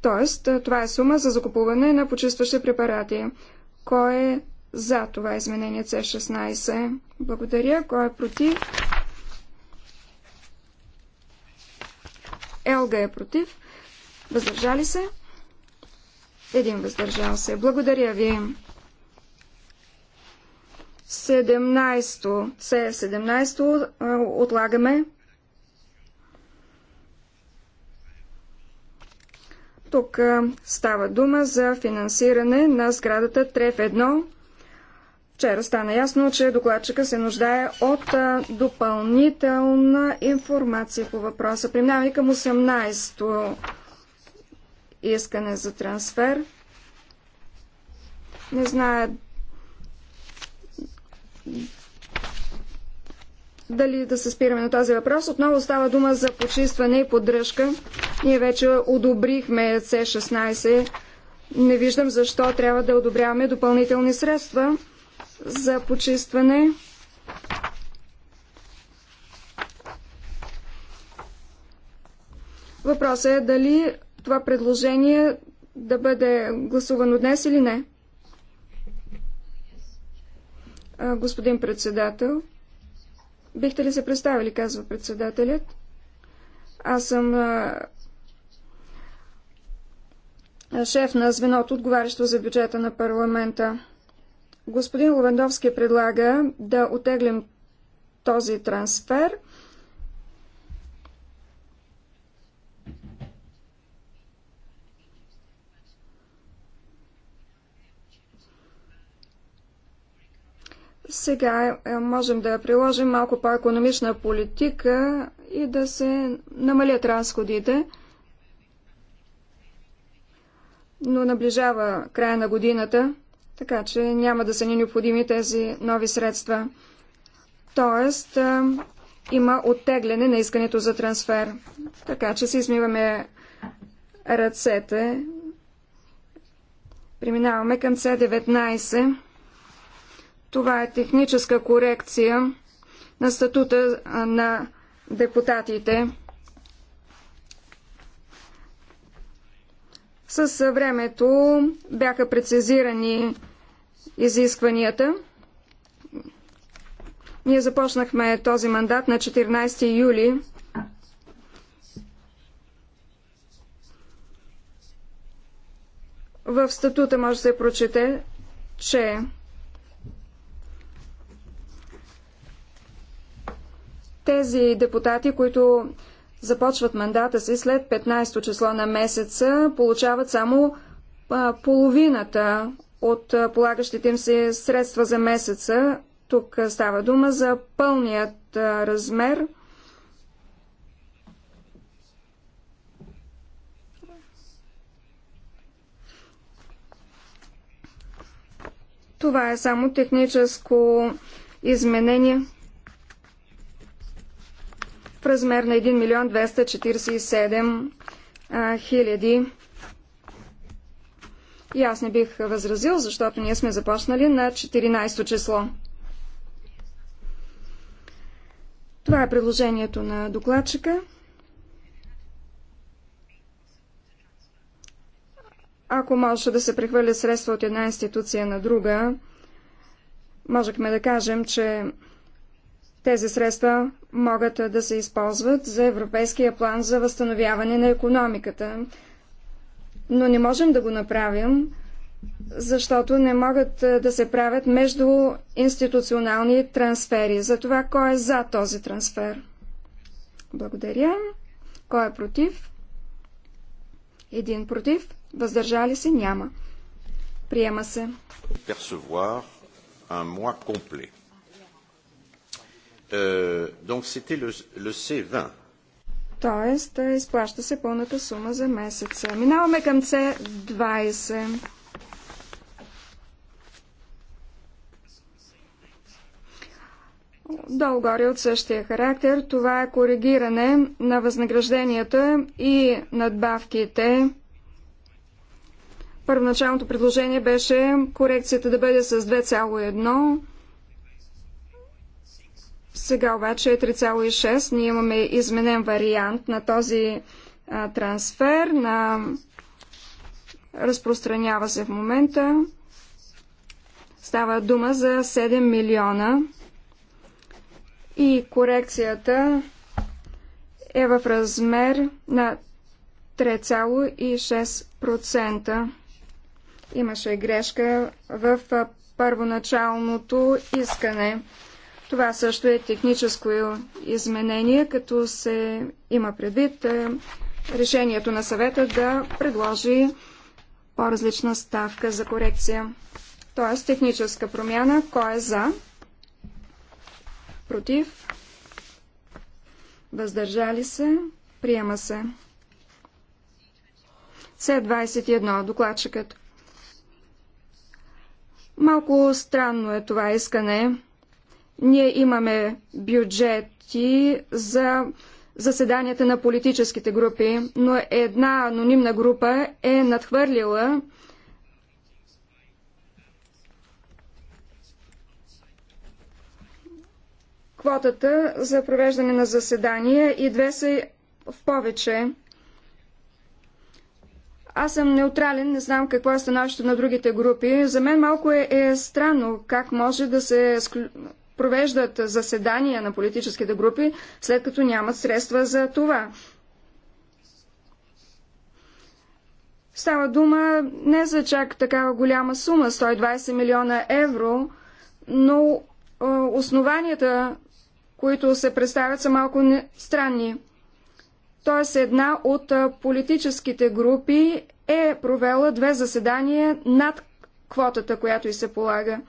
Тоест, е, това е сума за закупуване на почистващи препарати. Кой е за това изменение C16? Благодаря. Кой е против? Елга е против. Въздържали се? Един въздържал се. Благодаря ви. 17-то, C17 е, отлагаме. Тук става дума за финансиране на сградата Треф 1. Вчера стана ясно, че докладчика се нуждае от допълнителна информация по въпроса. Преминаваме към 18-то искане за трансфер. Не знаят дали да се спираме на този въпрос. Отново става дума за почистване и поддръжка. Ние вече одобрихме C16. Не виждам защо трябва да одобряваме допълнителни средства за почистване. Въпросът е дали това предложение да бъде гласувано днес или не. Господин председател. Бихте ли се представили, казва председателят. Аз съм а, шеф на звеното, отговарящо за бюджета на парламента. Господин Ловендовски предлага да отеглим този трансфер – Сега е, можем да приложим малко по-економична политика и да се намалят разходите. Но наближава края на годината, така че няма да са ни необходими тези нови средства. Тоест, е, има оттегляне на искането за трансфер. Така че си измиваме ръцете. Преминаваме към C19. Това е техническа корекция на статута на депутатите. С времето бяха прецизирани изискванията. Ние започнахме този мандат на 14 юли. В статута може да се прочете, че Тези депутати, които започват мандата си след 15 число на месеца, получават само половината от полагащите им се средства за месеца. Тук става дума за пълният размер. Това е само техническо изменение размер на 1 милион 247 хиляди. И аз не бих възразил, защото ние сме започнали на 14 число. Това е предложението на докладчика. Ако може да се прехвърля средства от една институция на друга, можехме да кажем, че тези средства могат да се използват за Европейския план за възстановяване на економиката. Но не можем да го направим, защото не могат е, да се правят между институционални трансфери. За това кой е за този трансфер? Благодаря. Кой е против? Един против. Въздържали се няма. Приема се. un mois complet. Euh, Тоест, изплаща се пълната сума за месеца. Минаваме към C20. Долу-горе от същия характер. Това е коригиране на възнагражденията и надбавките. Първоначалното предложение беше корекцията да бъде с 2,1 сега обаче е 3,6. Ние имаме изменен вариант на този а, трансфер. На... Разпространява се в момента. Става дума за 7 милиона. И корекцията е в размер на 3,6%. Имаше грешка в първоначалното искане. Това също е техническо изменение, като се има предвид е, решението на съвета да предложи по-различна ставка за корекция. Тоест техническа промяна. Кой е за? Против? Въздържали се? Приема се. С-21. Докладчикът. Малко странно е това искане ние имаме бюджети за заседанията на политическите групи, но една анонимна група е надхвърлила квотата за провеждане на заседания и две са в повече. Аз съм неутрален, не знам какво е становището на другите групи. За мен малко е, е странно как може да се провеждат заседания на политическите групи, след като нямат средства за това. Става дума не за чак такава голяма сума, 120 милиона евро, но основанията, които се представят, са малко странни. Тоест една от политическите групи е провела две заседания над квотата, която и се полага.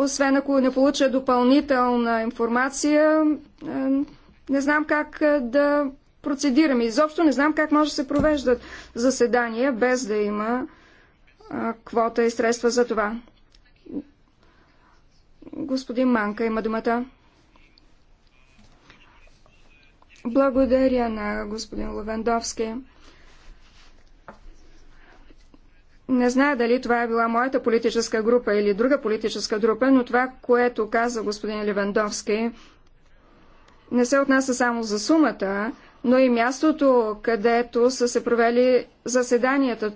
Освен ако не получа допълнителна информация, е, не знам как е, да процедираме. Изобщо не знам как може да се провеждат заседания без да има е, квота и средства за това. Господин Манка има думата. Благодаря на господин Ловендовски. Не зная дали това е била моята политическа група или друга политическа група, но това, което каза господин Левандовски, не се отнася само за сумата, но и мястото, където са се провели заседанията.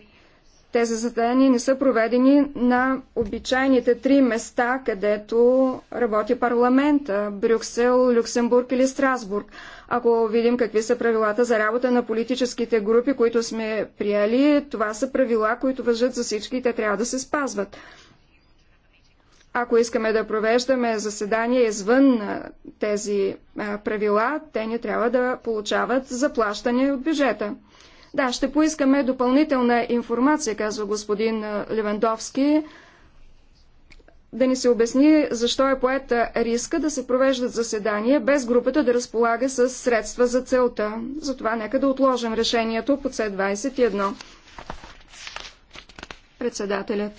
Тези задания не са проведени на обичайните три места, където работи парламента – Брюксел, Люксембург или Страсбург. Ако видим какви са правилата за работа на политическите групи, които сме приели, това са правила, които въжат за всички и те трябва да се спазват. Ако искаме да провеждаме заседания извън тези правила, те не трябва да получават заплащане от бюджета. Да, ще поискаме допълнителна информация, казва господин Левандовски, да ни се обясни защо е поета риска да се провеждат заседания без групата да разполага с средства за целта. Затова нека да отложим решението по С21. Председателят.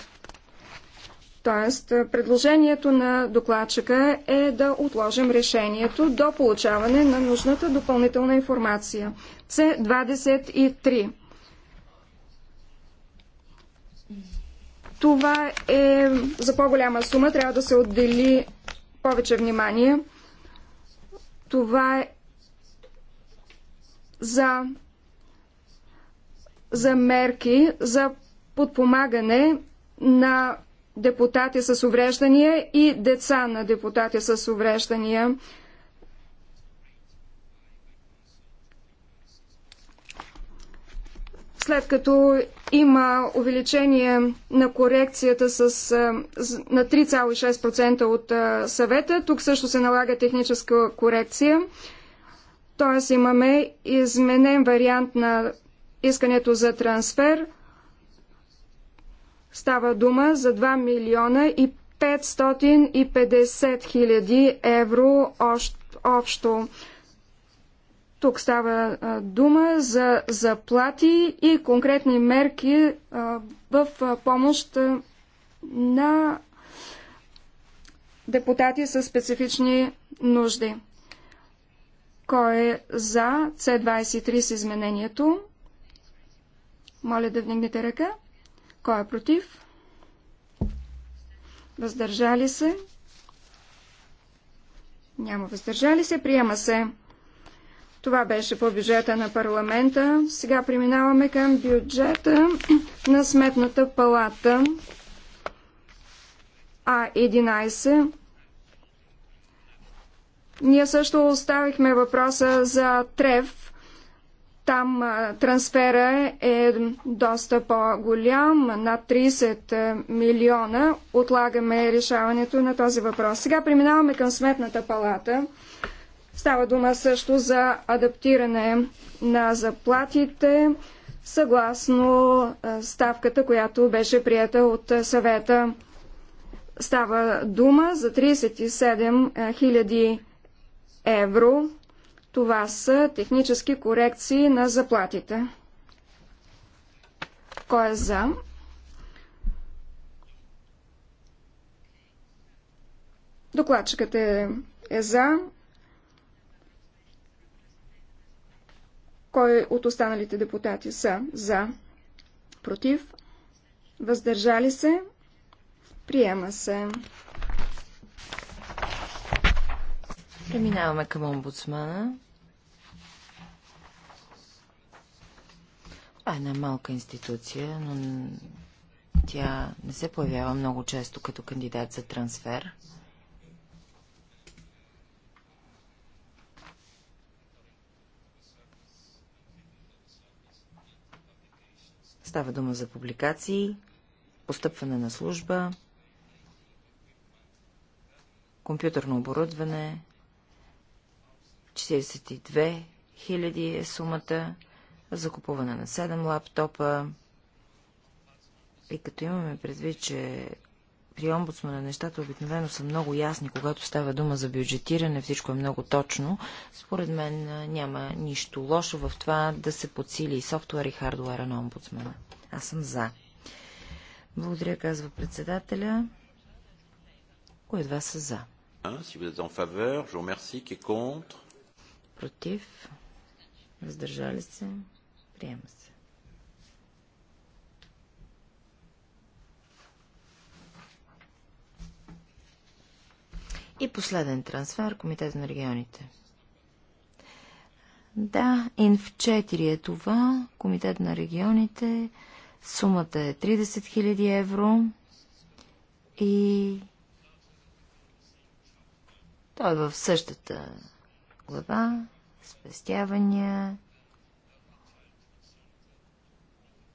Тоест, предложението на докладчика е да отложим решението до получаване на нужната допълнителна информация. 23. Това е за по-голяма сума, трябва да се отдели повече внимание. Това е за, за мерки за подпомагане на депутати с увреждания и деца на депутати с увреждания. след като има увеличение на корекцията с, на 3,6% от съвета. Тук също се налага техническа корекция. Тоест имаме изменен вариант на искането за трансфер. Става дума за 2 милиона и 550 хиляди евро общо. Тук става дума за заплати и конкретни мерки в помощ на депутати с специфични нужди. Кой е за с 23 с изменението? Моля да вдигнете ръка. Кой е против? Въздържали се? Няма въздържали се. Приема се. Това беше по бюджета на парламента. Сега преминаваме към бюджета на Сметната палата А11. Ние също оставихме въпроса за Трев. Там трансфера е доста по-голям, над 30 милиона. Отлагаме решаването на този въпрос. Сега преминаваме към Сметната палата. Става дума също за адаптиране на заплатите съгласно ставката, която беше прията от съвета. Става дума за 37 000 евро. Това са технически корекции на заплатите. Кой е за? Докладчикът е, е за. Кой от останалите депутати са за? Против? Въздържали се? Приема се. Преминаваме към омбудсмана. Това е една малка институция, но тя не се появява много често като кандидат за трансфер. Става дума за публикации, постъпване на служба, компютърно оборудване, 42 000 е сумата, закупуване на 7 лаптопа. И като имаме предвид, че при омбудсмана нещата обикновено са много ясни, когато става дума за бюджетиране, всичко е много точно. Според мен няма нищо лошо в това да се подсили и софтуер и хардуера на омбудсмана. Аз съм за. Благодаря, казва председателя. Кои от вас са за? Против. Въздържали се. Приема се. И последен трансфер, Комитет на регионите. Да, инф 4 е това, Комитет на регионите, сумата е 30 000 евро и той е в същата глава, спестявания,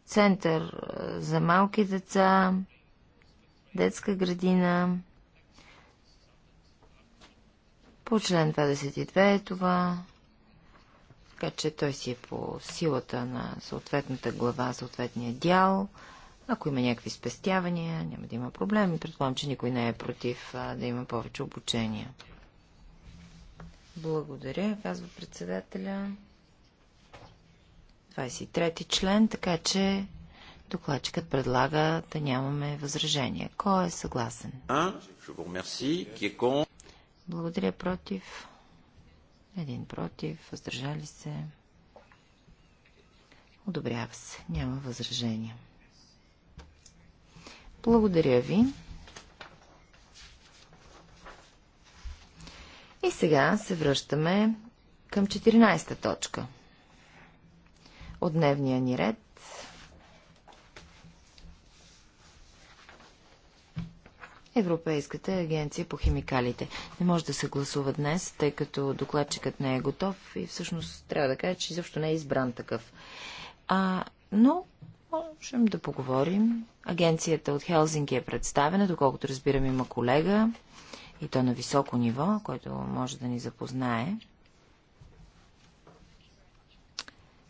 център за малки деца, детска градина, по член 22 е това, така че той си е по силата на съответната глава, съответния дял. Ако има някакви спестявания, няма да има проблеми. Предполагам, че никой не е против а, да има повече обучения. Благодаря, казва председателя. 23-ти член, така че докладчикът предлага да нямаме възражение. Кой е съгласен? Благодаря против. Един против. Въздържали се. Одобрява се. Няма възражения. Благодаря ви. И сега се връщаме към 14-та точка. От дневния ни ред Европейската агенция по химикалите. Не може да се гласува днес, тъй като докладчикът не е готов и всъщност трябва да кажа, че изобщо не е избран такъв. А, но можем да поговорим. Агенцията от Хелзинки е представена, доколкото разбирам има колега и то на високо ниво, който може да ни запознае.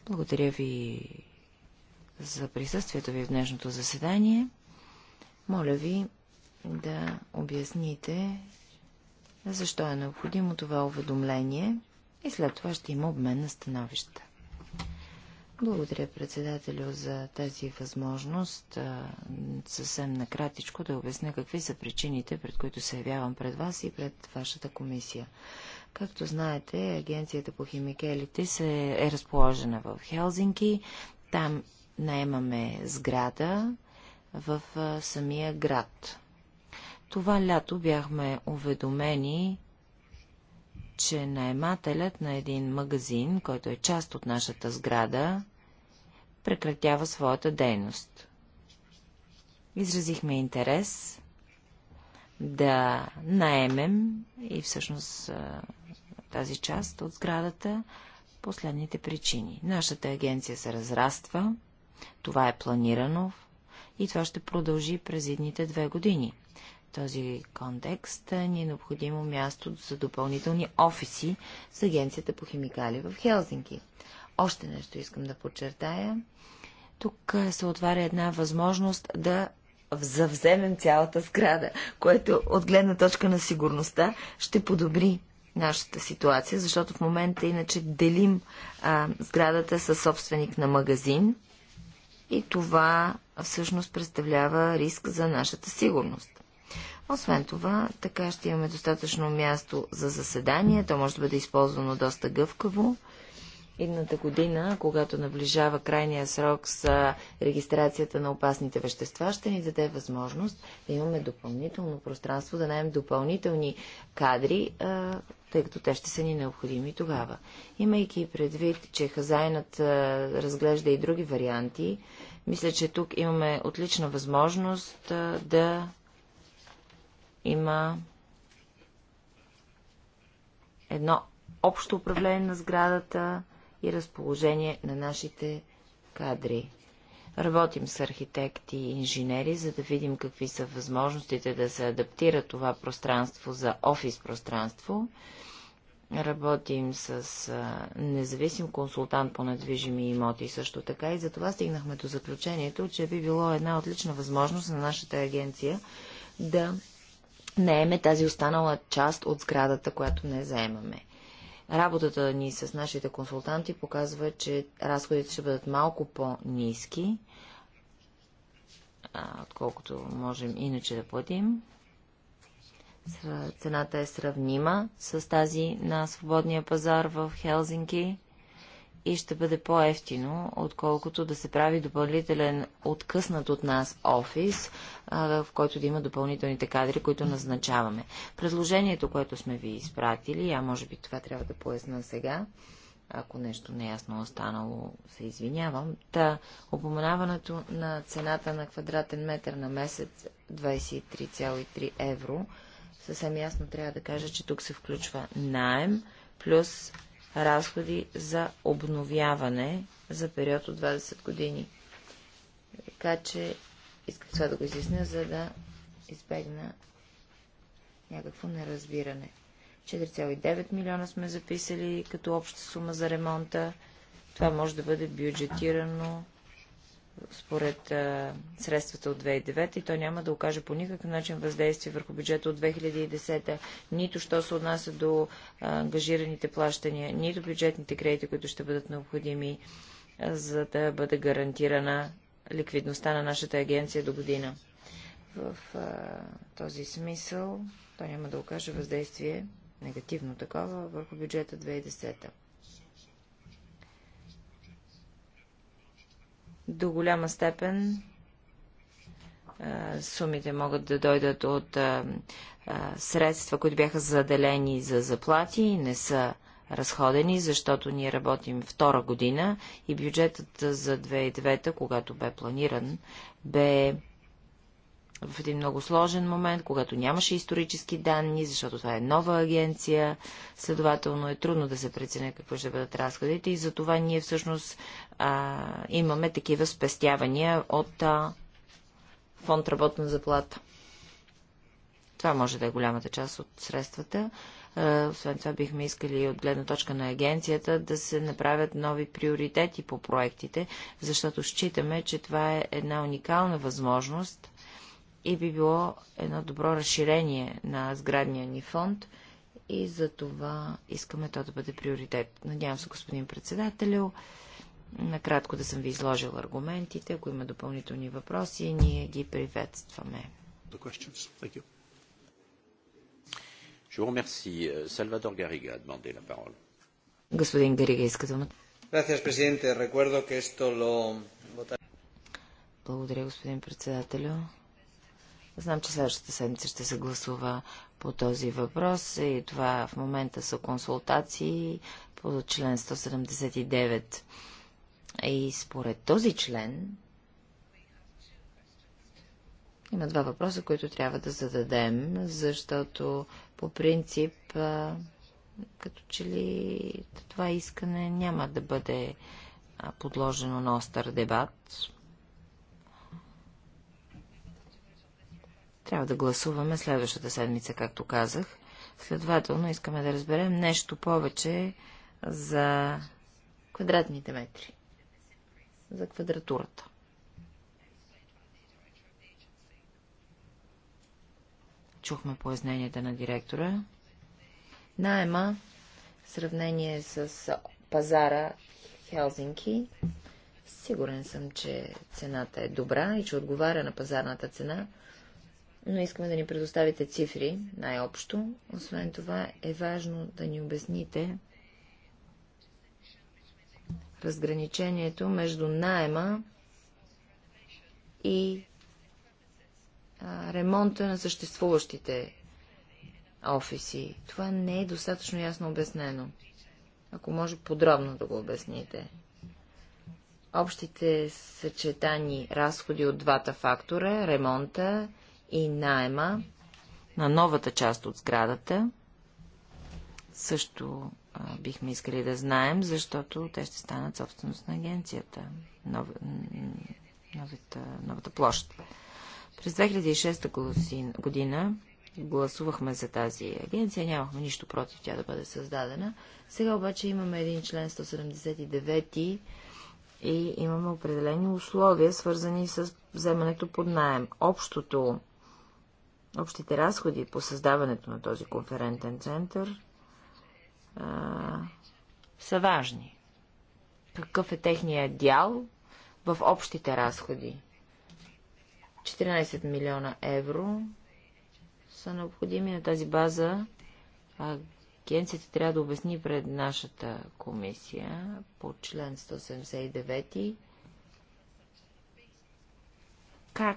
Благодаря ви за присъствието ви в днешното заседание. Моля ви да обясните защо е необходимо това уведомление и след това ще има обмен на становища. Благодаря председателю за тази възможност съвсем накратичко да обясня какви са причините, пред които се явявам пред вас и пред вашата комисия. Както знаете, агенцията по химикелите се е разположена в Хелзинки. Там наемаме сграда в самия град. Това лято бяхме уведомени, че наемателят на един магазин, който е част от нашата сграда, прекратява своята дейност. Изразихме интерес да наемем и всъщност тази част от сградата последните причини. Нашата агенция се разраства, това е планирано и това ще продължи през едните две години този контекст е, ни е необходимо място за допълнителни офиси с Агенцията по химикали в Хелзинки. Още нещо искам да подчертая. Тук е, се отваря една възможност да завземем цялата сграда, което от гледна точка на сигурността ще подобри нашата ситуация, защото в момента иначе делим а, сградата със собственик на магазин и това всъщност представлява риск за нашата сигурност. Освен това, така ще имаме достатъчно място за заседание. То може да бъде използвано доста гъвкаво. Идната година, когато наближава крайния срок за регистрацията на опасните вещества, ще ни даде възможност да имаме допълнително пространство, да наем допълнителни кадри, тъй като те ще са ни необходими тогава. Имайки предвид, че хазайнат разглежда и други варианти, мисля, че тук имаме отлична възможност да има едно общо управление на сградата и разположение на нашите кадри. Работим с архитекти и инженери, за да видим какви са възможностите да се адаптира това пространство за офис пространство. Работим с а, независим консултант по недвижими имоти също така и за това стигнахме до заключението, че би било една отлична възможност на нашата агенция да наеме тази останала част от сградата, която не заемаме. Работата ни с нашите консултанти показва, че разходите ще бъдат малко по-низки, отколкото можем иначе да платим. Цената е сравнима с тази на свободния пазар в Хелзинки и ще бъде по-ефтино, отколкото да се прави допълнителен откъснат от нас офис, в който да има допълнителните кадри, които назначаваме. Предложението, което сме ви изпратили, а може би това трябва да поясна сега, ако нещо неясно останало, се извинявам. Та, упоменаването на цената на квадратен метър на месец 23,3 евро, съвсем ясно трябва да кажа, че тук се включва найем плюс разходи за обновяване за период от 20 години. Така че искам това да го изясня, за да избегна някакво неразбиране. 4,9 милиона сме записали като обща сума за ремонта. Това може да бъде бюджетирано според а, средствата от 2009 и той няма да окаже по никакъв начин въздействие върху бюджета от 2010, нито що се отнася до а, ангажираните плащания, нито бюджетните кредити, които ще бъдат необходими, а, за да бъде гарантирана ликвидността на нашата агенция до година. В а, този смисъл той няма да окаже въздействие, негативно такова, върху бюджета 2010. До голяма степен сумите могат да дойдат от средства, които бяха заделени за заплати и не са разходени, защото ние работим втора година и бюджетът за 2009, когато бе планиран, бе в един много сложен момент, когато нямаше исторически данни, защото това е нова агенция, следователно е трудно да се преценя какво ще бъдат разходите и затова ние всъщност а, имаме такива спестявания от а, фонд работна заплата. Това може да е голямата част от средствата. Освен това бихме искали от гледна точка на агенцията да се направят нови приоритети по проектите, защото считаме, че това е една уникална възможност и би било едно добро разширение на сградния ни фонд и за това искаме то да бъде приоритет. Надявам се, господин председателю, накратко да съм ви изложил аргументите. Ако има допълнителни въпроси, ние ги приветстваме. Господин Гарига иска думата. Благодаря, господин председателю. Знам, че следващата седмица ще се гласува по този въпрос и това в момента са консултации по член 179. И според този член има два въпроса, които трябва да зададем, защото по принцип като че ли това искане няма да бъде подложено на остър дебат. Трябва да гласуваме следващата седмица, както казах. Следователно искаме да разберем нещо повече за квадратните метри, за квадратурата. Чухме поясненията на директора. Найема в сравнение с пазара Хелзинки. Сигурен съм, че цената е добра и че отговаря на пазарната цена, но искаме да ни предоставите цифри, най-общо. Освен това е важно да ни обясните разграничението между найема и а, ремонта на съществуващите офиси. Това не е достатъчно ясно обяснено. Ако може подробно да го обясните. Общите съчетани разходи от двата фактора, ремонта и найема на новата част от сградата. Също а, бихме искали да знаем, защото те ще станат собственост на агенцията. Нов, новата, новата площ. През 2006 година гласувахме за тази агенция, нямахме нищо против тя да бъде създадена. Сега обаче имаме един член 179 и имаме определени условия, свързани с вземането под найем. Общото Общите разходи по създаването на този конферентен център а, са важни. Какъв е техният дял в общите разходи? 14 милиона евро са необходими на тази база. Агенцията трябва да обясни пред нашата комисия по член 179 как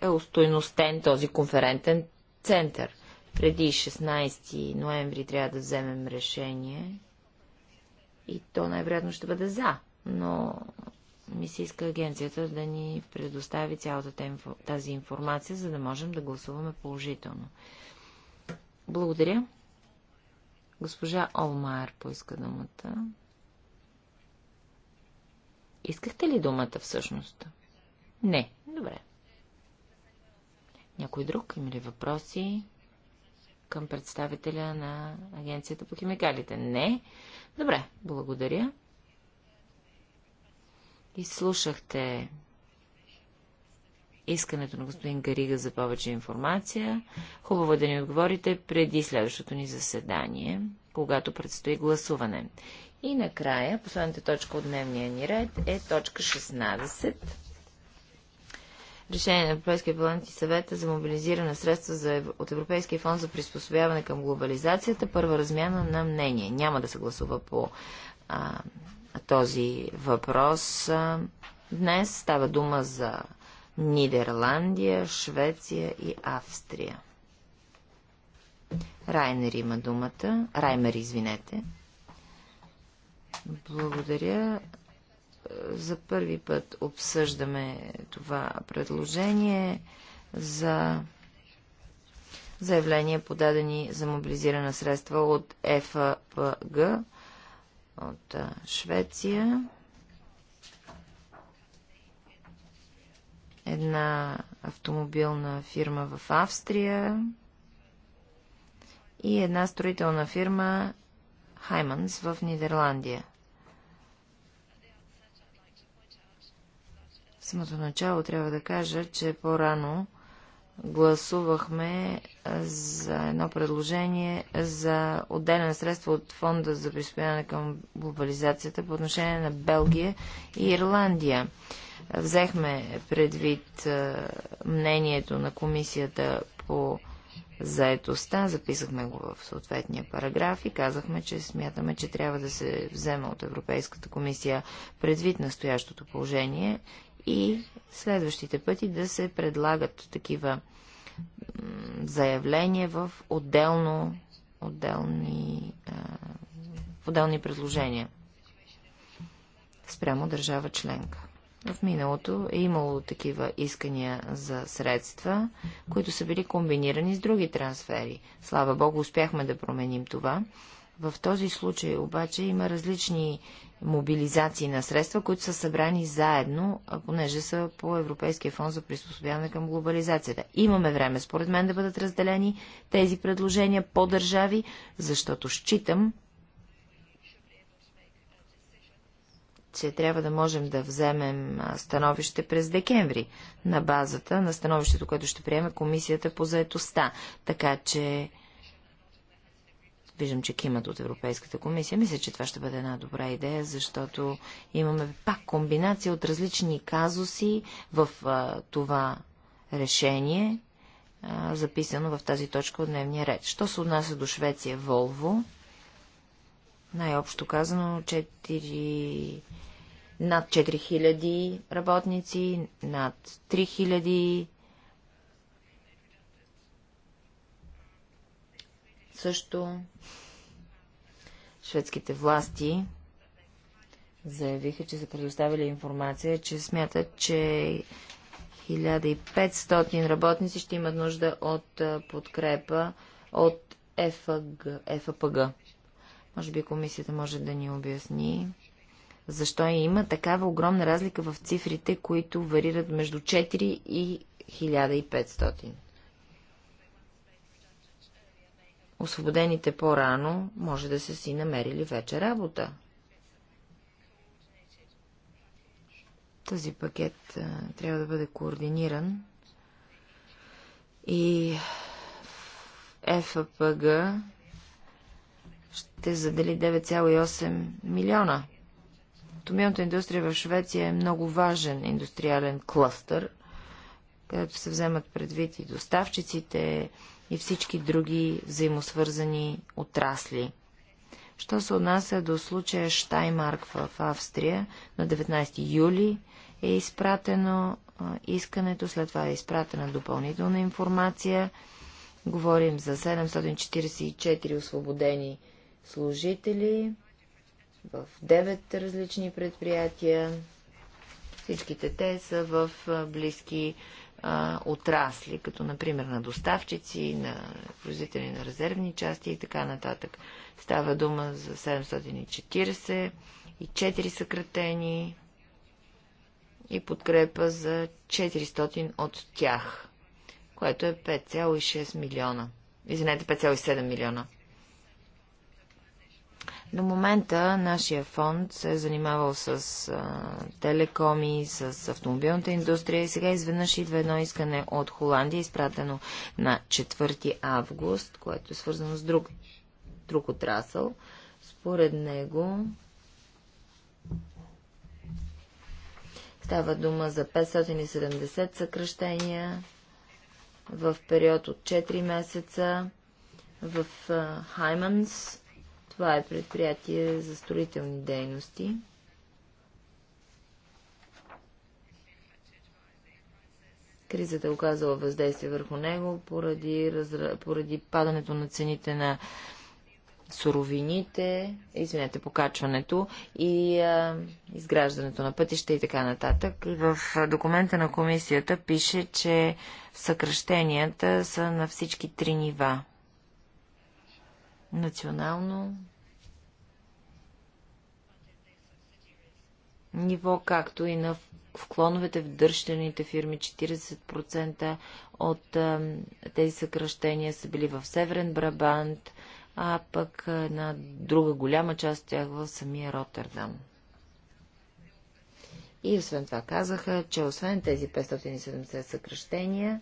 е устойностен този конферентен център. Преди 16 ноември трябва да вземем решение и то най-вероятно ще бъде за, но ми се иска агенцията да ни предостави цялата тази информация, за да можем да гласуваме положително. Благодаря. Госпожа Олмайер поиска думата. Искахте ли думата всъщност? Не. Добре. Някой друг има ли въпроси към представителя на Агенцията по химикалите? Не. Добре, благодаря. Изслушахте искането на господин Гарига за повече информация. Хубаво е да ни отговорите преди следващото ни заседание, когато предстои гласуване. И накрая, последната точка от дневния ни ред е точка 16 решение на Европейския парламент и съвета за мобилизиране на средства за, от Европейския фонд за приспособяване към глобализацията, първа размяна на мнение. Няма да се гласува по а, този въпрос. А, днес става дума за Нидерландия, Швеция и Австрия. Райнер има думата. Раймер, извинете. Благодаря за първи път обсъждаме това предложение за заявления, подадени за мобилизирана средства от ФАПГ от Швеция. Една автомобилна фирма в Австрия и една строителна фирма Хайманс в Нидерландия. самото начало трябва да кажа, че по-рано гласувахме за едно предложение за отделен средство от фонда за приспояване към глобализацията по отношение на Белгия и Ирландия. Взехме предвид мнението на комисията по заетостта, записахме го в съответния параграф и казахме, че смятаме, че трябва да се взема от Европейската комисия предвид настоящото положение и следващите пъти да се предлагат такива заявления в отделно, отделни, в отделни предложения спрямо държава членка. В миналото е имало такива искания за средства, които са били комбинирани с други трансфери. Слава Богу, успяхме да променим това. В този случай обаче има различни мобилизации на средства, които са събрани заедно, понеже са по Европейския фонд за приспособяване към глобализацията. Имаме време, според мен, да бъдат разделени тези предложения по държави, защото считам, че трябва да можем да вземем становище през декември на базата на становището, което ще приеме Комисията по заетостта. Така че Виждам, че кимат от Европейската комисия. Мисля, че това ще бъде една добра идея, защото имаме пак комбинация от различни казуси в а, това решение, а, записано в тази точка от дневния ред. Що се отнася до Швеция, Волво, най-общо казано 4 над 4000 работници, над 3000 Също шведските власти заявиха, че са предоставили информация, че смятат, че 1500 работници ще имат нужда от подкрепа от ФАГ, ФАПГ. Може би комисията може да ни обясни защо има такава огромна разлика в цифрите, които варират между 4 и 1500. освободените по-рано, може да са си намерили вече работа. Този пакет а, трябва да бъде координиран и ФПГ ще задели 9,8 милиона. Томилната индустрия в Швеция е много важен индустриален клъстър, където се вземат предвид и доставчиците, и всички други взаимосвързани отрасли. Що се отнася до случая Штаймарк в Австрия, на 19 юли е изпратено искането, след това е изпратена допълнителна информация. Говорим за 744 освободени служители в 9 различни предприятия. Всичките те са в близки а, отрасли, като например на доставчици, на производители на резервни части и така нататък. Става дума за 740 и 4 съкратени и подкрепа за 400 от тях, което е 5,6 милиона. Извинете, 5,7 милиона. До момента нашия фонд се е занимавал с а, телекоми, с автомобилната индустрия и сега изведнъж идва едно искане от Холандия, изпратено на 4 август, което е свързано с друг, друг отрасъл. Според него става дума за 570 съкръщения в период от 4 месеца в Хайманс. Uh, това е предприятие за строителни дейности. Кризата е оказала въздействие върху него поради, разра... поради падането на цените на суровините, извинете, покачването и а, изграждането на пътища и така нататък. И в документа на комисията пише, че съкръщенията са на всички три нива национално ниво, както и на в клоновете, в дърщените фирми 40% от а, тези съкръщения са били в Северен Брабант, а пък една друга голяма част от тях в самия Роттердам. И освен това казаха, че освен тези 570 съкръщения,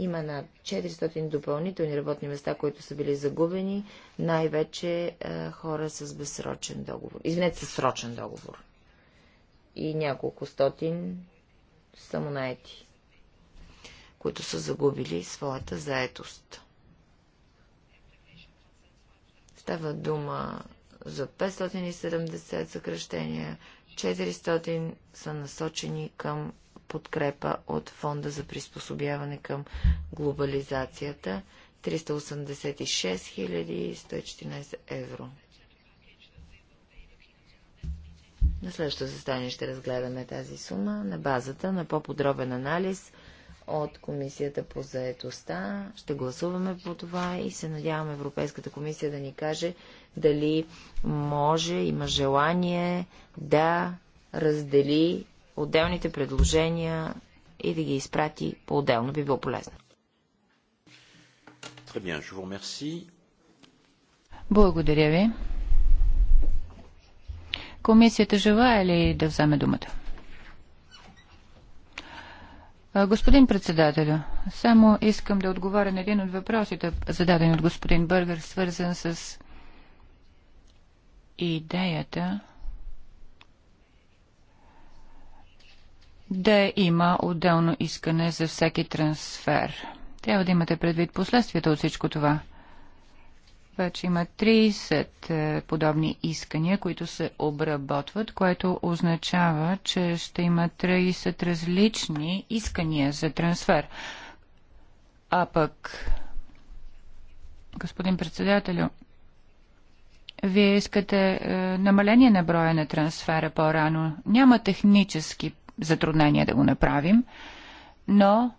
има над 400 допълнителни работни места, които са били загубени, най-вече е, хора с безсрочен договор. Извинете, с срочен договор. И няколко стотин самонаети, които са загубили своята заетост. Става дума за 570 съкръщения, 400 са насочени към подкрепа от Фонда за приспособяване към глобализацията 386 114 евро. На следващото състояние ще разгледаме тази сума на базата на по-подробен анализ от Комисията по заетостта. Ще гласуваме по това и се надяваме Европейската комисия да ни каже дали може, има желание да раздели отделните предложения и да ги изпрати по-отделно. Би било полезно. Благодаря ви. Комисията желая ли да вземе думата? Господин председателю, само искам да отговоря на един от въпросите, зададени от господин Бъргър, свързан с идеята да има отделно искане за всеки трансфер. Трябва да имате предвид последствията от всичко това. Вече има 30 е, подобни искания, които се обработват, което означава, че ще има 30 различни искания за трансфер. А пък, господин председателю, вие искате е, намаление на броя на трансфера по-рано. Няма технически затруднение да го направим, но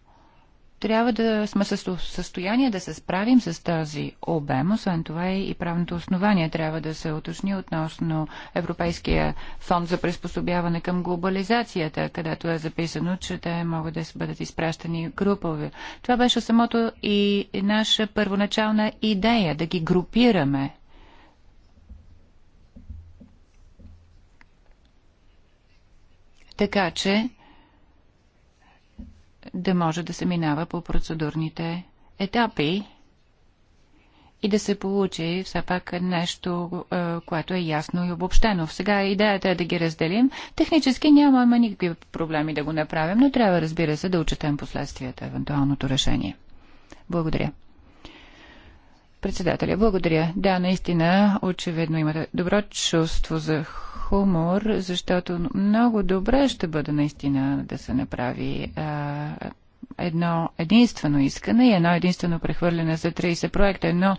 трябва да сме в състояние да се справим с този обем. Освен това е и правното основание трябва да се уточни относно Европейския фонд за приспособяване към глобализацията, където е записано, че те могат да бъдат изпращани групове. Това беше самото и наша първоначална идея да ги групираме така че да може да се минава по процедурните етапи и да се получи все пак нещо, е, което е ясно и обобщено. Сега идеята е да ги разделим. Технически нямаме никакви проблеми да го направим, но трябва, разбира се, да учетем последствията, евентуалното решение. Благодаря. Председателя, благодаря. Да, наистина, очевидно имате добро чувство за хумор, защото много добре ще бъде наистина да се направи а, едно единствено искане и едно единствено прехвърляне за 30 проекта, но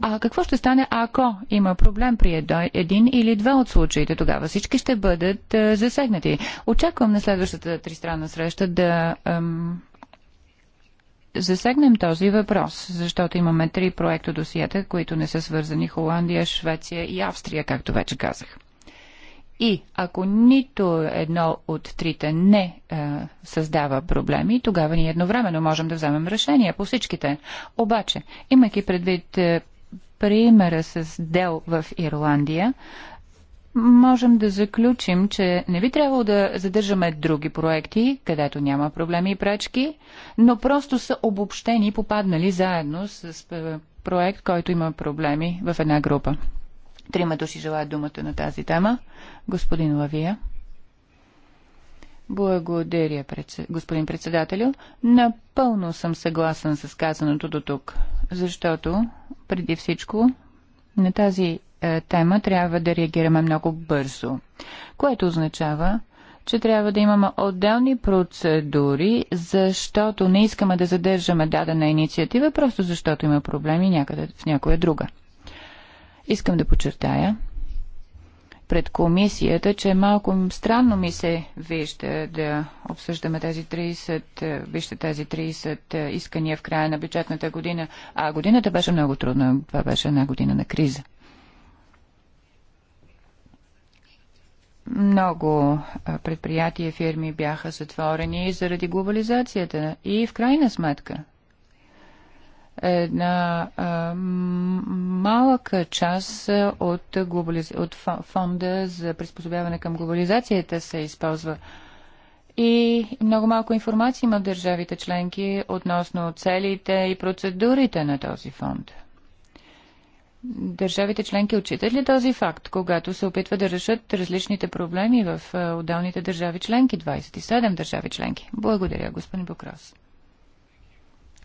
а какво ще стане, ако има проблем при един или два от случаите? Тогава всички ще бъдат засегнати. Очаквам на следващата тристранна среща да засегнем този въпрос, защото имаме три проекта досиета, които не са свързани Холандия, Швеция и Австрия, както вече казах. И ако нито едно от трите не е, създава проблеми, тогава ние едновременно можем да вземем решение по всичките. Обаче, имайки предвид е, примера с дел в Ирландия, можем да заключим, че не би трябвало да задържаме други проекти, където няма проблеми и пречки, но просто са обобщени и попаднали заедно с е, проект, който има проблеми в една група. Трима души желаят думата на тази тема. Господин Лавия. Благодаря, господин председателю. Напълно съм съгласен с казаното до тук, защото преди всичко на тази е, тема трябва да реагираме много бързо, което означава, че трябва да имаме отделни процедури, защото не искаме да задържаме дадена инициатива, просто защото има проблеми някъде в някоя друга. Искам да подчертая пред комисията, че малко странно ми се вижда да обсъждаме тези 30, е, вижте тези 30 е, искания в края на бюджетната година, а годината беше много трудна. Това беше една година на криза. много предприятия и фирми бяха затворени заради глобализацията. И в крайна сметка, една а, малка част от, глобализ... от фонда за приспособяване към глобализацията се използва. И много малко информация има в държавите членки относно целите и процедурите на този фонд. Държавите членки отчитат ли този факт, когато се опитва да решат различните проблеми в е, отделните държави членки, 27 държави членки? Благодаря, господин Бокрос.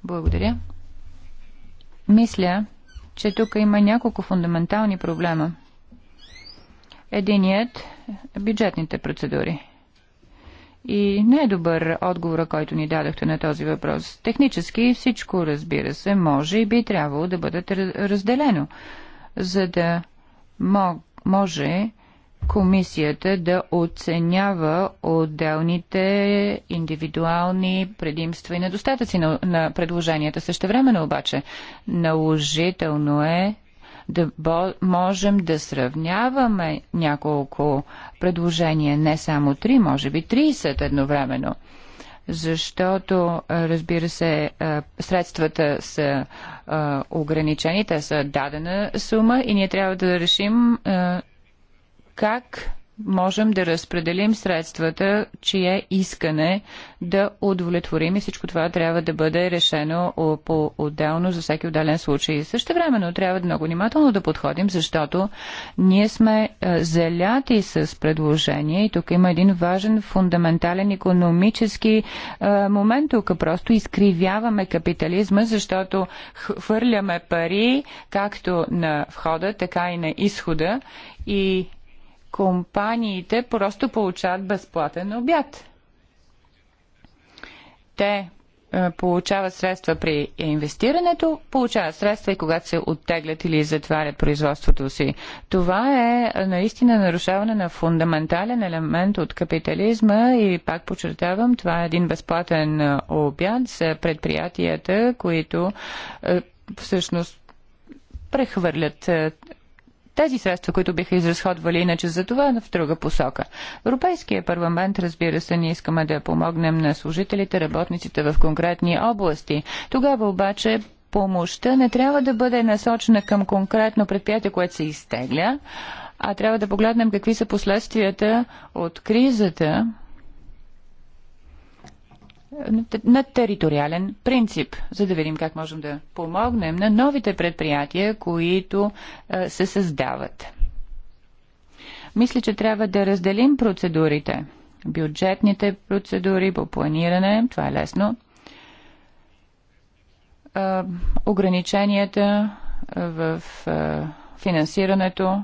Благодаря. Мисля, че тук има няколко фундаментални проблема. Единият е – бюджетните процедури. И не е добър отговора, който ни дадохте на този въпрос. Технически всичко, разбира се, може и би трябвало да бъде разделено, за да може комисията да оценява отделните индивидуални предимства и недостатъци на, на предложенията. Същевременно обаче наложително е да можем да сравняваме няколко предложения, не само три, може би 30 едновременно защото, разбира се, средствата са ограничени, те са дадена сума и ние трябва да решим как можем да разпределим средствата, чие искане да удовлетворим и всичко това трябва да бъде решено по-отделно за всеки отделен случай. Също но трябва да много внимателно да подходим, защото ние сме е, заляти с предложение и тук има един важен фундаментален економически е, момент. Тук просто изкривяваме капитализма, защото хвърляме пари както на входа, така и на изхода и компаниите просто получават безплатен обяд. Те е, получават средства при инвестирането, получават средства и когато се оттеглят или затварят производството си. Това е, е наистина нарушаване на фундаментален елемент от капитализма и пак подчертавам, това е един безплатен е, обяд за предприятията, които всъщност прехвърлят тези средства, които биха изразходвали иначе за това, в друга посока. Европейския парламент, разбира се, ние искаме да помогнем на служителите, работниците в конкретни области. Тогава обаче помощта не трябва да бъде насочена към конкретно предприятие, което се изтегля, а трябва да погледнем какви са последствията от кризата, на териториален принцип, за да видим как можем да помогнем на новите предприятия, които се създават. Мисля, че трябва да разделим процедурите. Бюджетните процедури по планиране, това е лесно. Ограниченията в финансирането,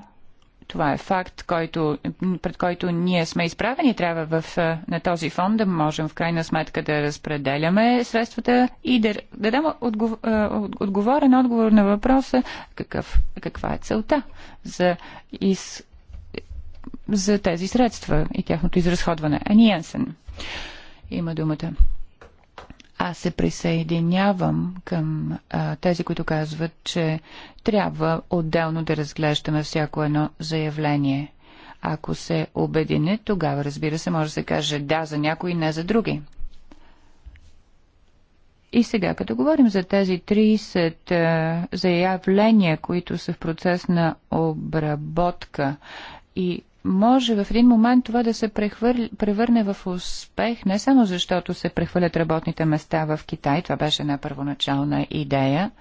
това е факт, който, пред който ние сме изправени. Трябва в, е, на този фонд да можем в крайна сметка да разпределяме средствата и да, да дам отговор, е, отговорен отговор на въпроса какъв, каква е целта за, из, за тези средства и тяхното изразходване. Ани Янсен има думата. Аз се присъединявам към а, тези, които казват, че трябва отделно да разглеждаме всяко едно заявление. Ако се обедини, тогава, разбира се, може да се каже да за някои, не за други. И сега, като говорим за тези 30 заявления, които са в процес на обработка и може в един момент това да се превърне в успех, не само защото се прехвърлят работните места в Китай, това беше една първоначална идея,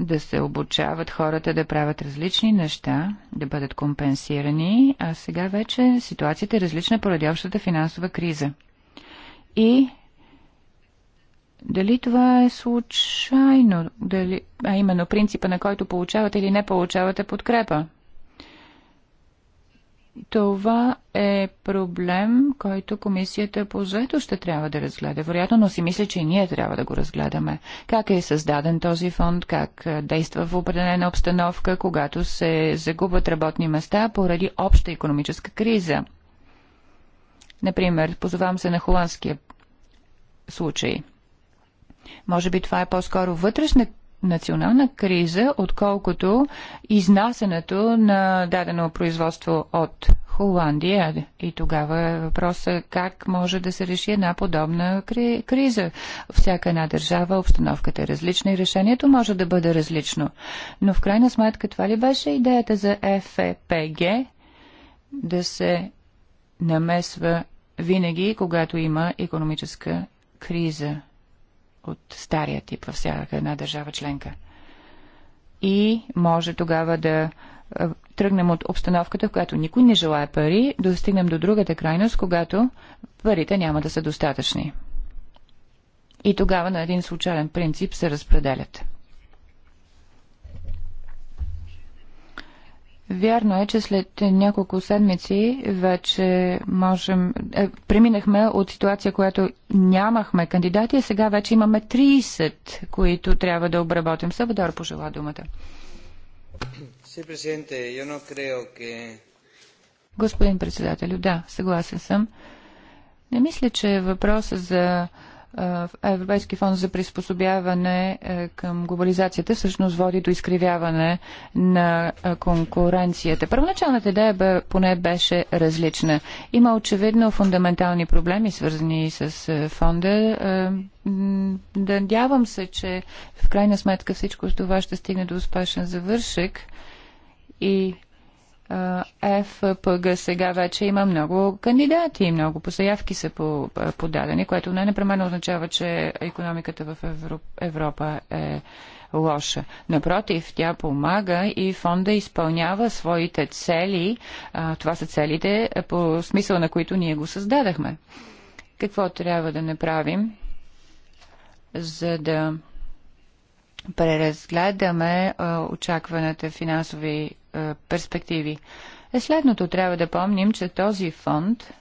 да се обучават хората да правят различни неща, да бъдат компенсирани, а сега вече ситуацията е различна поради общата финансова криза. И дали това е случайно, дали, а именно принципа на който получавате или не получавате подкрепа. Това е проблем, който комисията по заето ще трябва да разгледа. Вероятно, но си мисля, че и ние трябва да го разгледаме. Как е създаден този фонд, как е, действа в определена обстановка, когато се загубят работни места поради обща економическа криза. Например, позовам се на холандския случай. Може би това е по-скоро вътрешна национална криза, отколкото изнасянето на дадено производство от Холандия. И тогава е въпросът как може да се реши една подобна кри- криза. Всяка една държава, обстановката е различна и решението може да бъде различно. Но в крайна сметка това ли беше идеята за ФПГ да се намесва винаги, когато има економическа криза? от стария тип във всяка една държава членка. И може тогава да тръгнем от обстановката, в която никой не желая пари, да достигнем до другата крайност, когато парите няма да са достатъчни. И тогава на един случайен принцип се разпределят. Вярно е, че след няколко седмици вече можем... Е, преминахме от ситуация, която нямахме кандидати, а сега вече имаме 30, които трябва да обработим. Сабадор пожела думата. Господин председателю, да, съгласен съм. Не мисля, че въпросът за Европейски фонд за приспособяване е, към глобализацията всъщност води до изкривяване на конкуренцията. Първоначалната идея бе, поне беше различна. Има очевидно фундаментални проблеми, свързани с е, фонда. Е, надявам се, че в крайна сметка всичко това ще стигне до успешен завършек и е ФПГ сега вече има много кандидати, много заявки са подадени, което не непременно означава, че економиката в Европа е лоша. Напротив, тя помага и фонда изпълнява своите цели. Това са целите, по смисъл на които ние го създадахме. Какво трябва да направим, за да преразгледаме очакваните финансови е, перспективи. Е следното трябва да помним, че този фонд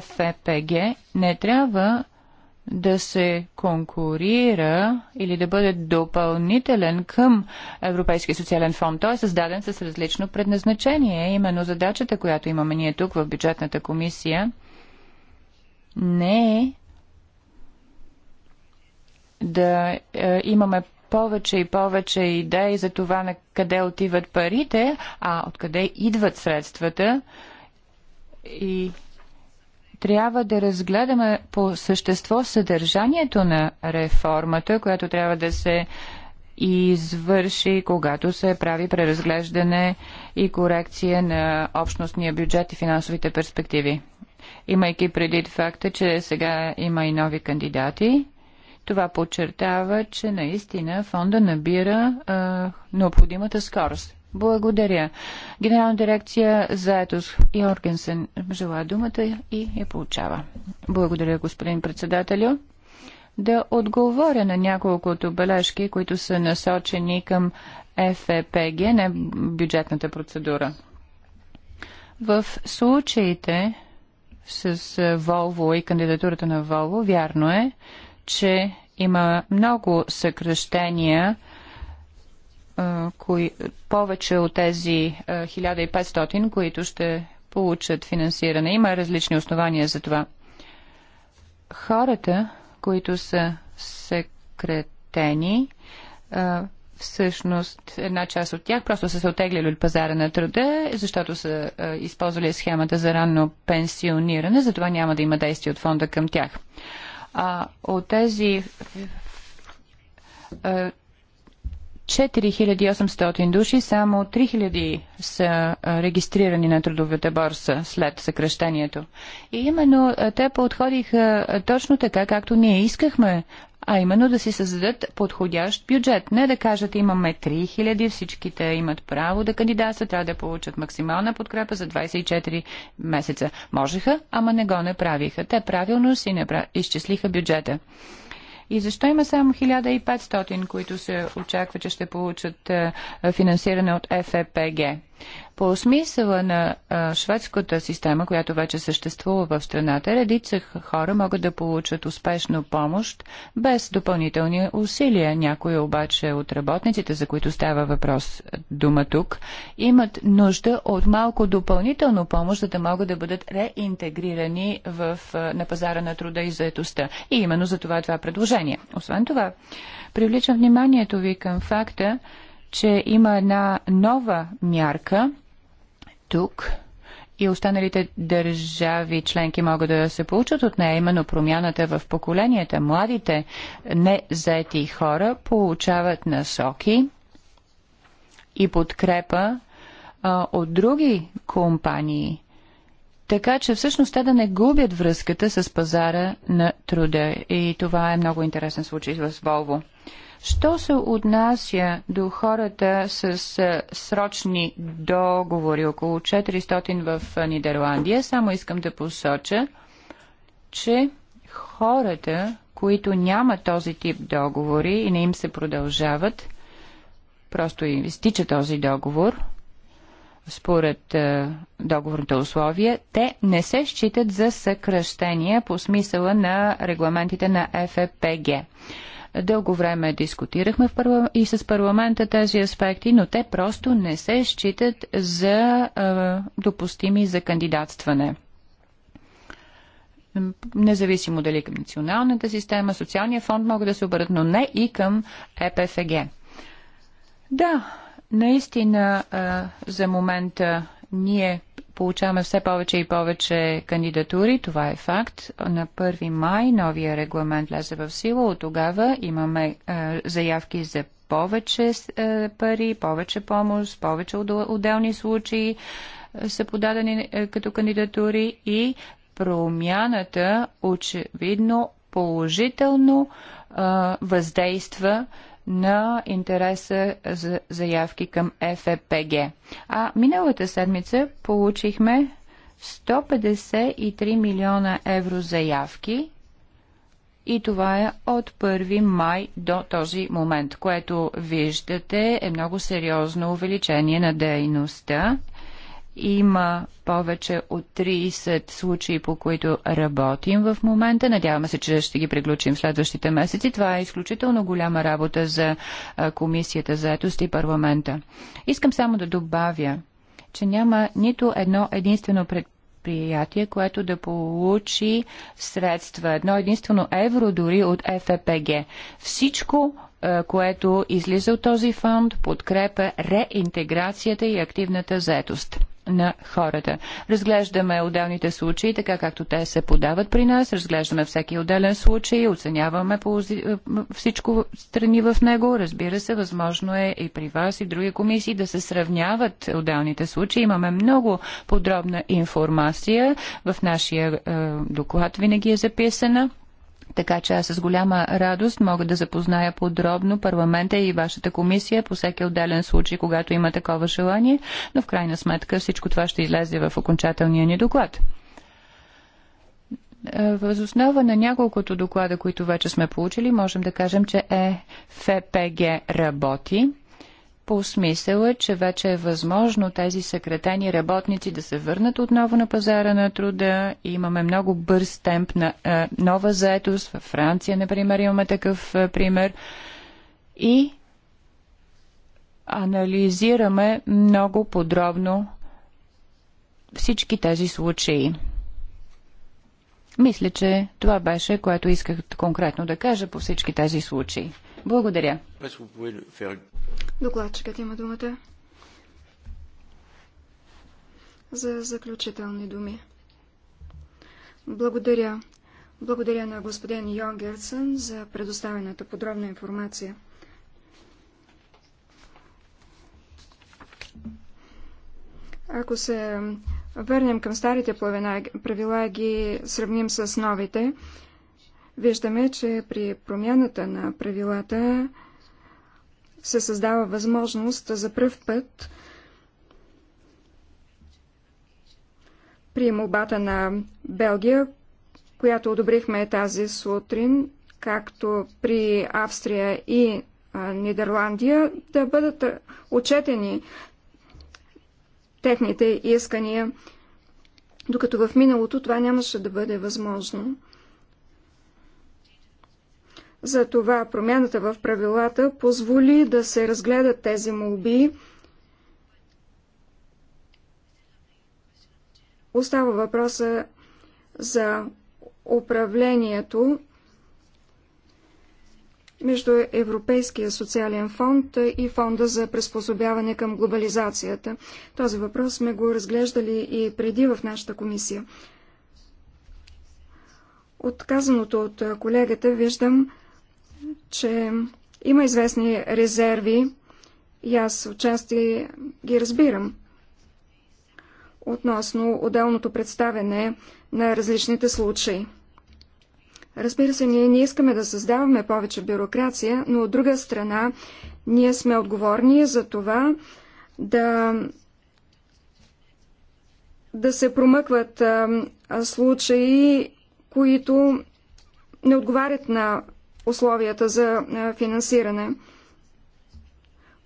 ФПГ не трябва да се конкурира или да бъде допълнителен към Европейския социален фонд. Той е създаден с различно предназначение. Именно задачата, която имаме ние тук в бюджетната комисия, не е да е, имаме повече и повече идеи за това на къде отиват парите, а откъде идват средствата. И трябва да разгледаме по същество съдържанието на реформата, която трябва да се извърши, когато се прави преразглеждане и корекция на общностния бюджет и финансовите перспективи. Имайки предвид факта, че сега има и нови кандидати, това подчертава, че наистина фонда набира а, необходимата скорост. Благодаря. Генерална дирекция заетос и Оргенсен желая думата и я получава. Благодаря, господин председателю. Да отговоря на няколкото бележки, които са насочени към ФПГ, не бюджетната процедура. В случаите с Волво и кандидатурата на Волво, вярно е, че има много съкръщения, кои, повече от тези 1500, които ще получат финансиране. Има различни основания за това. Хората, които са съкретени, всъщност една част от тях просто са се отеглили от пазара на труда, защото са използвали схемата за ранно пенсиониране, затова няма да има действие от фонда към тях. А от тези 4800 е, души, само 3000 са е, регистрирани на трудовата борса след съкръщението. И именно е, те подходиха точно така, както ние искахме а именно да си създадат подходящ бюджет. Не да кажат имаме 3000, всичките имат право да кандидатстват, трябва да получат максимална подкрепа за 24 месеца. Можеха, ама не го направиха. Те правилно си не прав... изчислиха бюджета. И защо има само 1500, които се очаква, че ще получат е, финансиране от ФЕПГ? По смисъла на а, шведската система, която вече съществува в страната, редица хора могат да получат успешно помощ без допълнителни усилия. Някои обаче от работниците, за които става въпрос дума тук, имат нужда от малко допълнително помощ, за да могат да бъдат реинтегрирани в, на пазара на труда и заетостта. И именно за това е това предложение. Освен това, привличам вниманието ви към факта, че има една нова мярка тук и останалите държави членки могат да се получат от нея, именно промяната в поколенията. Младите незаети хора получават насоки и подкрепа а, от други компании. Така че всъщност те да не губят връзката с пазара на труда. И това е много интересен случай с Волво. Що се отнася до хората с срочни договори, около 400 в Нидерландия, само искам да посоча, че хората, които нямат този тип договори и не им се продължават, просто им изтича този договор, според договорните условия, те не се считат за съкръщения по смисъла на регламентите на ФПГ. Дълго време дискутирахме в парла... и с парламента тези аспекти, но те просто не се считат за допустими за кандидатстване независимо дали към националната система, социалния фонд могат да се обърнат, но не и към ЕПФГ. Да, наистина за момента ние Получаваме все повече и повече кандидатури, това е факт. На 1 май новия регламент влезе в сила. От тогава имаме е, заявки за повече е, пари, повече помощ, повече отделни случаи е, са подадени е, като кандидатури и промяната очевидно положително е, въздейства е, на интереса за заявки към ФПГ. А миналата седмица получихме 153 милиона евро заявки и това е от 1 май до този момент, което виждате е много сериозно увеличение на дейността има повече от 30 случаи, по които работим в момента. Надяваме се, че ще ги приключим следващите месеци. Това е изключително голяма работа за Комисията за етост и парламента. Искам само да добавя, че няма нито едно единствено предприятие, което да получи средства. Едно единствено евро дори от ФПГ. Е Всичко което излиза от този фонд, подкрепа реинтеграцията и активната заетост на хората. Разглеждаме отделните случаи, така както те се подават при нас, разглеждаме всеки отделен случай, оценяваме е, всичко страни в него. Разбира се, възможно е и при вас и в други комисии да се сравняват отделните случаи. Имаме много подробна информация. В нашия е, доклад винаги е записана. Така че аз с голяма радост мога да запозная подробно парламента и вашата комисия по всеки отделен случай, когато има такова желание, но в крайна сметка всичко това ще излезе в окончателния ни доклад. Е, Възоснова на няколкото доклада, които вече сме получили, можем да кажем, че ЕФПГ работи по смисъла, че вече е възможно тези съкратени работници да се върнат отново на пазара на труда. Имаме много бърз темп на е, нова заетост. Във Франция, например, имаме такъв е, пример. И анализираме много подробно всички тези случаи. Мисля, че това беше, което исках конкретно да кажа по всички тези случаи. Благодаря. Докладчикът има думата за заключителни думи. Благодаря. Благодаря на господин Йонгерсън за предоставената подробна информация. Ако се върнем към старите правила и ги сравним с новите, Виждаме, че при промяната на правилата се създава възможност за пръв път при молбата на Белгия, която одобрихме тази сутрин, както при Австрия и Нидерландия, да бъдат отчетени техните искания, докато в миналото това нямаше да бъде възможно. Затова промяната в правилата позволи да се разгледат тези молби. Остава въпроса за управлението между Европейския социален фонд и фонда за приспособяване към глобализацията. Този въпрос сме го разглеждали и преди в нашата комисия. Отказаното от колегата виждам, че има известни резерви и аз отчасти ги разбирам относно отделното представене на различните случаи. Разбира се, ние не искаме да създаваме повече бюрокрация, но от друга страна ние сме отговорни за това да, да се промъкват а, а, случаи, които не отговарят на условията за финансиране.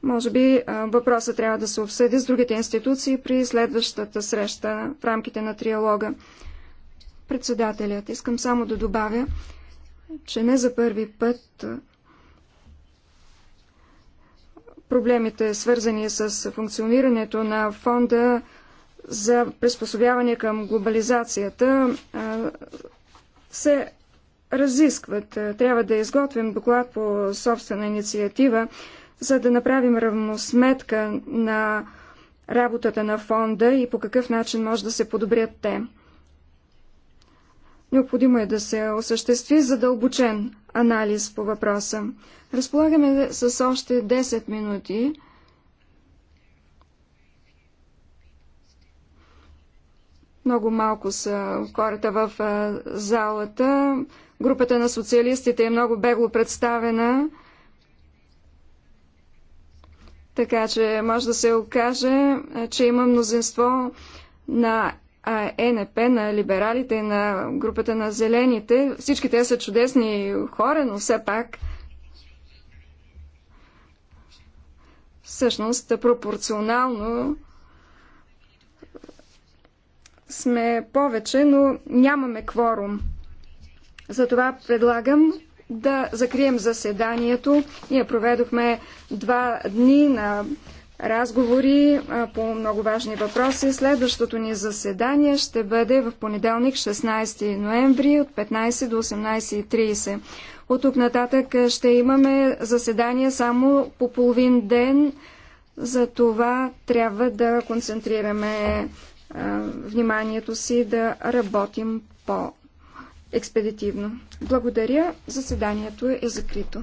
Може би въпросът трябва да се обсъди с другите институции при следващата среща в рамките на триалога. Председателят, искам само да добавя, че не за първи път проблемите, свързани с функционирането на фонда за приспособяване към глобализацията, се разискват. Трябва да изготвим доклад по собствена инициатива, за да направим равносметка на работата на фонда и по какъв начин може да се подобрят те. Необходимо е да се осъществи задълбочен анализ по въпроса. Разполагаме с още 10 минути. Много малко са хората в залата. Групата на социалистите е много бегло представена. Така че може да се окаже, че има мнозинство на ЕНП, на либералите, на групата на зелените. Всички те са чудесни хора, но все пак всъщност пропорционално сме повече, но нямаме кворум. Затова предлагам да закрием заседанието. Ние проведохме два дни на разговори по много важни въпроси. Следващото ни заседание ще бъде в понеделник 16 ноември от 15 до 18.30. От тук нататък ще имаме заседание само по половин ден. За това трябва да концентрираме вниманието си да работим по-експедитивно. Благодаря. Заседанието е закрито.